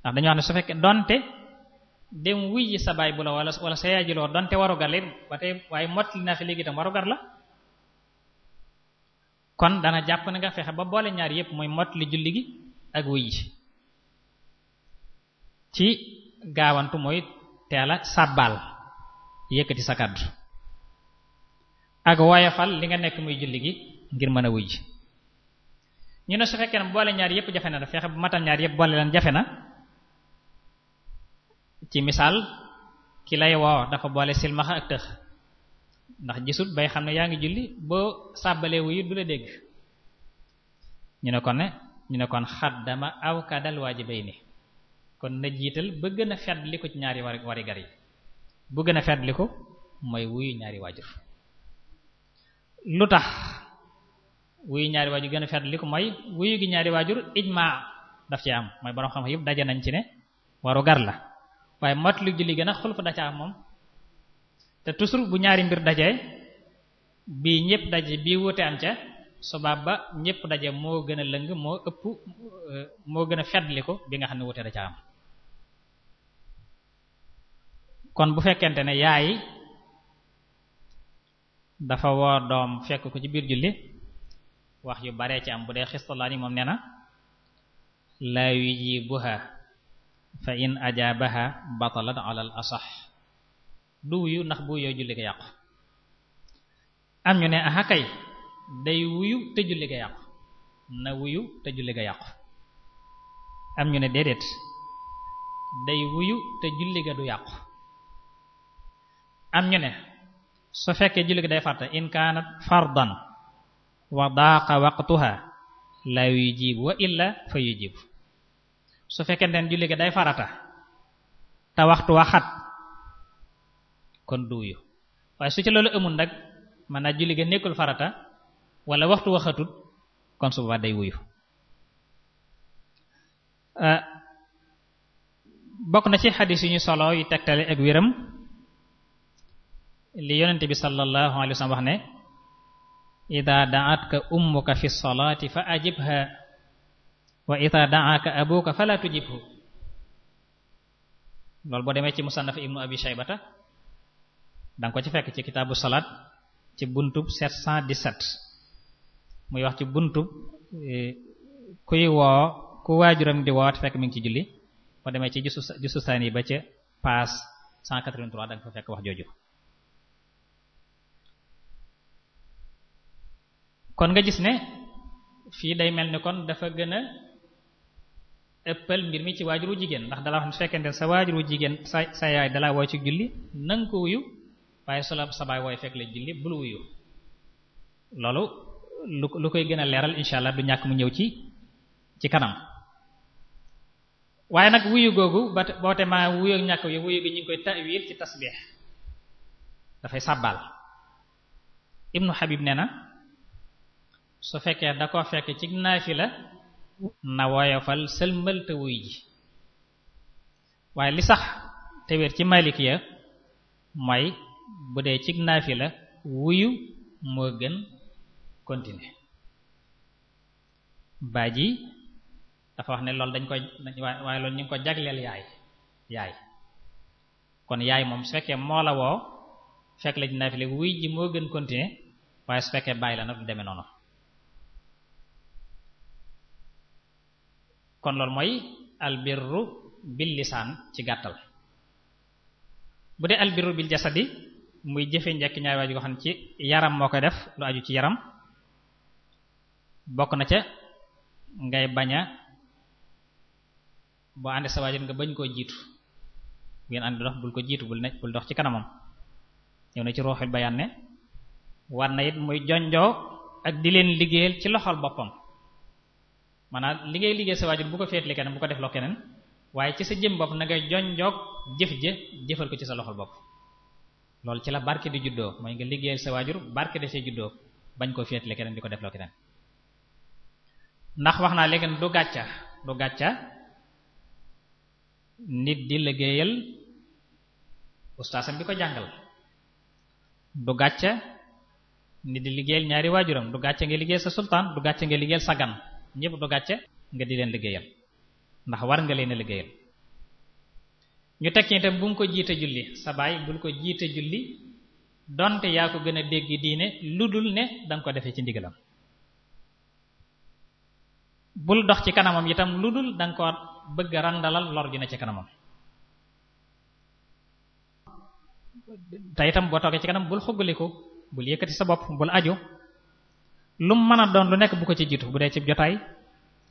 ndax dañu wax ne su fekkee donte dem wuy ji sa baay bu la wala wala sa yaay ji loo donte warugar la ba tey waaye mottali jàpp ne nga fexe julli gi ak wuy ci gaawantu mooy teel a sàbbaal yëkkati sa kàddu ak woyofal li nga nekk muy julli gi ngir mën a wuy ji ñu ne su fekkee ne boole ñaar yëpp jafe na da bu matal ñaar yëpp boole leen jafe na ci misaal ki lay woo dafa boole silmaxa ak tëx ndax gisut bay xam ne yaa ngi julli boo sàbbalee wuyu du la dégg ñu ne kon ne ñu ne kon xaddama aw kadal ni kon na jiital ba gën a fàttali ko ci ñaari war wari gar yi bu gën a fàttali ko mooy wuyu ñaari waajur lu tax wuyu ñaari waajur gën a fàttali ko mooy wuyu ñaari waajur ijmaa daf ci am mooy borom xam yëpp daje nañ ci ne waru gar la waaye mat lu julli gën a xulf da ca am moom te toujours bu ñaari mbir daje bii ñëpp daje bii wute am ca subaa ba ñëpp daje moo gën a lëng moo ëpp euh, moo gën a fàttali ko bi nga xam ne wute da ca am kon bu fekkente ne yaay dafa woor doom fekk ko ci biir julli wax yu baree ci am bu dee xistalaani moom nee na laa yujibuha fa in ajaabaha batalat ala asax du wuyu ndax bu wuyoo julli ga yàqu am ñu ne aha kay day wuyu te julli ga yàqu na wuyu te julli ga yàqu am ñu ne déedéet day wuyu te julli ga du yàqu am ñu ne su fekkee julli gi day farta in kaanat fardan wa daaqa waqtuha la yujibu wa illa fa yujibu su fekkente ne julli gi day farata te waxtu wa xat kon duuyu waaye su ci loolu amul nag mën naa julli ga nekkul farata wala waxtu wa xatut kon su boobaa day wuyu ah, bokk na ci xadis yu ñu solo yu tegtale ak wéram li yonente bi sallallahu alayhi wa sallam wax ne ida daatka ummuka fi salaati fa ajibha wa ida daaka abuka fala tujibhu loolu boo demee ci musannaf ibnu abi shaybata danga ko ci fekk ci kitaabu salaat ci buntub 717 muy wax ci buntub e, kuy woo ku waajuram di woo fekk mi ngi ci julli boo demee ci jusu jusu saani ba ca paas 183 danga fa fekk wax jooju kon nga gis ne fii day mel ni kon dafa gën a ëppal mbir mi ci wu jigéen ndax dala wax ne fekkente ne sa waajuru jigéen sa sa yaay dalaa woo ci julli nanga ko wuyu waaye solo sa baay wooy fekk la julli bul wuyu loolu lu lu koy gën a leeral insha allah du ñàkk mu ñëw ci ci kanam waaye nag wuyu googu boote ma wuyu ñàkk yu wuyu gi ñu ngi koy ta'wil ci tasbih dafay sàbbaal ibnu habib nee na su fekkee da ko fekk ci la na woyofal sëlmal te wuy ji waaye li sax te wér ci malik ya mooy bu dee ci naafila wuyu moo gën baay ji dafa wax ne loolu dañ koy waaye loolu ñu ngi ko jagleel yaay yaay kon yaay moom su fekkee moo la woo fekk la ci naafila wuy ji moo gën continuer waaye su fekkee bàyyi la nag du demee noonu kon loolu mooy albirru bil lisaan ci gàttal bu dee albirru bil jasadi muy jëfe njekk ñaari waaju ko xam ne ci yaram moo koy def lu aju ci yaram bokk na ca ngay baña a boo àndee sa waajur nga bañ koo jiitu ngeen ànd dox bul ko jiitu bul ci kanamam ñëw na ci ruuxul bayaan ne war na it muy jonjoo ak di leen liggéeyal ci loxol boppam maanaam li ngay liggéey sa waajur bu ko féetli keneen bu ko defloo keneen waaye ci sa jëm bopp na nga jonjoog jëf jë jëfal ko ci sa loxol bopp loolu ci la barke di juddoo mooy nga liggéeyal sa waajur barke da see juddoo bañ koo feetle keneen di ko defloo keneen ndax wax naa léegi du gàcca du gàcca nit di liggéeyal ustaasam bi ko jàngal du gàcca nit di liggéeyal ñaari waajuram du gàcca nga liggéeyal sa sultaan du gàcca nga liggéeyal sa gan ñëpp du gàcce nga di leen liggéeyal ndax war nga leen a liggéeyal ñu tekki itam bu mu ko jiite julli sa baay bul ko jiite julli donte yaa ko gën a dégg diine lu dul ne danga ko defe ci ndigalam bul dox ci kanamam itam lu dul danga ko bëgg a randalal lor ju ne ci kanamam te itam boo toogee ci kanam bul xugaliku bul yëkkati sa bopp bul aju lu mu mën a doon lu nekk bu ko ci jiitu bu dee ci jotaay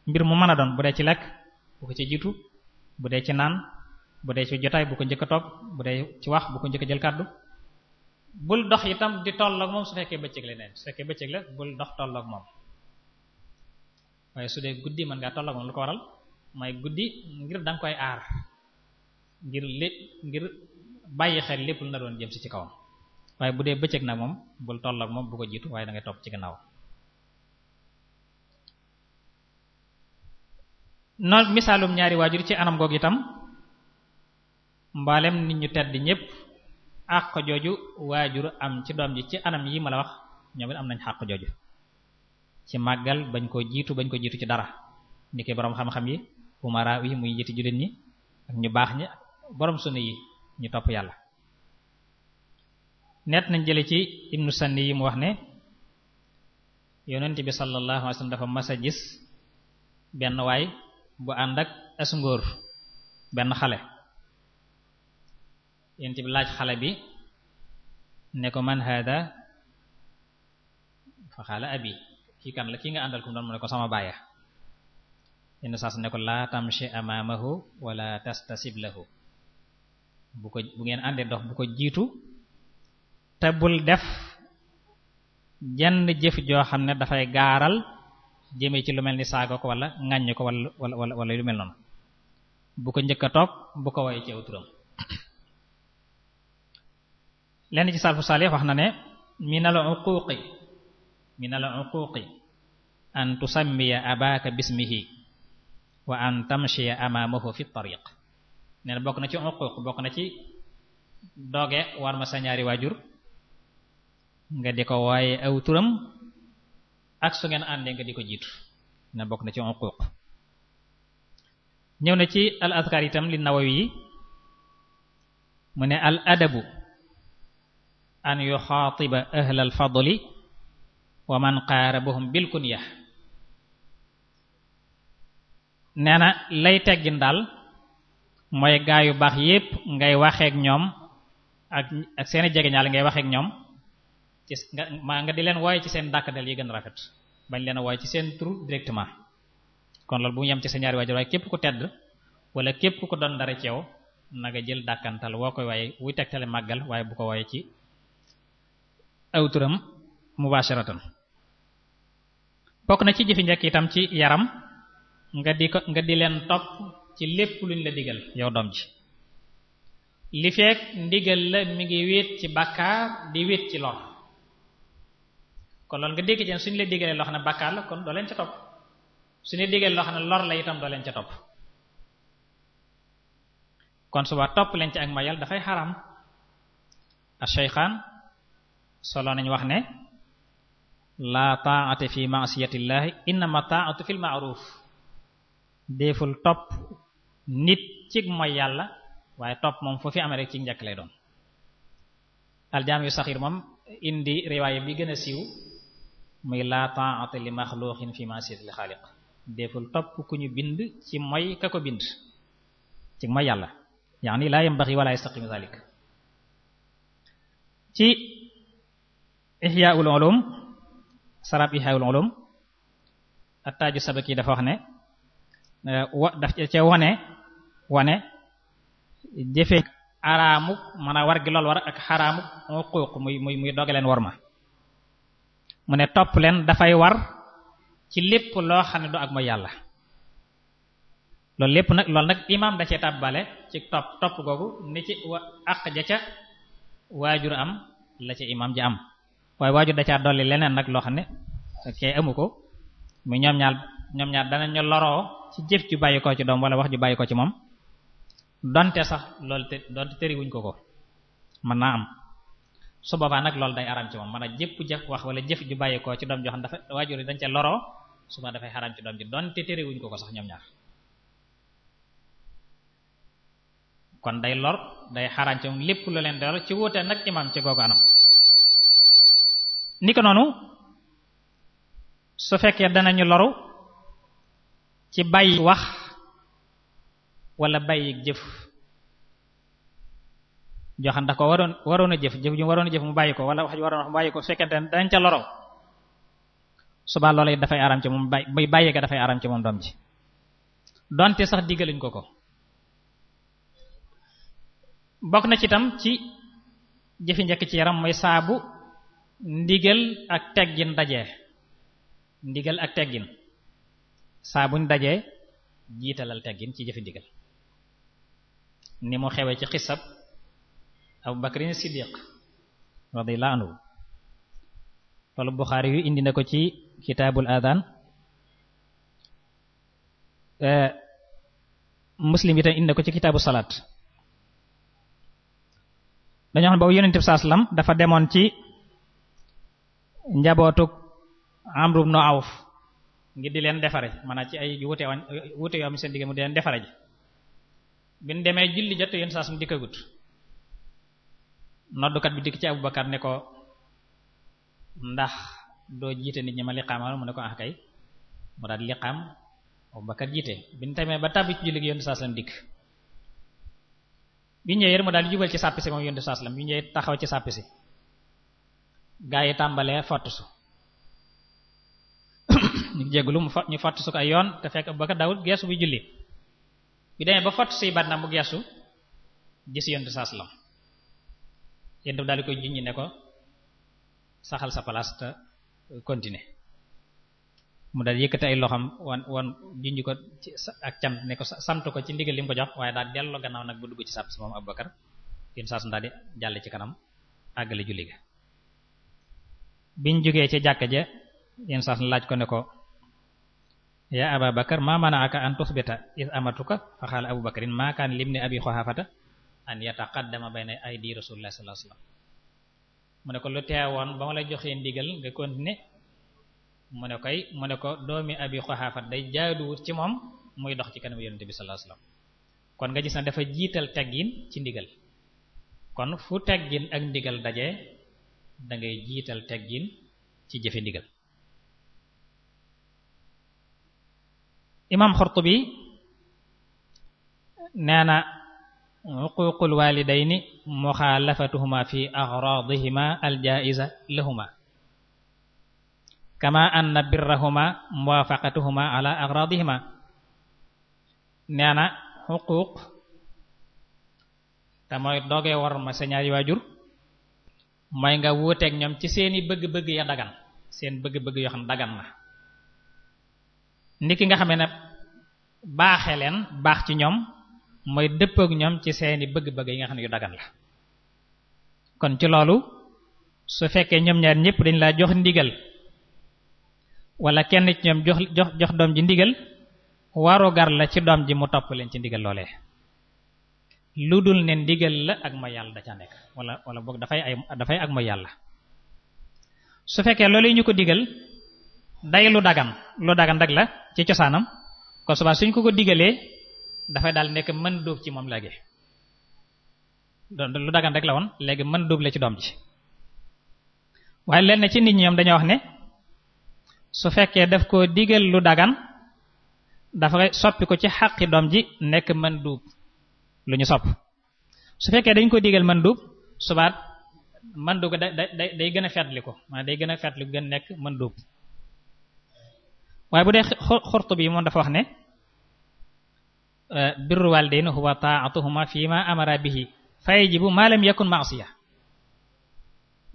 mbir mu man a doon bu dee ci lekk bu ko ci jiitu bu dee ci naan bu dee ci jotaay bu ko njëkk a toog bu dee ci wax bu ko njëkk a jël kàddu bul dox itam di tolloog moom su fekkee bëccëg la neen su bëccëg la bul dox tolloog moom waaye su dee guddi mën ngaa tolloog moom lu ko waral mooy guddi ngir da koy aar ngir le ngir bàyyi xel lépp lu na doon jëm si ci kawam waaye bu dee bëccëg nag moom bul tolloog moom bu ko jiitu waaye da ngay topp ci gannaaw noonu misaalum ñaari waajur ci anam goog itam mbaaleem nit ñu tedd ñépp àq jooju waajur am ci doom ji ci anam yi ma la wax ñoom am nañ àq jooju ci màggal bañ koo jiitu bañ ko jiitu ci dara ni koy boroom xam-xam yi umara yi muy jiiti jullit ñi ak ñu baax ñi boroom sunna yi ñu topp yàlla net nañ jële ci ibnu sanni yi mu wax ne yonent bi sallallahu alayhi wasallam dafa mas gis benn waay bu ànd ak as benn xale yéen bi laaj xale bi ne ko man hada fa xaala abi kii kan la ki nga àndal kum doon mu ne ko sama baaya yenn saas ne ko laa tamshi amaamahu wala tastasib lahu bu ko bu ngeen àndee dox bu ko jiitu te bul def jenn jëf joo xam ne dafay gaaral jëmee ci lu mel ni saaga ko wala ŋàññ ko wala wala wala lu mel noonu bu ko njëkk a toog bu ko waye ci aw turam lenn ci salfu salih wax na ne min al uquqi min al uquqi an tusammiya abaka bismihi wa an tamshiya fi tariq nee na bokk na ci uquq bokk na ci doge war ma sa waajur nga di ko waaye aw turam ak su ngeen àndee nga di ko jiitu na bokk na ci uquq ñëw na ci al azkar itam li Nawawi mu ne al adabu an yuxaatiba ahla al fadli wa qaarabahum bil kunya nee na lay teggin daal mooy gaa yu baax yépp ngay waxeek ñoom ak ak seeni jegeñaal ngay waxeek ñoom ci nga maa nga di leen wooye ci seen dàkk del yi gën a rafet bañ leen a wooye ci seen tur directement kon loolu bu mu yem ci sa ñaari waajur waaye képp ku tedd wala képp ku doon dara ci yow na nga jël dàkkantal woo koy waaye wuy tegtale màggal waaye bu ko wooye ci aw turam mubasharatan bokk na ci jëfi njëkk itam ci yaram nga di ko nga di leen topp ci lépp luñ la digal yow doom ji li fekk ndigal la mi ngi wéet ci bàkkaar di wéet ci lor kon loolu nga dégg ci suñu la digalee loo xam ne bàkkaar la kon doo leen ca topp suñu la digalee loo xam ne lor la itam doo leen ca topp kon suba topp leen ci ak mayal dafay xaram ash-shaykhan solo nañ wax ne la ta'ata fi ma'siyatillahi innama ta'atu fil ma'ruf deful topp nit ci mooy yàlla waaye topp moom foo fi amee rek ci njëkk lay doon aljaam saxiir moom indi riwaaya bi gën a siiw muy laa ta'ata li maxluqin fi ma'siyatil xaaliq deful topp ku ñu bind ci moy ka ko bind ci moy yàlla yaani laa yambaxi wala yastaqim zalik ci ihyaa'ul ulum sarab ihyaa'ul ulum attaaju sabaki dafa wax ne wa daf ca wane wane jëfe araamu man a war gi lool war ak xaraamu uquuq muy muy muy dogaleen ma mu ne topp leen dafay war ci lépp loo xam ne du ak mooy yàlla loolu lépp nag loolu nag imaam da cee tàbbale ci topp topp googu ni ci wa àq ja ca waajur am la ca imaam ja am waaye waajur da caa dolli leneen nag loo xam ne kay amu ko mu ñoom ñaar ñoom ñaar dana ñu loro ci jëf ju bàyyi ko ci doom wala wax ju bàyyi ko ci moom donte sax lool te donte tëriwuñ ko ko mën naa am su boobaa nag loolu day araam ci moom man a jëpp jëf wax wala jëf ju bàyyikoo ci doom joo xam dafa waajur yi dañ ca loroo su ma dafay xaraam ci doom ji donte terewuñ ko ko sax ñoom ñaar kon day lor day xaraam ci moom lépp lu leen dool ci wuute nag imaam ci googu ni ko noonu su fekkee danañu loru ci bàyyi wax wala bàyyi jëf joo ndax ko waroon waroon a jëf jëf ju waroon a jëf mu bàyyi ko wala wax ju waroon a wax mu bàyyi ko fekkente ne dañ ca loro yi dafay aram ci moom bay bàyyi ga dafay aram ci moom doom ji donte sax diggaluñ ko ko bokk na ci itam ci jëfi njëkk ci yaram mooy saabu ndigal ak teggin dajee ndigal ak teggin saa buñ dajee jiitalal teggin ci jëfi ndigal ni mu xewee ci xisab Abu Bakrin Siddiq radiyallahu anhu loolu Buxaari yu indi na ko ci kitaabul adaan eh, muslim yi tam indi na ko ci kitaabu salaat dañoo xam ba yonent bi saa dafa demoon ci njabootuk Amru ibn Awf ngir di leen defare maanaam ci ay wute wañ wute yoo am seen digg mu di leen defare ji bi ñu demee julli jot yonent saa salaam dikkagut noddukat bi dikk ci Abubakar ne ko ndax doo jiite nit ñi ma liqaamal mu ne ko ah kay mu daal liqaam Abubakar jiite bi ñu tamee ba tàbbi ci julli gi yonent saa sallam dikk bi ñëwee mu daal di jubal ci sàppi si moom yonent saa sallam bi ñëwee taxaw ci sàppi si gaa yi tàmbalee fottusu ñu lu mu ñu fottusu ko ay yoon te fekk Abubakar daawut geesu buy julli bi demee ba fottusu yi bat na mu geesu gis yonent saa sallam yéen tam daal di koy jiñ ne ko saxal sa place te continuer mu daal yëkkati ay loxam wan wan jiñ ko ci ak cant ne ko sant ko ci ndigal li ko jox waaye daal delloo gannaaw nag bu dugg ci sàpp si moom Abubakar yéen saa su daal di jàll ci kanam àggale julli ga biñ jógee ci jàkk ja yéen saa laaj ko ne ko yaa Ababakar maa manaaka an tusbita is amatuka fa xaala Abubakarin maa kaan limni abi Xuhaafata an yataqaddama bayna aydi rasulillah sallallahu alayhi wasallam mu ne ko lu teewoon ba ma la joxee ndigal nga continuer mu ne koy mu ne ko doomi abi Quhaafa day jaaduwut ci moom muy dox ci kanam yonent bi sallallahu kon nga gis na dafa jiital teggin ci ndigal kon fu teggin ak ndigal daje dangay jiital teggin ci jëfe ndigal imaam Xurtubi nee na xuququl walidayni muxaalafatuhuma fi agradihima aljaiza lahuma kama anna birrahuma ala agradihima nee na xuquq te mooy doge war ma sa ñaari waajur mooy nga wuuteeg ñoom ci seeni bëgg-bëgg ya dagan seen bëgg-bëgg yoo xam dagan na niki nga xamee ne baaxe leen baax ci ñoom mooy dëppook ñoom ci seeni bëgg-bëgg yi nga xam ne yu dagan la kon ci loolu su fekkee ñoom ñaar ñépp dañ la jox ndigal wala kenn ci ñoom jox jox jox doom ji ndigal warugar la ci doom ji mu topp leen ci ndigal loolee lu dul ne ndigal la ak ma yàlla da ca nekk wala wala boog dafay ay dafay ak ma yàlla su fekkee loolu yi ñu ko digal day lu dagan lu dagan rek la ci cosaanam kon subaa suñ ko ko digalee dafay daal nekk mën duub ci moom léegi lu dagan rek la woon léegi mën duub la ci doom ji waaye lenn ci nit ñi ñoom dañoo wax ne su fekkee daf koo digal lu dagan dafa soppi ko ci xaqi doom ji nekk mën duub lu ñu sopp su fekkee dañ koy digal mën duub subaat mën duub da day day gën a fetli ko maanaam day gën a fetli gën nekk mën duub waaye bu dee xurtu bi moom dafa wax ne Eh, birru waalidayni huwa taa'atuhuma fii ma amara bihi fa yajibu ma lam yakun ma'siya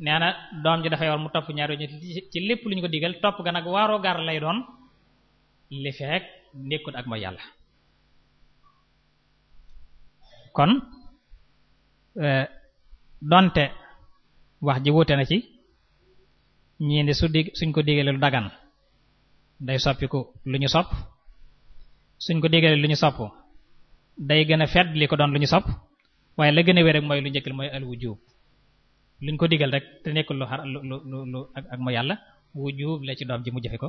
nee na doom ji dafay war mu topp ñaar ñu ci lépp lu ñu ko digal topp ga nag waaroo gar lay doon li feek nekkut ak mooy yàlla kon eh, donte wax ji wuute na ci ñii ne suñ ko digalee dagan day soppiku lu ñu sopp suñ ko digalee lu ñu sopp day gën a fedd li ko doon lu ñu sopp waaye la gën a wér mooy lu njëkk mooy al wujub luñ ko digal rek te nekk lu xar lu lu lu ak ak yàlla wujub la ci doom ji mu jëfe ko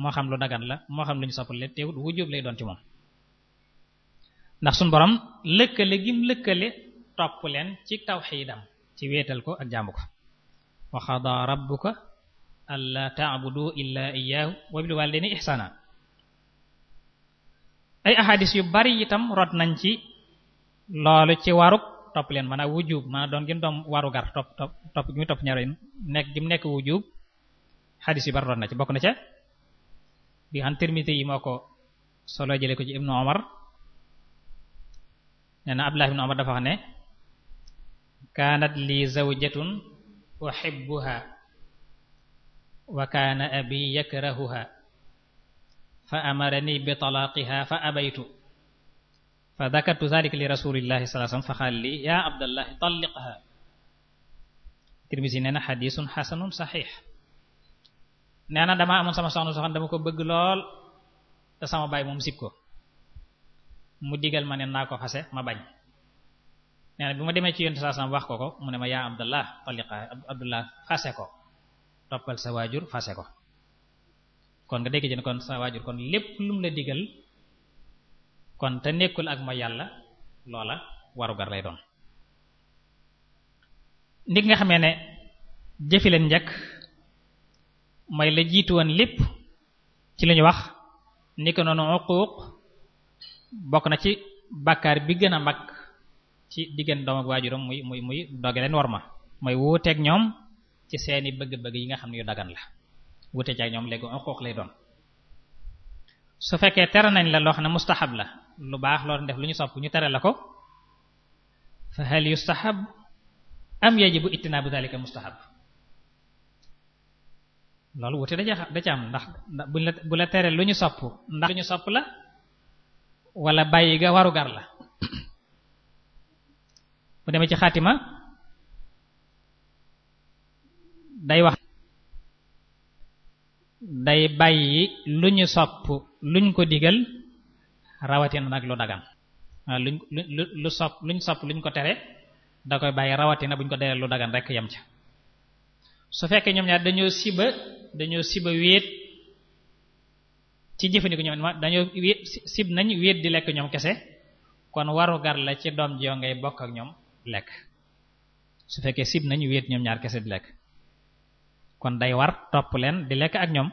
moo xam lu dagan la moo xam lu ñu sopp la teewul wujub lay doon ci moom ndax suñu borom lëkkale gim lëkkale topp leen ci tawxiidam ci weetal ko ak jàmb ko wa qadaa rabbuka allaa ta'budu illaa iyyaahu wa bil waalidayni ihsaana ay ahadis yu bari itam rot nañ ci loolu ci waruk topp leen maanaam wujub maanaam doon gën doom waru gar topp topp topp ñaar nekk gi mu nekk wujub xadis yu bari rot na ci bokk na ca bi nga xam yi moo solo jële ko ci Ibnu Omar nee na Abdullah ibnu Omar dafa wax kaanat li zawjatun uhibbuha wa kaana abi yakrahuha fa amarani bi talaaqiha fa abaytu fa dakartu zalika li rasulillahi sallallahu alayhi wa sallam fa xaal li yaa abdallahi talliqha tirmisi nee na xadisun xasanun saxiix nee na sama soxna dama ko bëgg lool te sama baay moom sib ko mu digal ma ne naa ko fase ma bañ nee bi ma demee ci yonte saa sama wax ko ko mu ne ma yaa abdallah talliqa abdallah fase ko toppal sa waajur fase ko kon nga dégg ci ne kon sa waajur kon lépp lu mu la diggal kon te nekkul ak ma yàlla loola warugar lay doon nit nga xamee ne jëfi leen njëkk mooy la jiitu woon lépp ci li ñu wax ni ko noonu uquuq bokk na ci bakkaar bi gën a mag ci diggante doom ak waajuram muy muy muy doge leen war ma mooy wuuteeg ñoom ci seeni bëgg-bëgg yi nga xam ne yu dagan la wute jaay ñoom léegi uquuq lay doon su fekkee tere nañ la loo xam ne mustahab la lu baax loo def lu ñu sopp ñu tere la ko fa hal yustahab am yajibu bu zalika mustahab loolu wute da ca ndax la bu la tere lu ñu sopp ndax lu ñu sopp la wala bàyyi ga warugar la bu demee ci xaatima day wax day bàyyi lu ñu sopp luñ ko digal rawatina nag lu dagan ah, luñ lu lu sopp luñ sopp luñ ko tere da koy bàyyi rawatina buñ ko dee lu dagan rek yem ca su fekkee ñoom ñaar dañoo siba dañoo siba wéet ci jëfandiku ñoom dañoo wéet sib nañ wéet di lekk ñoom kese kon warugar la ci doom ji yoo ngay bokk ak ñoom lekk su fekkee sib nañ wéet ñoom ñaar kese di lekk kon day war topp leen di lekk ak ñoom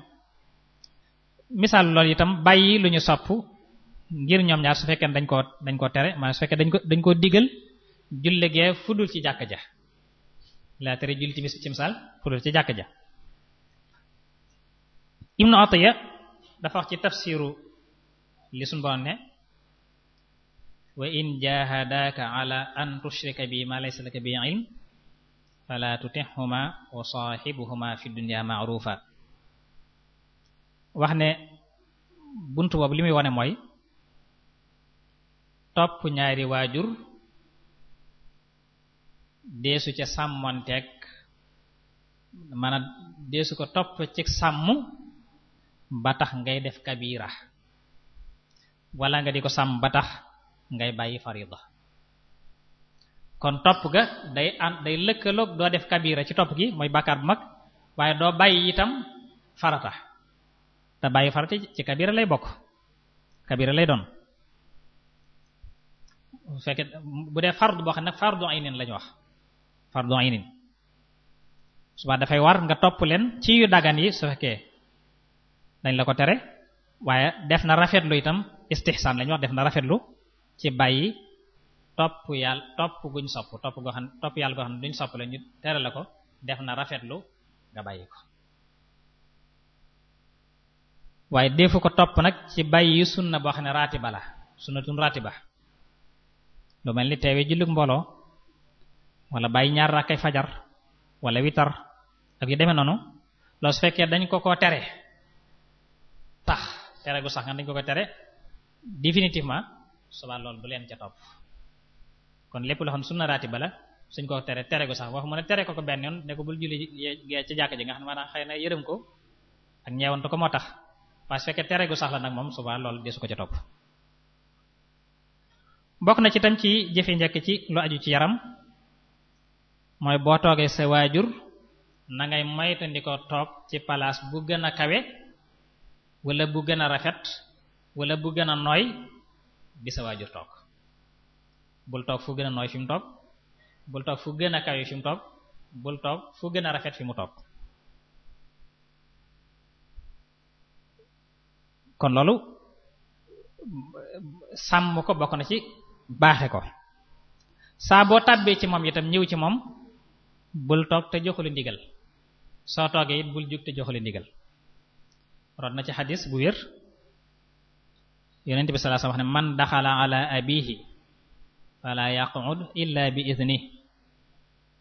misaal lool itam bàyyi lu ñu sopp ngir ñoom ñaar su fekkee dañ koo dañ koo tere maanaam su fekkee dañ ko dañ koo digal julle gee fudul ci jàkk ja laa tere julli timis ci misaal fudul ci jàkk ja Ibnu Atiyya dafa wax ci tafsiru li suñu borom ne wa in jahadaka ala an tushrika bi ma laysa laka bi ilm fala tutixhuma wa saaxibuhuma fi dunya maarufa wax ne bunt boobu li muy wone mooy topp ñaari waajur deesu ca sàmmonteeg mana deesu ko topp ci sàmm ba tax ngay def kabira wala nga di ko sàmm ba tax ngay bàyyi farida kon topp ga day ànd day lëkkaloog doo def kabira ci topp gi mooy bàkkaar bu mag waaye doo bàyyi itam farata te bàyyi farata ci kabira lay bokk kabira lay doon bu fekkee bu dee fardu boo xam nag fardu aynin lañu wax fardu aynin suba dafay war nga topp leen ci yu dagan yi su fekkee dañ la ko tere waaye def na rafetlu itam istihsaan lañu wax def na rafetlu ci bàyyi topp yàlla topp guñ sopp topp goo xam topp yàlla goo xam ne duñ sopp la ñu tere la ko def na rafetlu nga bàyyi ko waaye defu ko topp nag ci bàyyi na boo xam ne raatiba la sunnatum raatiba lu mel ni teewee jullug mbooloo wala bàyyi ñaar rakkay fajar wala witar ak yu demee noonu loo su fekkee dañ ko ko tere tax tere gu sax nga dañ ko ko tere définitivement suba loolu bu leen ca topp kon lépp loo xam sunna raati bala suñ koo teree tere ko sax waxuma ne tere ko ko benn yoon ne ko bul julli gee ci jàkk ji nga xam ne maanaam xëy na yërëm ko ak ñeewantu ko moo tax waaye su fekkee tere gu nag moom suba loolu desu ko ca topp bokk na ci tam ci jëfe njëkk ci lu ci yaram mooy boo toogee sa waajur na ngay moytandikoo toog ci palaas bu gën a kawe wala bu gën a rafet wala bu gën a nooy bi sa waajur toog bul toog fu gën a nooy fi mu toog bul toog fu gën a kawe fi mu toog bul toog fu gën a rafet fi mu toog kon loolu sàmm ko bokk na ci baaxe ko saa boo tàbbee ci moom itam ñëw ci moom bul toog te joxuli ndigal soo toogee it bul jug te joxuli ndigal rod na ci xadis bu wér yonent bi sallallahu alayhi wasallam wax ne man daxala ala abihi fala yaqud illa bi idnih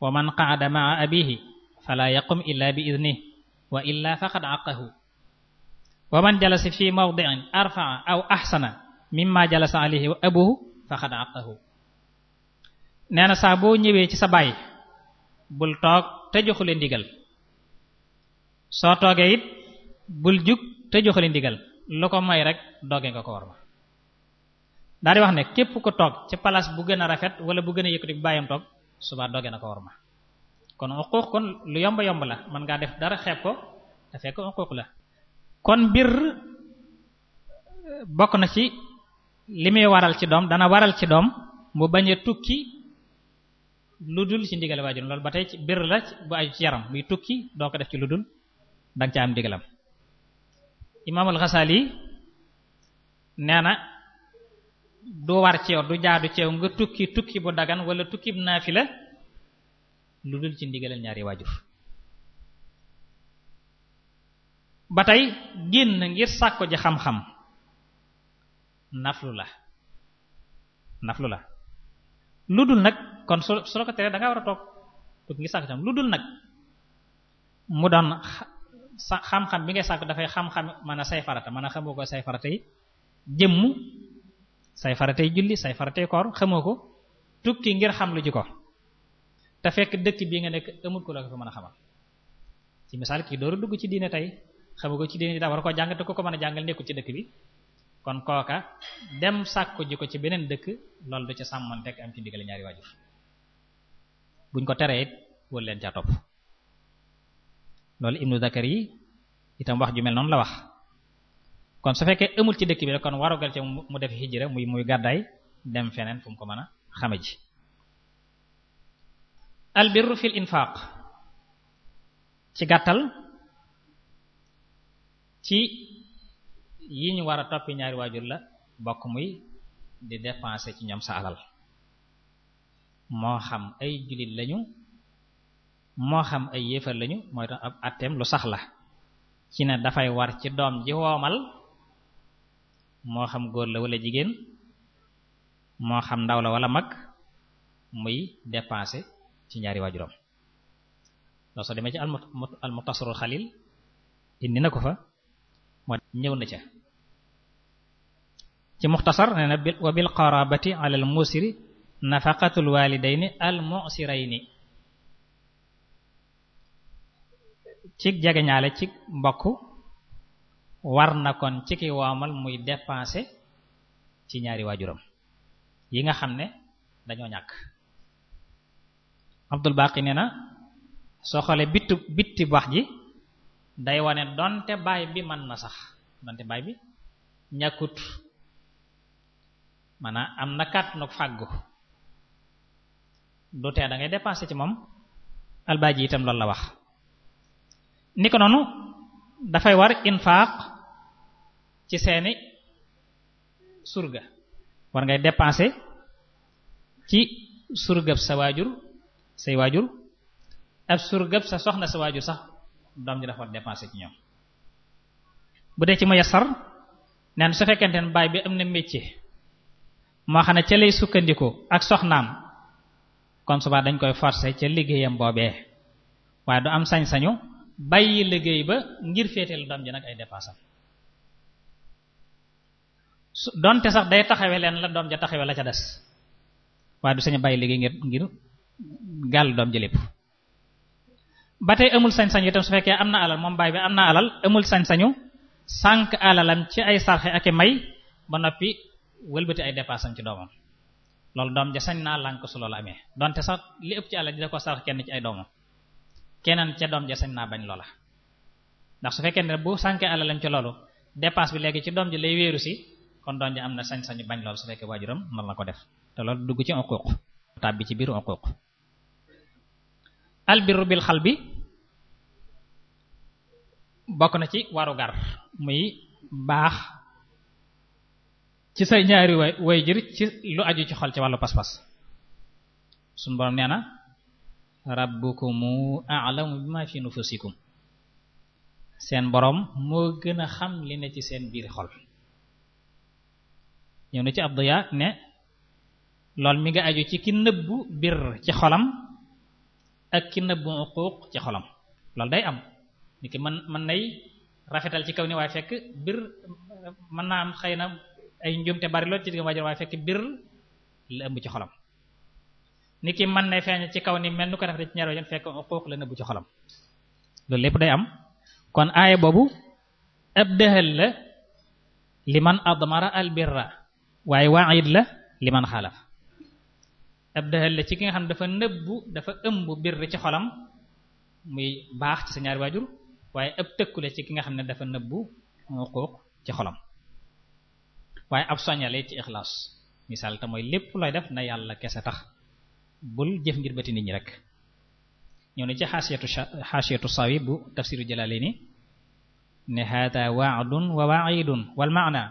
wa man qaada maa abihi fala yaqum illa bi idnih wa illa faqad aqahu wa man jalasa fi mawdi'in arfa'a aw ahsana mimma jalasa alayhi wa abuhu faqad aqahu nee na saa boo ñëwee ci sa baay bul toog te joxule ndigal soo toogee it bul jug te joxule ndigal lu ko may rek doge nga ko war ma daa di wax ne képp ko toog ci place bu gën a rafet wala bu gën a yëkkati bu bàyyam toog suba doge na ko war ma kon uquuq kon lu yomb yomb la mën ngaa def dara xeeb ko te fekk uquuq la kon mbir bokk na ci li muy waral ci doom dana waral ci doom mu bañ tukki lu dul ci ndigal waajur loolu ba tey ci bir la bu aju ci yaram muy tukki doo ko def ci lu dul danga ca am ndigalam imaamul Xasaali nee na du war ci yow du jaadu ci nga tukki tukki bu dagan wala naa bu la lu dul ci ndigalal ñaari waajur ba tey génn ngir sàkko ji xam-xam naflu la naflu la lu dul nag kon su su la ko teree da war a toog tukki ngir sàkko jam lu dul nag mu doon xam-xam bi ngay sàkko dafay xam-xam mën a say farata mën a xamoo ko say farata yi jëmm say faratay julli say faratay koor xamoo ko tukki ngir xam lu ji ko te fekk dëkk bii nga nekk amul ko la ko mën a xamal ci misaal kii dooru dugg ci diine tey xamu ko ci diine daa war koo jàng te ku ko mën a jàngal nekkul ci dëkk bi kon kooka dem sàkku ji ko ci beneen dëkk loolu du ci sàmmanteeg am ci ndigal ñaari waajur buñ ko teree it wër leen caa topp loolu ibnu zakari itam wax ju mel noonu la wax kon su fekkee amul ci dëkk bi rek kon warugal ci mu def hijra muy muy gàddaay dem feneen fu mu ko mën a xame ji albirru fil infaq ci gàttal ci yi ñu war a toppi ñaari waajur la bokk muy di dépenser ci ñoom sa alal moo xam ay jullit lañu moo xam ay yéefar lañu mooy tax ab àtteem lu sax la ci ne dafay war ci doom ji woomal moo xam góor la walla jigéen moo xam ndaw la wala mag muy dépensé ci ñaari waajuram loo soo demee ci al mutasarul xalil indi na ko fa moo ñëw na ca ci muxtasar nee na wa bil qarabati ala al nafaqatul walidayni al musirayni ci jegeñaale ci mbokk war na kon ci ki woomal muy dépenser ci ñaari waajuram yi nga xam ne dañoo ñàkk Abdul Baqi nee na soo xoolee bitti bitti wax ji day wane donte baay bi mën na sax donte baay bi ñàkkut maanaam am na kàttanug fàggu du tee da ngay ci moom albaaji itam loolu la wax ni ko noonu dafay war infaaq ci seeni surga war ngay dépenser ci surgab sa waajur say waajur ak surgab sa soxna sa waajur sax doom ji dafa war dépenser ci ñoom bu dee ci muyassar naan su fekkente ne baay bi am na métier moo xam ne ca lay sukkandiku ak soxnaam kon suba dañ koy forcer ca liggéeyam boobee waaye du am sañ-sañu bàyyi liggéey ba ngir féeteel doom ji nag ay dépensam donte sax day taxawe leen la doom ja taxawe la ca des waa du sañ a bàyyi liggéey ngir ngir gàll doom ja lépp ba tey amul sañ-sañ itam su fekkee am na alal moom bi am na amul sañ-sañu sànq alalam ci ay sarxe ak i may ba noppi wëlbati ay dépassam ci doomam loolu doom ja sañ naa lànk su loolu amee donte sax li ëpp ci alal ji da ko sarx kenn ci ay doomam keneen ca doom ja sañ naa bañ loola ndax su fekkee ne bu sànkee alalam ci loolu dépasse bi léegi ci doom ji lay wéeru si kon doon ja am na sañ-sañu bañ lool su fekkee waajuram man la ko def te loolu dugg ci uquq tàbbi ci biir uquq albirru bil xalbi bokk na ci warugar muy baax ci sa ñaari way way jër ci lu aju ci xol ci wàllu pas-pas suñu borom nee na rabbukumu a'lamu bima fi nufusikum seen borom moo gën a xam li ne ci seen biir xol ñëw na ne lool mi ci ki nëbbu bir ci xolam ak ki nëbbu ci xolam loolu day am ni ki mën nay rafetal ci kaw ni waaye mën naa xëy na ay njuumte bari lool ci digg ci xolam ni mën nay feeñ ci kaw ni mel nu ko rafetal ci ñaar waajur fekk uquuq la nëbbu ci xolam loolu lépp day am kon aaya boobu ab dëhël la liman admara al waaye waid la li man xalaf ab dahal la ci ki nga xam ne dafa nëbbu dafa ëmb bir ci xolam muy baax ci sa ñaari waajur waaye ab tëkku la ci ki nga xam ne dafa nëbbu xuquuq ci xolam waaye ab soñale ci ixlaas misaal te mooy lépp looy def na yàlla kese tax bul jëf ngir bëti nit ñi rek ñëw na ci xaasiyatu sawi bu tafsiru jalalaini ne hada waadun wa waidun wal maana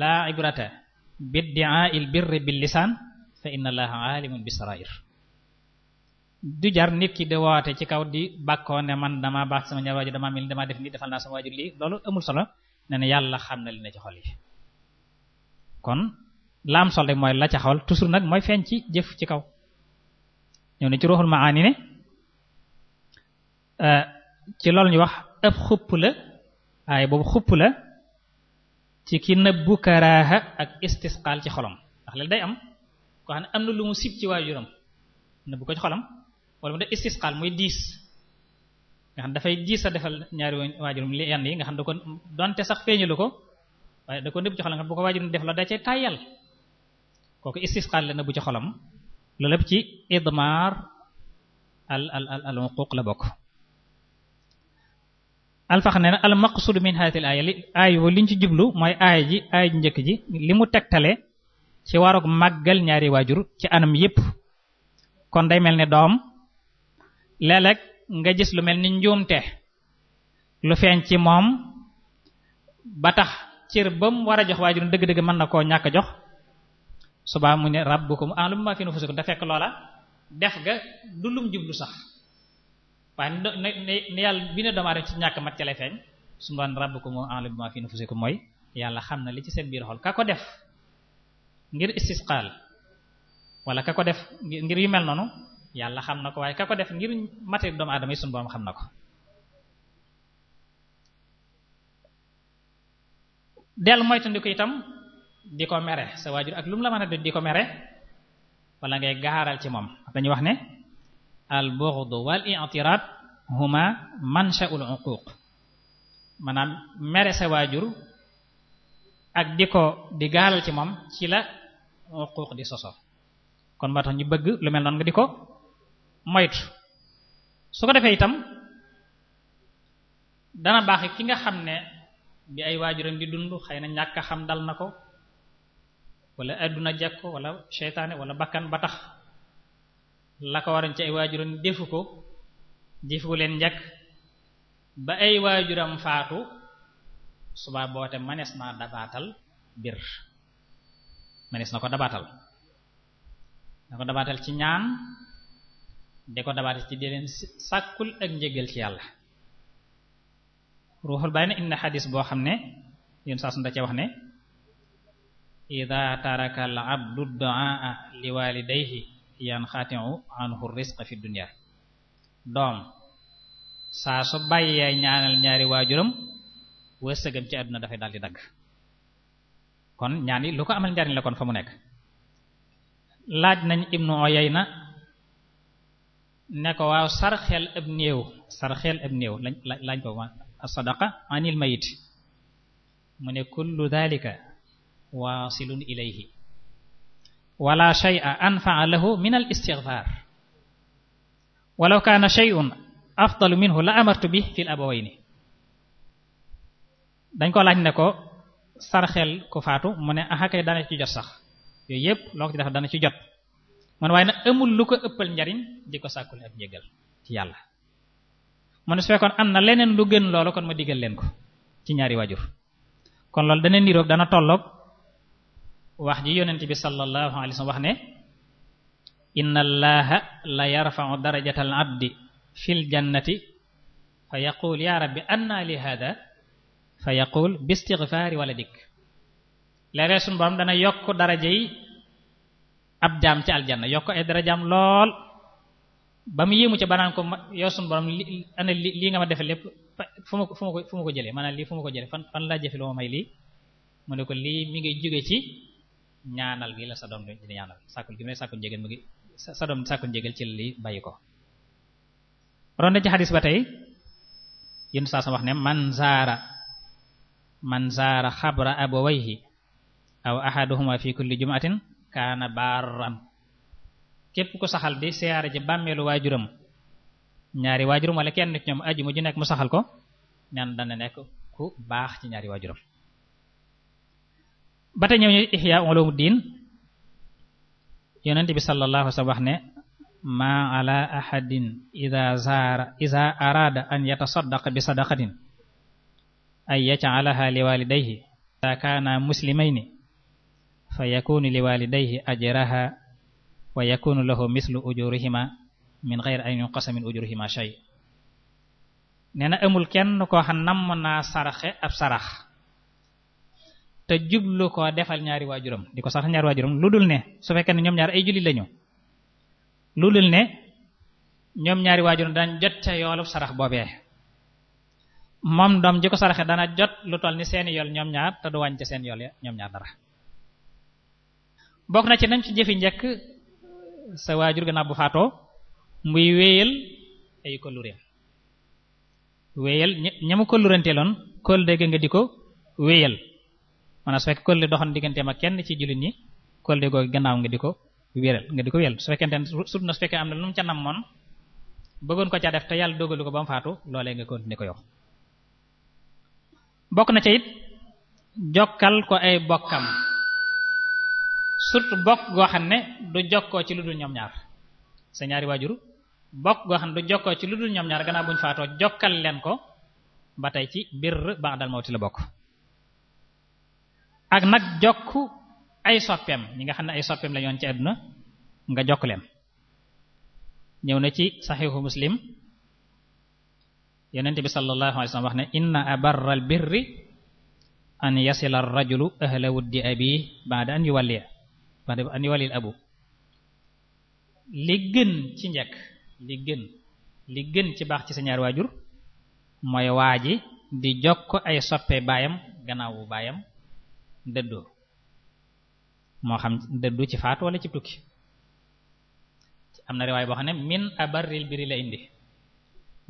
laa ibrata biddiaa il birri bil lisaan fa inna allaha alimun bi sarair du jar nit ki de woote ci kaw di bàkkoo ne man dama baax sama ñaar waajur dama mel dama def nii defal naa sama waajur lii loolu amul solo ne yàlla xam na li ne ci xol yi kon laam sol rek mooy la ca xol toujours nag mooy feeñ ci jëf ci kaw ñëw ne ci ruuxul maani ne euh, ci loolu ñu wax ëpp xupp la waaye boobu xupp la ci ki nëbbu karaaha ak istisqaal ci xolam ndax léegi day am koo xam ne am na lu mu sib ci waajuram nëbbu ko ci xolam wala mu def istisqaal muy diis nga xam dafay diis a defal ñaari waajuram li yenn yi nga xam da ko donte sax feeñalu ko waaye da ko nëbbu ci xolam ko waajuram def la da cay tàyyal kooku istisqaal la nëbbu ci xolam loolu lépp ci idmar al al al al la bokk alfax nee na al maqsudu min hatil aaya li aaya boobu li ñu ci jublu mooy aaya ji aaya ji njëkk ji li mu tegtale ci warug màggal ñaari waajur ci anam yépp kon day mel ni doom léeg nga gis lu mel ni njuumte lu feeñ ci moom ba tax cër ba mu war a jox waajur dëgg-dëgg mën na koo ñàkk jox subaa mu ne rabbukum a'lamu ah, bima fi nufusikum da fekk loola def ga du jublu sax waaye ne yàlla bi ne doomu aadama ci ñàkk mat ca lay feeñ su ma rabbukum a'lamu bima fi nufusikum mooy yàlla xam na li ci seen biir xol ka ko def ngir istisqaal wala ka ko def ngir yu mel noonu yàlla xam na ko waaye ka ko def ngir mate doomu aadama yi sunu borom xam na ko. dellu moytandiku itam di ko mere sa waajur ak lu mu la mën a di ko mere wala ngay gaaral ci moom dañuy wax ne. al-bughd wal i'tirad huma mansha'ul uquq maanaam mere sa waajur ak di ko di gaalal ci moom ci la uquq di soso kon moo ñu bëgg lu mel noonu nga di ko moytu su ko defee itam dana baax ki nga xam ne bi ay waajuram di dund xëy na ñàkk xam dal na ko wala adduna jekk ko seytaane wala bakkan ba tax la ko waroon ci ay waajuram defu ko defu leen njëkk ba ay waajuram faatu suba boote manees naa dabaatal bir manees na ko dabaatal na ko dabaatal ci ñaan de ko dabaatal ci di leen sàkkul ak njëgal ci yàlla ruuxul bàyyi na indi xadis boo xam ne yéen saa nda da cee wax ne ida taraka al abdu du'a li walidayhi yan xaatiu anhu risqa fi dunya doom saa su bàyyee ñaanal ñaari waajuram wërsëgam ci àdduna dafay daal di dagg kon ñaan yi lu ko amal njariñ la kon fa mu nekk laaj nañ ibnu Uyayna ne ko waaw sarxel ab néew sar xel ab néew lañ lañ ko ma as-sadaqa anil mayit mu ne kullu dhalika waasilun ilayhi wala shay'a anfaa lahu min al istighfar walaw kaana shay'un afdalu minhu la amartu bi fil ni dañ ko laaj ne ko sarxel ku faatu mu ne aha kay dana ci jot sax yooyu yëpp loo ko ci def dana ci jot man waaye nag amul lu ko ëppal njariñ di ko sàkkul ak njëgal ci yàlla man su fekkoon am na leneen lu gën loolu kon ma digal leen ko ci ñaari waajur kon loolu dana niroog dana tolloog wax ji yonent bi sallallahu alayhi wasallam wax ne inna allaha la yarfa'u darajatal abdi fil jannati fa yaqul ya rabbi anna li hada fa yaqul bi istighfari waladik léeg-léeg suñu borom dana yokk daraja yi ab jaam ci yokk ay darajaam lool ba mu yéemu ci banaan ko yow borom li nga ma defe lépp fu ma ko fu ma ko fu ma ko jëlee fan fan laa jëfe may lii mu ne ko lii mi ngi jóge ci ñaanal gi la sa doom di ñaanal sàkkul gi mu ngi sa doom sàkkul ci li bàyyi ko ron na ci xadis ba tey yén saa sama wax ne man zaara man zaara xabra abawayhi aw ahaduhuma fi kulli jum'atin kaana barran képp ku saxal di siyaare ji bàmmeelu waajuram ñaari waajuram wala kenn ci ñoom aju mu nekk mu saxal ko ñaan dana nekk ku baax ci ñaari waajuram ba tey ñëw ñu Ihya Ulumuddin yonent bi sallallahu alayhi wa sallam wax ne ma ala ahadin ida zaara ida araada an yatasaddaqa bi sadaqatin ay yaj'alaha liwaalidayhi ida kaana muslimayni fa yakunu liwaalidayhi ajraha wa yakunu lahu mislu ujurihima min ghayri an yunqasa min ujurihima shay nee na amul kenn koo xam namm naa saraxe ab sarax te jublu koo defal ñaari waajuram di ko sax ñaari waajuram lu dul ne su fekkee ne ñoom ñaar ay jullit lañu lu dul ne ñoom ñaari waajuram daan jot ca yoolub sarax boobee moom doom ji ko saraxe dana jot lu toll ni seeni yool ñoom ñaar te du wàññi ca seen yool ya ñoom ñaar dara bokk na ci nañ ci jëfi njëkk sa waajur gannaaw bu faatoo muy wéyal ay kóllëreem wéyal ña mu kóllëranteeloon kóllëre nga di ko maanaam su fekk kolle doxoon digganteem ak kenn ci jullit ñi kolle googu gannaaw nga di ko wéral nga di ko wéral su fekkente ne sut na su fekkee am na lu mu ca namoon bëggoon ko ca def te yàlla dogalu ko ba mu faatu loolee nga continuer ko yow bokk na ca it jokkal ko ay bokkam surtout bokk goo xam ne du jokkoo ci lu dul ñoom ñaar sa ñaari waajur bokk goo xam ne du jokkoo ci lu dul ñoom ñaar gannaaw buñ faatoo jokkal leen ko ba tey ci biir ba'dal mawti la bokk ak nag jokk ay soppeem ñi nga xam ne ay soppeem lañoon yoon ci àdduna nga jokk leen ñëw na ci saxiixu muslim yonent bi sallallahu alayhi wax ne inna abarral birri an yasila ar-rajulu ahla wuddi abihi ba'da an yuwalliya ba'da an yuwallil abu li gën ci njekk li gën li gën ci baax ci sa ñaar waajur mooy waa ji di jokk ay soppe baayam gannaaw bu baayam dëddoo moo xam dëddu ci faatu wala ci tukki am na riwaay boo xam ne min abarril biri la indi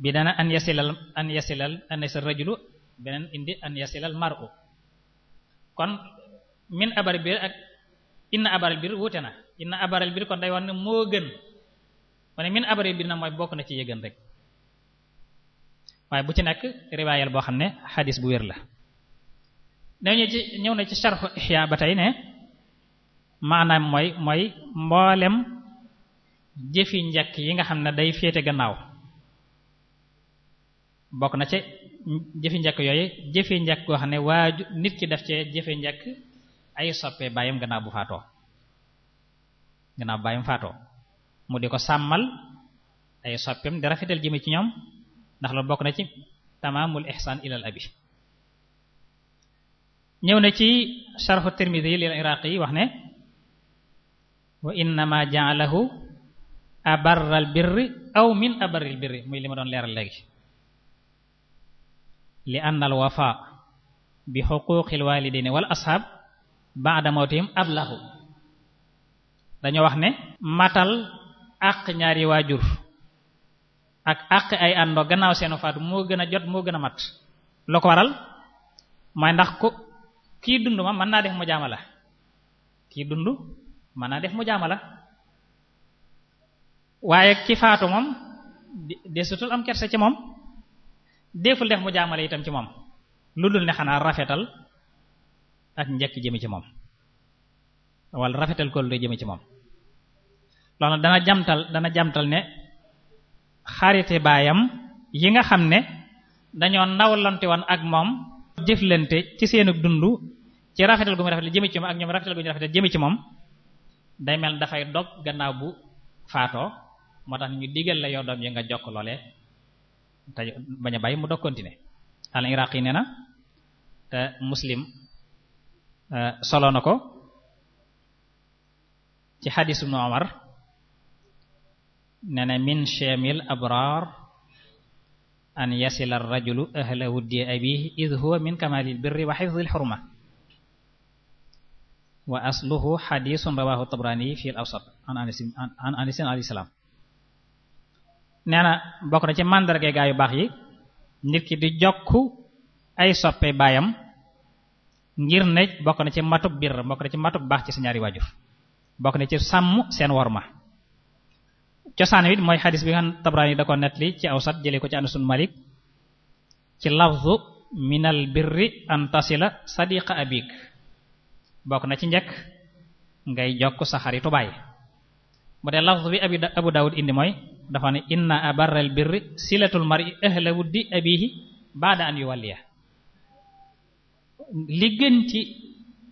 bi dana an yasilal an yasilal an yasil rajulu beneen indi an yasilal mar'u kon min abaril biri ak inna abaril biri wuute na inna abaril biri kon day wax ne moo gën wane min abaril biri na mooy bokk na ci yëgën rek waaye bu ci nekk riwaayal boo xam ne xadis bu wér la nañu ci ñëw na ci sharhu ihya ba tey ne maanaam mooy mooy mboolem jëfi njëkk yi nga xam ne day féete gannaaw bokk na ci jëfi njëkk yooyu jëfi njëkk goo xam ne waaju nit ki def ci jëfe njëkk ay soppe bàyyam gannaaw bu faatoo gannaaw bu faatoo mu di ko sàmmal ay soppeem di rafetal jëme ci ñoom ndax la bokk na ci tamaamul ihsaan ilal abi ñëw na ci sharhu Tirmidhi lil wax ne wa innama ja'alahu abarral birri aw min abarril birri muy li ma doon leeral léegi li anna al wafa bi xuquqil walidaini wal ashab ba'da mawtihim ablahu dañoo wax ne matal àq ñaari waajur ak àq ay àndoo gannaaw seenu faatu moo gën a jot moo gën a mat loo ko waral mooy ndax ko kii dund ma mën naa def mu jaamala kii dund mën naa def mu jaamala waaye ki faatu moom desutul am kersa ci moom deful def mu jaamala itam ci moom lu dul xanaa rafetal ak njëkk jëme ci moom wala rafetal ko lu ci moom loolu dana jamtal dana jamtal ne xariti baayam yi nga xam ne dañoo nawlante woon ak moom jëflante ci seenug dund ci rafetal gu muy rafetal jëme ci moom ñoom rafetal gu ñu rafetal jëme ci moom day mel dafay dog gannaaw bu faatoo moo tax ñu digal la yow yi nga jokk loole te bañ a bàyyi mu dog continuer al iraq yi nee na te euh, muslim euh, solo na ko ci xadiis ibnu Umar nee na min shamil abrar an yasila arrajulu ahla wuddi abihi id huwa min kamalil birri wa xifdil xurma wa asluhu xadisun rawahu tabrani fi al awsat an bokk na ci màndarga gaa yu baax yi nit ki di jokk ay soppe baayam ngir ne bokk na ci matub bir bokk na ci matub baax ci si ñaari waajur bokk na ci sàmm seen worma cosaan wit mooy xadis bi nga xam Tabraani da ko nettali ci awsat jëlee ko ci Anas Malik ci lafzu minal birri an tasila sadiqa abik bokk na ci njëkk ngay jokk sa xaritu baay bu dee lafzu bi Abu Dawud indi mooy dafa ne inna abarral birri silatul mar'i ahla wuddi abihi ba'da an yuwalliya li gën ci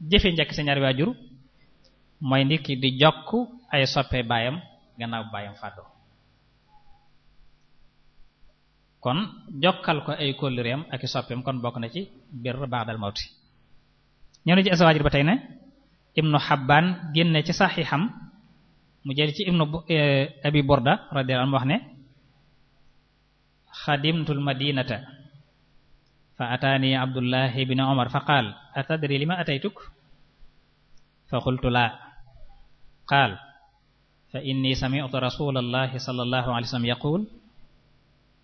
jëfe njëkk sa ñaari mooy nit di jokk ay soppe baayam gannaaw baayam fàddo kon jokkal ko ay kóllëreem ak i soppeem kon bokk na ci bir baadal mawti ñëw na ci aswaajir ba tey ne ibnu xabbaan génne ci saxiixam mu jël ci ibnu e, abi burda radiyallahu anhu wax ne xadimtul madinata fa ataani abdullahi ibn umar fa qaal atadri lima ataytuk fa qultu laa qaal fa inni sami'tu rasulallahi sallallahu alayhi wa sallam yaqul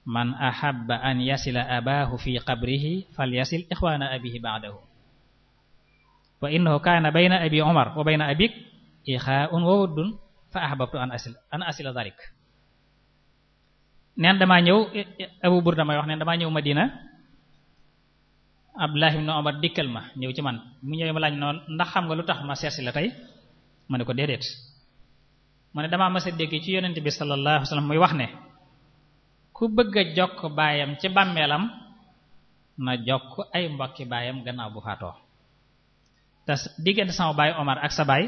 man ahabba an yasila abaahu fi qabrihi falyasil ixwaana abihi ba'dahu wa innahu kaana bayna abi umar wa bayna abik ixaa'un wa wuddun fa ahbabtu an asil an asila dhalik neen damaa ñëw abu burda may wax neen damaa ñëw madina abdullah ibn umar dikkal ma ñëw ci man mu ñëwee ma laaj noonu ndax xam nga lu tax ma seetsi la tey ma ne ko déedéet mu ne damaa mës a dégg ci yonent bi sallallahu alayhi wasallam muy wax ne ku bëgg a jokk baayam ci bàmmeelam na jokk ay mbokki baayam gannaaw bu faatoo te diggante sama baay Omar ak sa baay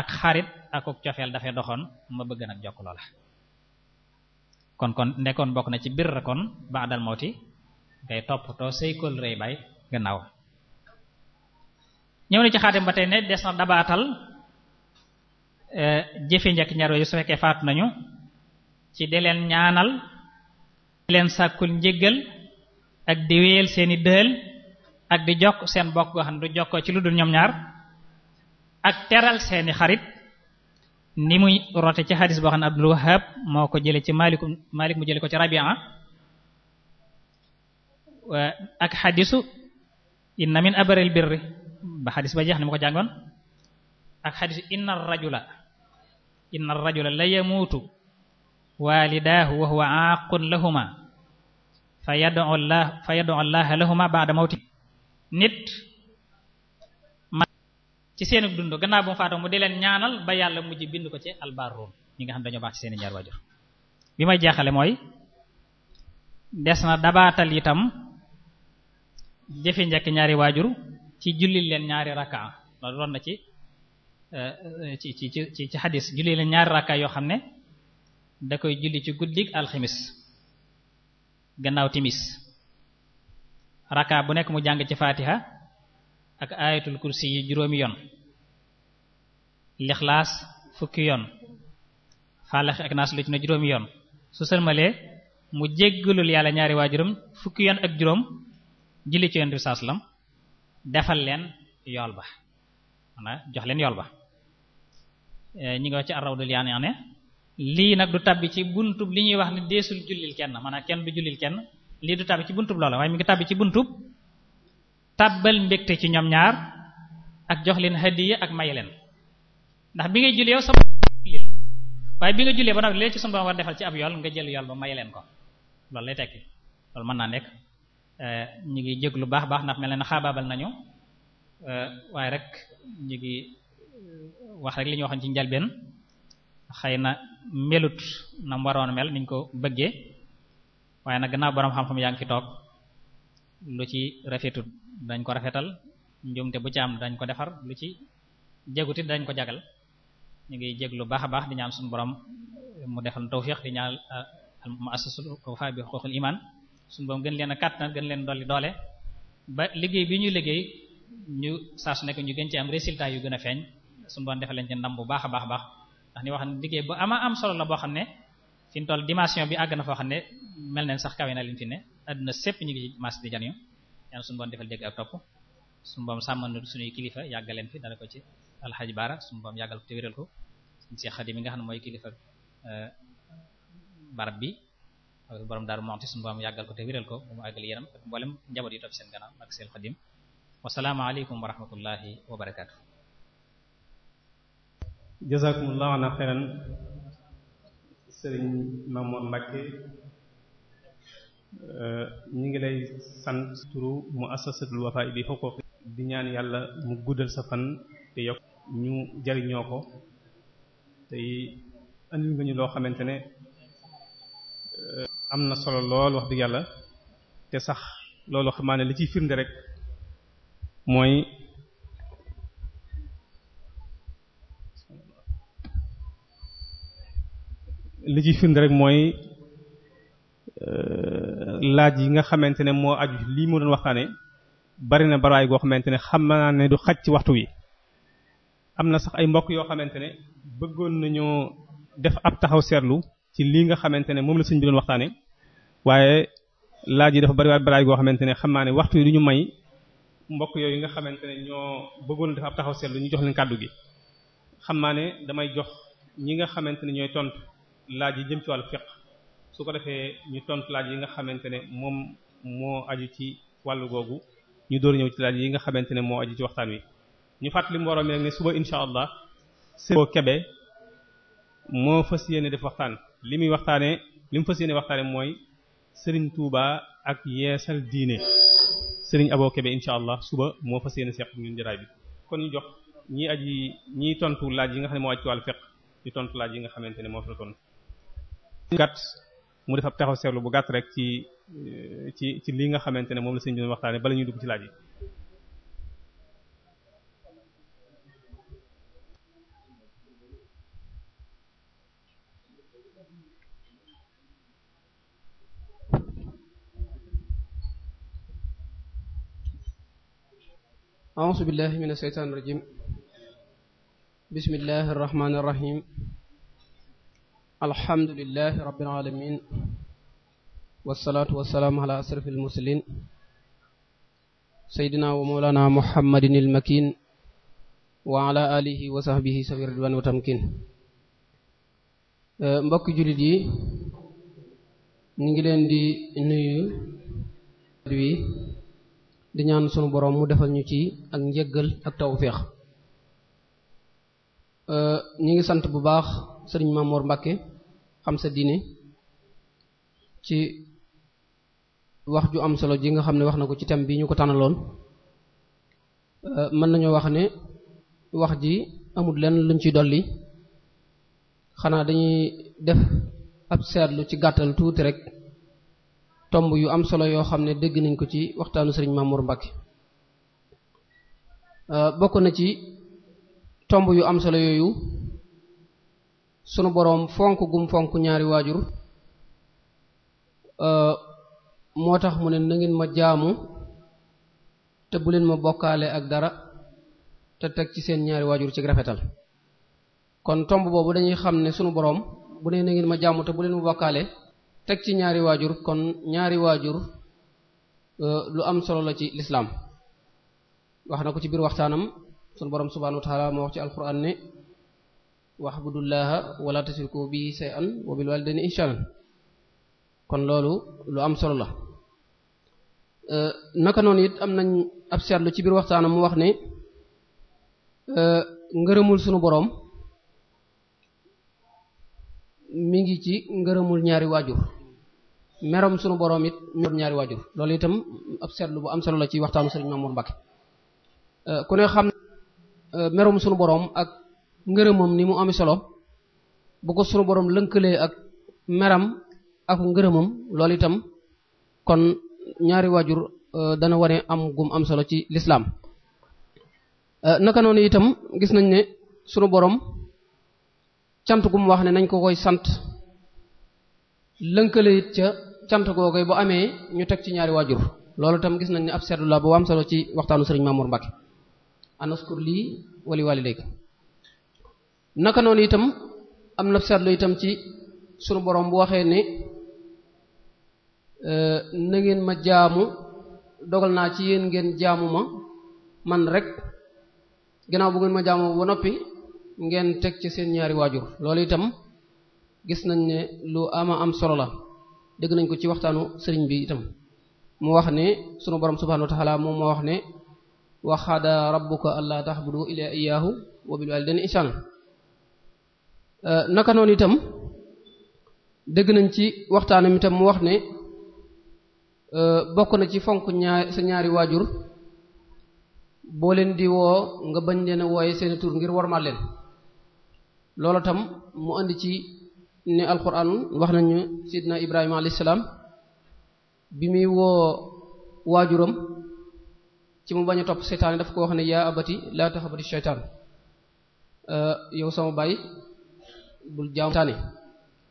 ak xarit ak ak cofeel dafay doxoon ma bëgg nag jokk loola kon kon nekkoon bokk na ci biir kon baadal mawti ngay toppatoo say rëy baay gannaaw ñëw na ci xaatim ba tey ne des na dabaatal Eh, jëfe njekk ñaar yooyu su fekkee faatu nañu ci di leen ñaanal leen sàkkul njéggal ak di wéyal seeni dëhël ak di jokk seen bokk goo xam ne du jokkoo ci lu dul ñoom ñaar ak teral seeni xarit ni muy rote ci xadis boo xam Abdul Wahab moo ko jële ci Malik Malik mu jële ko ci Rabi'a ak xadisu inna min abaril birri ba xadis ba jeex ni ma ko jàngoon ak xadisu inna rajula inna ar-rajula la yamuutu waalidaahu wa huwa aaqun lahumaa fa yad'u Allah fa yad'u Allah lahumaa ba'da mawti nit man ci seen dund gannaaw bu mu faatoo mu di leen ñaanal ba yàlla mujj bind ko ci albarrum ñi nga xam dañoo baax ci seen ñaar waajur bi may jeexale mooy des na dabaatal itam jëfe njëkk ñaari waajur ci julli leen ñaari rakkaa loolu doon na ci Euh, ci ci ci ci xadis julli la ñaari rakka yoo xam ne da koy julli ci guddig alxamis gannaaw timis rakka bu nekk mu jàng ci fatiha ak ayatul kursi yi juróomi yoon lixlaas fukki yoon faalax ak naas lu ci na juróomi yoon su sëlmalee mu jéggalul yàlla ñaari waajuram fukki yoon ak juróom julli ci yoon bi saa defal leen yool ba maanaam jox leen yool ba Eh, ñi ngi wax ci arrawdul yaani ne lii nag du tabbi ci buntub li ñuy wax ni deesul jullil kenn maanaam kenn du jullil kenn lii du tabbi ci buntub loola waaye mi ngi tabbi ci buntub tabbal mbégte ci ñoom ñaar ak jox leen hadiya ak may leen ndax bi ngay julli yow sa waaye bi nga jullee ba nag léegi ci defal ci ab yool nga jël yool ba may leen ko loolu lay tekki loolu mën naa nekk eh, ñu ngi jég lu baax baax ndax mel na xaabaabal nañu eh, waaye rek ñu ngi wax rek li ñu waxoon ci njalbeen xëy na melut na mu waroon mel niñ ko bëggee waaye nag gannaaw boroom xam-xam yaa ngi fi toog lu ci rafetut dañ ko rafetal njuumte bu ci am dañ ko defar lu ci jegutit dañ ko jagal ñu ngi jeg lu baax a baax di ñaan suñu borom mu defal tawfiq di ñaan uh, al-mu'assasul Wafa bi huquqil iman suñu borom gën leen a kàttan gën leen doole ba liggéey bi ñu liggéey ñu saa su nekk ñu gën ci am résultat yu gën a feeñ suñu boon defal leen ci ndam bu baax a baax baax ndax ni wax liggéey bu ama am solo la boo xam ne fi ñu dimension bi àgg na foo xam ne mel nañ sax kawe na leen fi ne àdduna sépp ñu ngi mas di jariñu yaan suñu boon defal dégg ak topp suñu boom sàmman suñuy kilifa yàggal leen fi dara ko ci alxaji baara suñu boom yàggal ko te wéral ko suñu Seex Xaadim nga xam ne mooy kilifa eh, barab bi daal borom daaru moxti suñu boom yàggal ko te wéral ko mu àggal yéenam ak mboolem njaboot yi topp seen gannaaw ak seen Xaadim wasalaamaaleykum wa rahmatullahi wa barakaatu jazakumullahu ana xeran sëriñ Mamour Mbacke euh, ñi ngi lay sant turu mu assasatul wafa bi xuquq di ñaan yàlla mu guddal sa fan te yokk ñu jariñoo ko tey andi nga ñu loo xamante ne euh, am na solo lool wax dëgg yàlla te sax loolu xamaa ne li ciy firnde rek mooy li ci firnde rek mooy euh, laaj yi nga xamante ne moo aju lii mu doon waxtaane bari na baraay goo xamante ne xam naa ne du xaj ci waxtu wi am na sax ay mbokk yoo xamante ne bëggoon nañoo def ab taxaw seetlu ci lii nga xamante ne moom la sëñ bi doon waxtaane waaye laaj yi dafa bari waat baraay goo xamante ne xam naa ne waxtu wi du ñu may mbokk yi nga xamante ne ñoo bëggoon def ab taxaw seetlu ñu jox leen kàddu gi xam damay jox ñi nga xamante ne ñooy laaj yi jëm ci wàllu fiqh su ko defee ñu tontu laaj yi nga xamante ne moom moo aju ci wàllu googu ñu door ñëw ci laaj yi nga xamante ne moo aju ci waxtaan ñu fàttali mbooloo mi rek ne suba insha allah sëriñ Kebe moo fas yéene def waxtaan li muy waxtaanee li mu fas yéene waxtaanee mooy sëriñ Touba ak yeesal diine sëriñ Abo Kebe insha allah suba moo fas yéene seq ñun jaraay bi kon ñu jox ñii aji ñii tontu laaj yi nga xam ne moo ci wàllu fiqh ñu tontu laaj yi nga xamante ne moo fa tontu gàtt mu def ab taxaw bu gàtt rek ci eh, ci li nga xamante ne moom la sëñ bi doon waxtaane bala ñuy mina shaytaani rajiim bismillahi rahmaani rahiim alhamdulilahi rabbil alamin wasalaatu wasalaamu ala asraf almursalin saydina wa moolana muhammadin ilmakin wa ala wa sahbihi sawi ridwan eh, mbokki jullit yi ñu ngi leen di nuyu di ñaan sunu boroom mu defal ñu ci ak njëggal ak tawféex eh, ñu ngi sant bu baax sëriñ Mamour Mbacke xam sa diine ci wax ju am solo ji nga xam ne wax na ko ci thème bi ñu ko tànnaloon mën nañoo wax ne wax ji amul lenn luñ ci dolli xanaa dañuy def ab seetlu ci gàttal tuuti rek tomb yu am solo yoo xam ne dégg nañ ko ci waxtaanu sëriñ Mamour Mbacke bokk na ci tomb yu am solo yooyu sunu boroom fonk gum fonk ñaari waajur euh, moo tax mu ne na ngeen ma jaamu te bu leen ma bokkaale ak dara te teg ci seen ñaari waajur ci rafetal kon tomb boobu dañuy xam ne sunu boroom bu ne na ngeen ma jaamu te bu leen ma bokkaale teg ci ñaari waajur kon ñaari waajur euh, lu am solo la ci lislaam wax na ko ci biir waxtaanam sunu boroom subhaanahu wa moo wax ci alquran ne waxbudullaha wala tasriku bihi shay'an wa bil walidayni ihsanan kon loolu lu am solo la euh, naka noonu it am nañ ab seetlu ci biir waxtaanam mu wax ne euh, ngërëmul sunu boroom mi ngi ci ngërëmul ñaari waajur merom sunu boroom ñaari waajur loolu itam ab seetlu bu am solo la ci waxtaanu Sëriñ Mamour Mbacke euh, ku ne xam merom sunu boroom ak ngërëmam ni mu amee solo bu ko sunu boroom lënkalee ak meram ak ngërëmam loolu itam kon ñaari waajur euh, dana ware am gum am solo ci lislaam euh, naka noonu itam gis nañ ne sunu borom cant gum wax ne nañ ko koy sant lënkale it ca cant googu bu amee ñu teg ci ñaari waajur loolu itam gis nañ ne ab seetlu la bu am solo ci waxtaanu sëriñ Mamour Mbacke anaskur lii wali wali léegi naka noonu itam am na seetlu itam ci sunu boroom bu waxee ni e, na ngeen ma jaamu dogal naa ci yéen ngeen jaamu ma man rek ginnaaw bu ngeen ma jaamu ba noppi ngeen teg ci seen ñaari waajur loolu itam gis nañ ne lu ama am solo la dégg nañ ko ci waxtaanu sëriñ bi itam mu wax ne sunu borom subhanahu wa moom moo wax ne waxada rabbuka alla tahbudu illa iyyahu wa bil walidayni ihsana Euh, naka noonu itam dégg nañ ci waxtaanam itam mu wax ne euh, bokk na ci fonk ñaar sa ñaari waajur boo leen di woo nga bañ leen a wooye seeni tur ngir warmal leen loolu tam mu indi ci ne alquran wax nañu sidna ibrahima alayhi salaam bi muy woo waajuram ci mu bañ a topp seytaane dafa ko wax ne yaa abati laa taxabati seytaan euh, yow sama baay bul jaam taani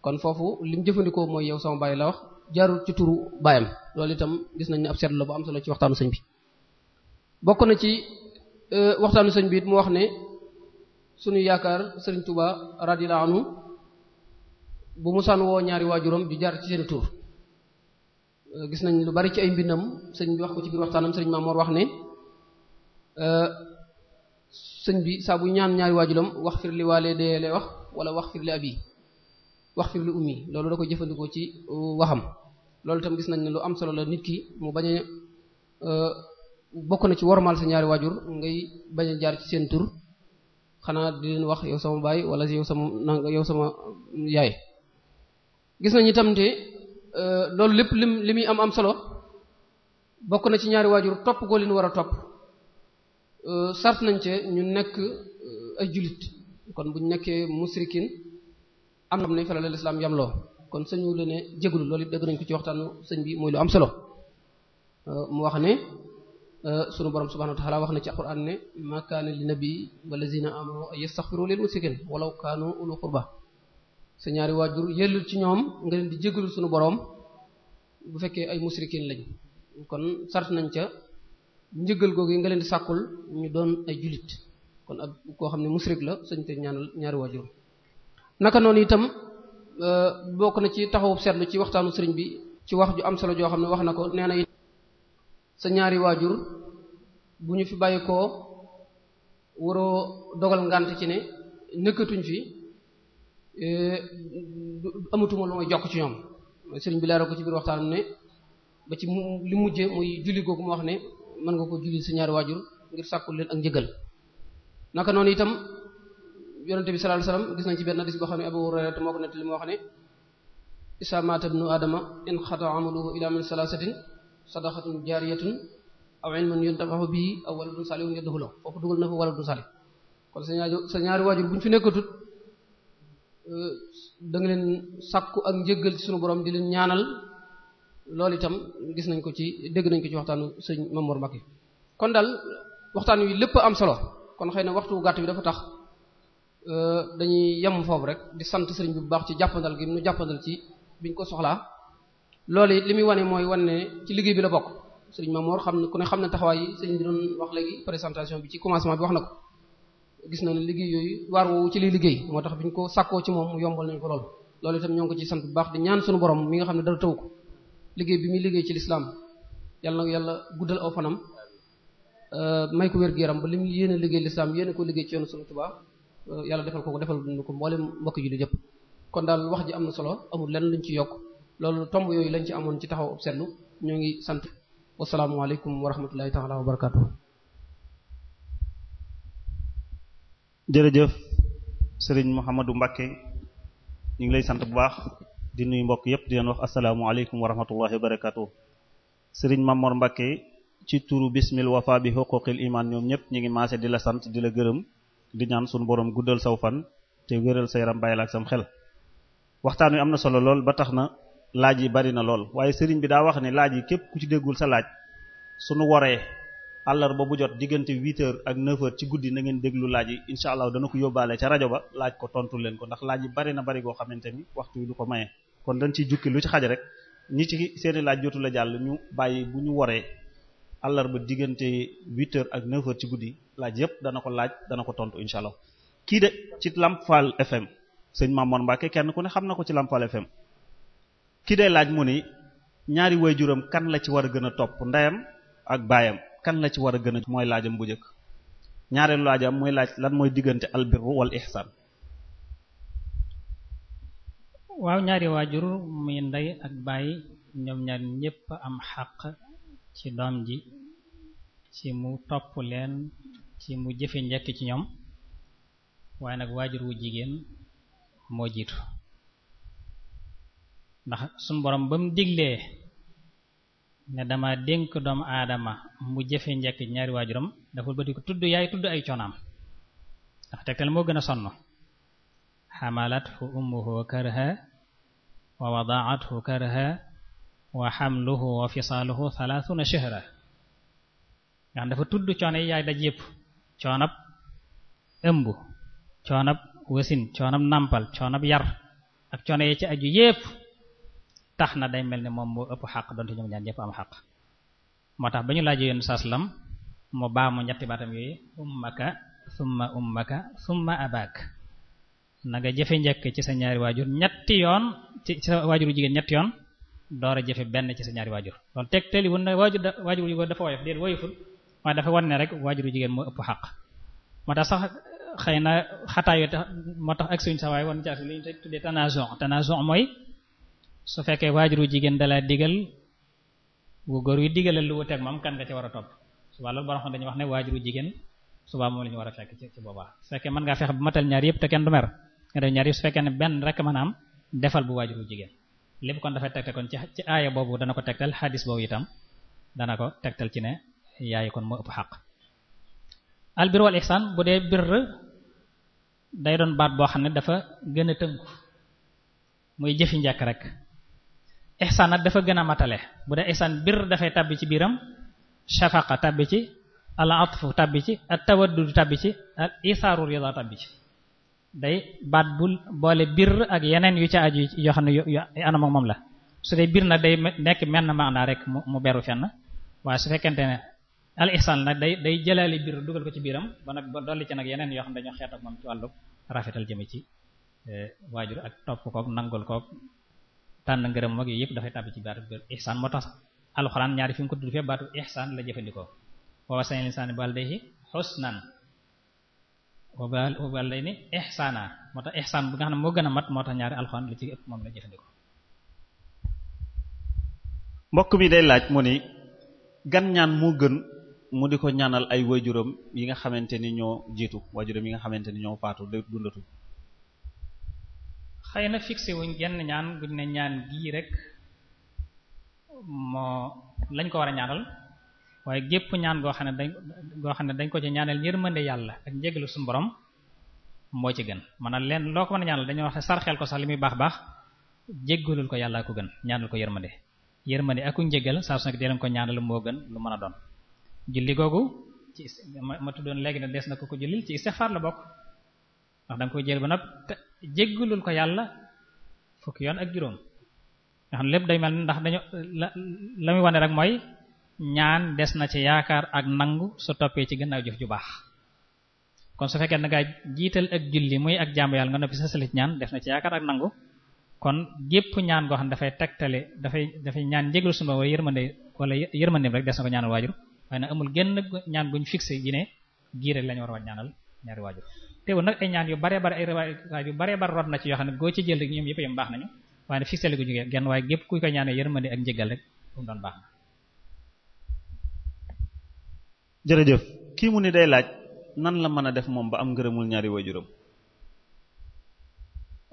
kon foofu li jëfandikoo mooy yow sama bàyyi la wax jaarul ci turu baayam loolu itam gis nañ ne ab seetlu la bu am solo ci waxtaanu sëñ bi na ci e, waxtaanu sëñ bi it mu wax ne sunu yaakaar sëriñ Touba radiyallahu anhu bu musaan woo ñaari waajuram di jaar ci seen tur e, gis nañ lu bari ci ay mbindam sëñ bi wax ko ci biir waxtaanam sëriñ Maamoor wax ne e, sëñ bi saa bu ñaan ñaari waajuram wax fir li wax wala waxfir li abi waxfir li ummi loolu da koy jëfandikoo ci uh, waxam loolu tam gis nañ ne lu am solo la nit ki mu bañ a uh, bokk na ci wormaal sa ñaari waajur ngay bañ a jaar ci seen tur xanaa di leen wax yow sama baay wala yow sama nanga yow sama yaay gis nañ itam te uh, loolu lépp lim li muy am am solo bokk na ci ñaari waajur topp goo leen war a topp sart nañ ci ñu nekk ay jullit kon bu ñu nekkee musrikin am na xam ne fële la lislaam yamloo kon sañu la ne jéglu loolu dégg nañ ko ci waxtaanu sëñ bi muy lu am solo mu wax ne euh, sunu borom subhanahu wa ta'ala wax na ci alquran ne ma kaana li nabi walazina amanu sax yastaghfiru lil musrikin walaw kaanu ulu qurba sa ñaari waajur yellul ci ñoom nga leen di jéglu sunu borom bu fekkee ay musrikin lañ kon sart nañ ca njëgal googu yi nga leen di sàkkul ñu doon ay julit kon ak koo xam ne musrik la sañ te ñaanal ñaari waajur naka noonu itam euh, bokk na ci taxawu seetlu ci waxtaanu sëriñ bi ci wax ju am solo joo xam ne wax na ko nee na it sa ñaari waajur bu ñu fi bàyyi koo waroo dogal ci ne nekkatuñ fi euh, amatuma lu may jokk ci ñoom sëriñ bi leeral ko ba ci li mujje muy julli googu mu wax ne mën nga ko julli sa ñaari waajur ngir sàkku leen ak njëgal naka noonu itam yonente bi sallallahu alayhi wasallam gis nañ ci benn hadith boo xam ne Abu Hurayra moo ko nettali moo wax ne isa mata ibnu adama in xata amaluhu ila min salasatin sadaqatun jariyatun aw ilmun yuntafaxu bii aw waladun salihun yadduhu la foofu dugal na fa waladun salih kon sa ñaari sa ñaari waajur bu ñu fi nekkatut eh, da nga leen sàkku ak njëgal ci sunu borom di leen ñaanal loolu itam gis nañ ko ci dégg nañ ko ci waxtaanu sëñ Mamour yi kon daal waxtaan wi lépp am solo kon xëy na waxtu gàtt bi dafa tax euh, dañuy yem foofu rek di sant sëriñ bi bu baax ci jàppandal gi nu jàppandal ci biñ ko soxlaa lool it li muy wane mooy wane ne ci liggéey bi la bokk sëriñ Mamoor xam ne ku ne xam ne taxawaay yi sëriñ bi doon wax léegi présentation bi ci commencement bi wax na ko gis na ne liggéey yooyu waar woowu ci liy liggéey moo tax biñ ko sàkkoo ci moom mu yombal nañ ko lool loolu itam ñoo ko ci sant bu baax di ñaan suñu boroom mi ng xam ne dara taw ko liggéey bi muy liggéey ci lislaam yàlla na yàlla guddal aw fanam Euh, may ko wér gu yaram ba li mu yéene liggéey lislaam yéene ko liggéey ci yoonu Sëriñ Tuubaa euh, yàlla defal ko ko defal dund ko mboolem mbokk yi lu yëpp kon daal wax ji am na solo amul lenn luñ ci yokk loolu tomb yooyu lañ ci amoon ci taxaw seetlu ñoo ngi sant wasalaamualeykum wa rahmatullahi taala wa barakatuh jërëjëf sëriñ Mouhamadou Mbacke ñu ngi lay sant bu baax di nuyu mbokk yëpp di leen wax asalaamualeykum wa rahmatullahi wa barakatuh sëriñ ci turu bismil wafa bi xuquqil iman ñoom ñëpp ñu ngi maase di la sant di la gërëm di ñaan suñu borom guddal saw fan te wéral sa yaram bàyyi la ak sam xel waxtaan wi am na solo lool ba tax na laaj yi bari na lool waaye sëriñ bi daa wax ne laaj yi képp ku ci déggul sa laaj suñu waree àllarba bu jot diggante huit heures ak neuf heures ci guddi na ngeen déglu laaj yi incha allah dana ko yóbbaale ca rajo ba laaj ko tontu leen ko ndax laaj yi bari na bari goo xamante ni waxtu wi du ko maye kon dañ ciy jukki lu ci xaj rek ñi ci àllarba diggante huit ak neuf ci guddi laaj yépp dana ko laaj dana ko tontu incha allah kii de ci Lampfal FM sëñ Mamour Mbacke kenn ku ne xam na ko ci Lampfal FM kii de laaj mu ni ñaari waajuram kan la ci war a gën a topp ndeyam ak baayam kan la ci war a gën a mooy laajam bu njëkk ñaareelu laajam mooy laaj lan mooy diggante albirru wal ihsan waaw ñaari waajur muy ndey ak baay ñoom ñaar ñëpp am xaq ci doom ji ci mu topp leen ci mu jëfe njekk ci ñoom waaye nag waajur wu jigéen moo jiitu ndax suñ boroom ba mu diglee ne dama dénk doomu aadama mu jëfe njekk ci ñaari waajuram dafa bëti ko tudd yaay tudd ay coonaam ndax tegtal moo gën a sonn xamalathu ummuhu karha wa wadaathu karha wa xamluhu wa fisaaluhu thalathuna shahra nga xam dafa tudd coono yi yaay daj yépp coonab ëmb coonab wasin coonab nàmpal coonab yar ak coono ci aju yépp tax na day mel ni moom moo ëpp xaq donte ñoom ñaan yépp am xaq moo tax ba ñu laajee yoon saslam mu baamu ñetti baatam yooyu ummaka summa ummaka summa abaak na jëfe njëkk ci sa ñaari waajur ñetti yoon ci sa waajuru jigéen ñetti yoon door a jëfe benn ci sa ñaari waajur loolu teg teli wun na waajur waajur wu dafa woyof déet woyoful waaye dafa won ne rek waajur wu jigéen moo ëpp xaq moo tax sax xëy na xataayoo tax moo tax ak suñ sa waay wan jaasi li ñu tuddee tanaazon mooy su fekkee waajur wu jigéen dalaa digal wu goor wi digalal lu wuteeg moom kan nga ci war a topp subaa loolu borom xam dañuy wax ne waajur wu jigéen subaa moom la ñu war a fekk ci boobaa su fekkee mën ngaa fexe bu matal ñaar yëpp te kenn du mer nga def ñaar su fekkee ne benn rek mën a am defal bu waajur wu jigéen lépp kon dafay tegtal kon ci ci aaya boobu dana ko tegtal xadis boobu itam dana ko tegtal ci ne yaay kon moo ëpp xaq al bir bu dee bir day doon baat boo xam ne dafa gën a tënku muy jëfi njëkk rek ihsan nag dafa gën a matale bu dee ihsan bir dafay tabbi ci biiram shafaqa tabbi ci al atfu tabbi ci at tawaddud tabbi ci al isaaru rida tabbi ci day baat bul boole bir ak yeneen yu ca aju yoo xam ne yu anam ak moom la su dee bir nag day nekk menn maanaa rek mu mu beru fenn waaye su fekkente ne al ihsan nag day day jëlaali bir dugal ko ci biiram ba nag ba dolli ci nag yeneen yoo xam ne dañoo xeet moom ci wàllu rafetal jëme ci e, waajur ak topp koog nangul koog tànn ngërëm mag yi yëpp dafay tàbbi ci baatu bir ihsan moo tax alxuraan ñaari fi mu ko tudd fee baatu ihsan la jëfandikoo wa wasayil insaani wabal wabal lay ni ihsaana moo tax ihsaan bu nga xam moo gën a mat moo tax ñaari alxuraan li ci ëpp moom la jëfandikoo mbokk bi day laaj mu ni gan ñaan moo gën mu di ko ñaanal ay waajuram yi nga xamante ni ñoo jiitu waajuram yi nga xamante ni ñoo faatu dundatu xëy na fixé wuñ genn ñaan guñ ne ñaan gii rek moo lañ ko war a ñaanal waaye gépp ñaan goo xam ne dañ goo xam ne dañ ko ci ñaanal yërmande yàlla ak njéggalu suñu borom moo ci gën maanaam leen loo ko mën a ñaanal dañoo wax ne ko sax li muy baax baax jéggalul ko yàlla ko gën ñaanal ko yërmande yërmande ak njéggal saa su nekk dee leen ko ñaanal moo gën lu mën a doon julli googu ci ma tuddoon léegi ne des na ko ko jullil ci istixfaar la bokk ndax da ko koy jël ba nag te jéggalul ko yàlla fukki yoon ak juróom nga xam lépp day mel ndax dañu la mooy ñaan des na ci yaakaar ak nangu su toppee ci gannaaw jëf ju baax kon su fekkee dangaa jiital ak julli muy ak jàmm yàlla nga noppi sasali ci ñaan def na ci yaakaar ak nangu kon gépp ñaan goo xam ne dafay tegtale dafay dafay ñaan njéglu suma wala yërmande wala yërmandeem rek des na ko ñaanal waajur waaye nag amul génn ñaan guñ fixé yi ne gii rek la ñu war a ñaanal ñaari waajur teewul nag ay ñaan yu bare bare ay riwaay yu bare na ci yoo ne goo ci jël rek ñoom yëpp yam baax nañu waaye ne fixé la ko jógee genn waaye gépp kuy ko ñaanee yërmande ak njëgal rek bu doon baax na jërëjëf kii mu ni day laaj nan la mën a def moom ba am ngërëmul ñaari waajuram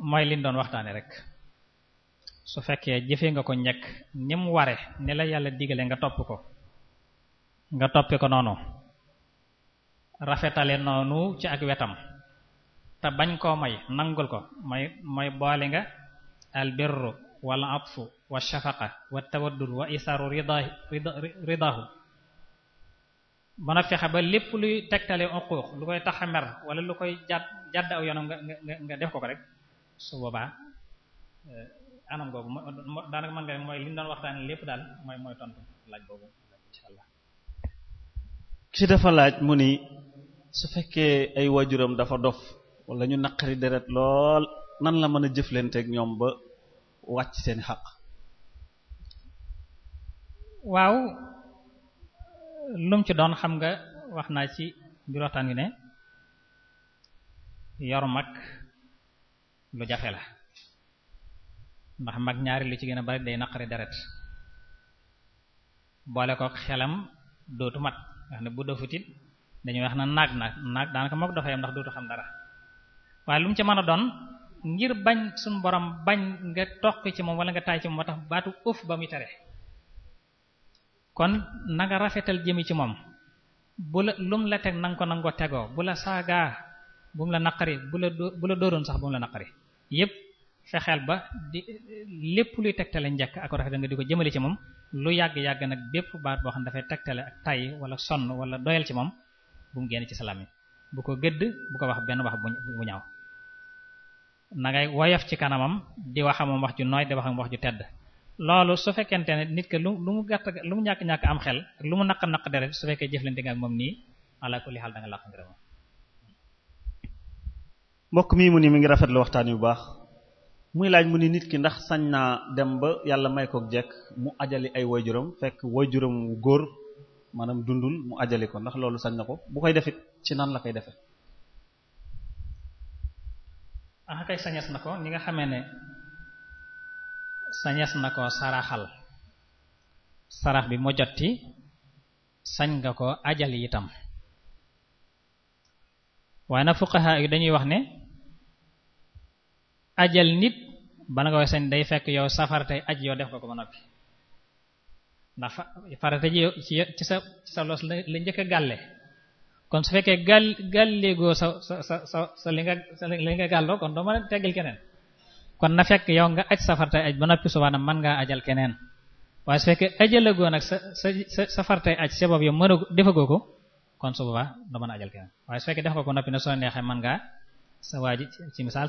mooy liñ doon waxtaane rek su fekkee jëfee nga ko ñekk ni ware ni la yàlla digale nga topp ko nga toppi ko noonu rafetale noonu ci ak wetam te bañ koo may nangul ko mooy mooy boole nga albirru wal atfu wa shafaqa wa tawaddud wa isaru ridahu mën a fexe ba lépp luy tegtale uquuq lu koy tax a mer wala lu koy jàdd jàdd aw nga nga nga def ko ko rek su boobaa eh, anam googu mo daanaka mën nga ne mooy li ñu doon waxtaan lépp daal mooy mooy laaj boobu ki dafa laaj mu ni su fekkee ay waajuram dafa dof walla ñu naqari deret lool nan la mën a ak ñoom ba wàcc seen xaq waaw lum ci doon xam nga wax naa ci biir waxtaan ne yor mag lu jafe la ndax mag ñaari lu ci gën a bari day naqari deret boole kook xelam dootu mat nga ne bu dofutit dañuy wax na naag naag naag daanaka mook dafa yam ndax dootu xam dara waaye lum ci mën a doon ngir bañ suñu borom bañ nga toq ci moom wala nga taay ci moom moo tax baatu ëf ba muy tere kon nanga rafetal jëmi ci moom bu la lum la teg nanga ko nanga tegoo bu la saaga bu la naqari bu la bu la dooroon sax bu la naqari yépp fexeel ba di lépp luy tegtale njekk ak rafet nga di ko jëmale ci moom lu yàgg-yàgg nag bépp baat boo xam ne dafay tegtale ak tay wala sonn wala doyal ci moom bu mu génn ci salaam yi bu ko gëdd bu ko wax benn wax bu ñaaw na woyof ci kanamam di wax moom wax ju nooy di wax wax ju tedd loolu su fekkente ne nit ki lu lu mu gàtt lu mu ñàkk-ñàkk am xel lu mu naq naq deret su fekkee jëflante nga ak moom nii ala li xaal da nga làq mbokk mii mu ni mi ngi rafetlu waxtaan yu baax muy laaj mu ni nit ki ndax sañ naa dem ba yàlla may koog jekk mu ajali ay waajuram fekk waajuram wu góor maanaam dundul mu ajali ko ndax loolu sañ na ko bu koy defit ci nan la koy defee. ah kay sañes na ko ñi nga xamee ne. sañes na ko saraxal sarax bi mu jotti sañ nga ko ajal itam waaye na fuqaha yi dañuy wax ne ajal nit bala nga koy sañ day fekk yow sa faratay aj yow def ko ko ba noppi ndax farata ji ci sa sa los la njëkk gàlle kon su fekkee gàll gàlleegoo sa sa sa li nga li nga gàlloo kon doo mën keneen kon na fekk yow nga aj safartay aj ba noppi subaanam man ngaa ajal keneen waaye su fekkee ajalagoo nag sa sa sa safartay aj sa bopp yow mën a defagoo ko kon su boobaa doo mën a ajal keneen waaye su fekkee def ko ko noppi ne soo neexee mën ngaa sa waa ci misaal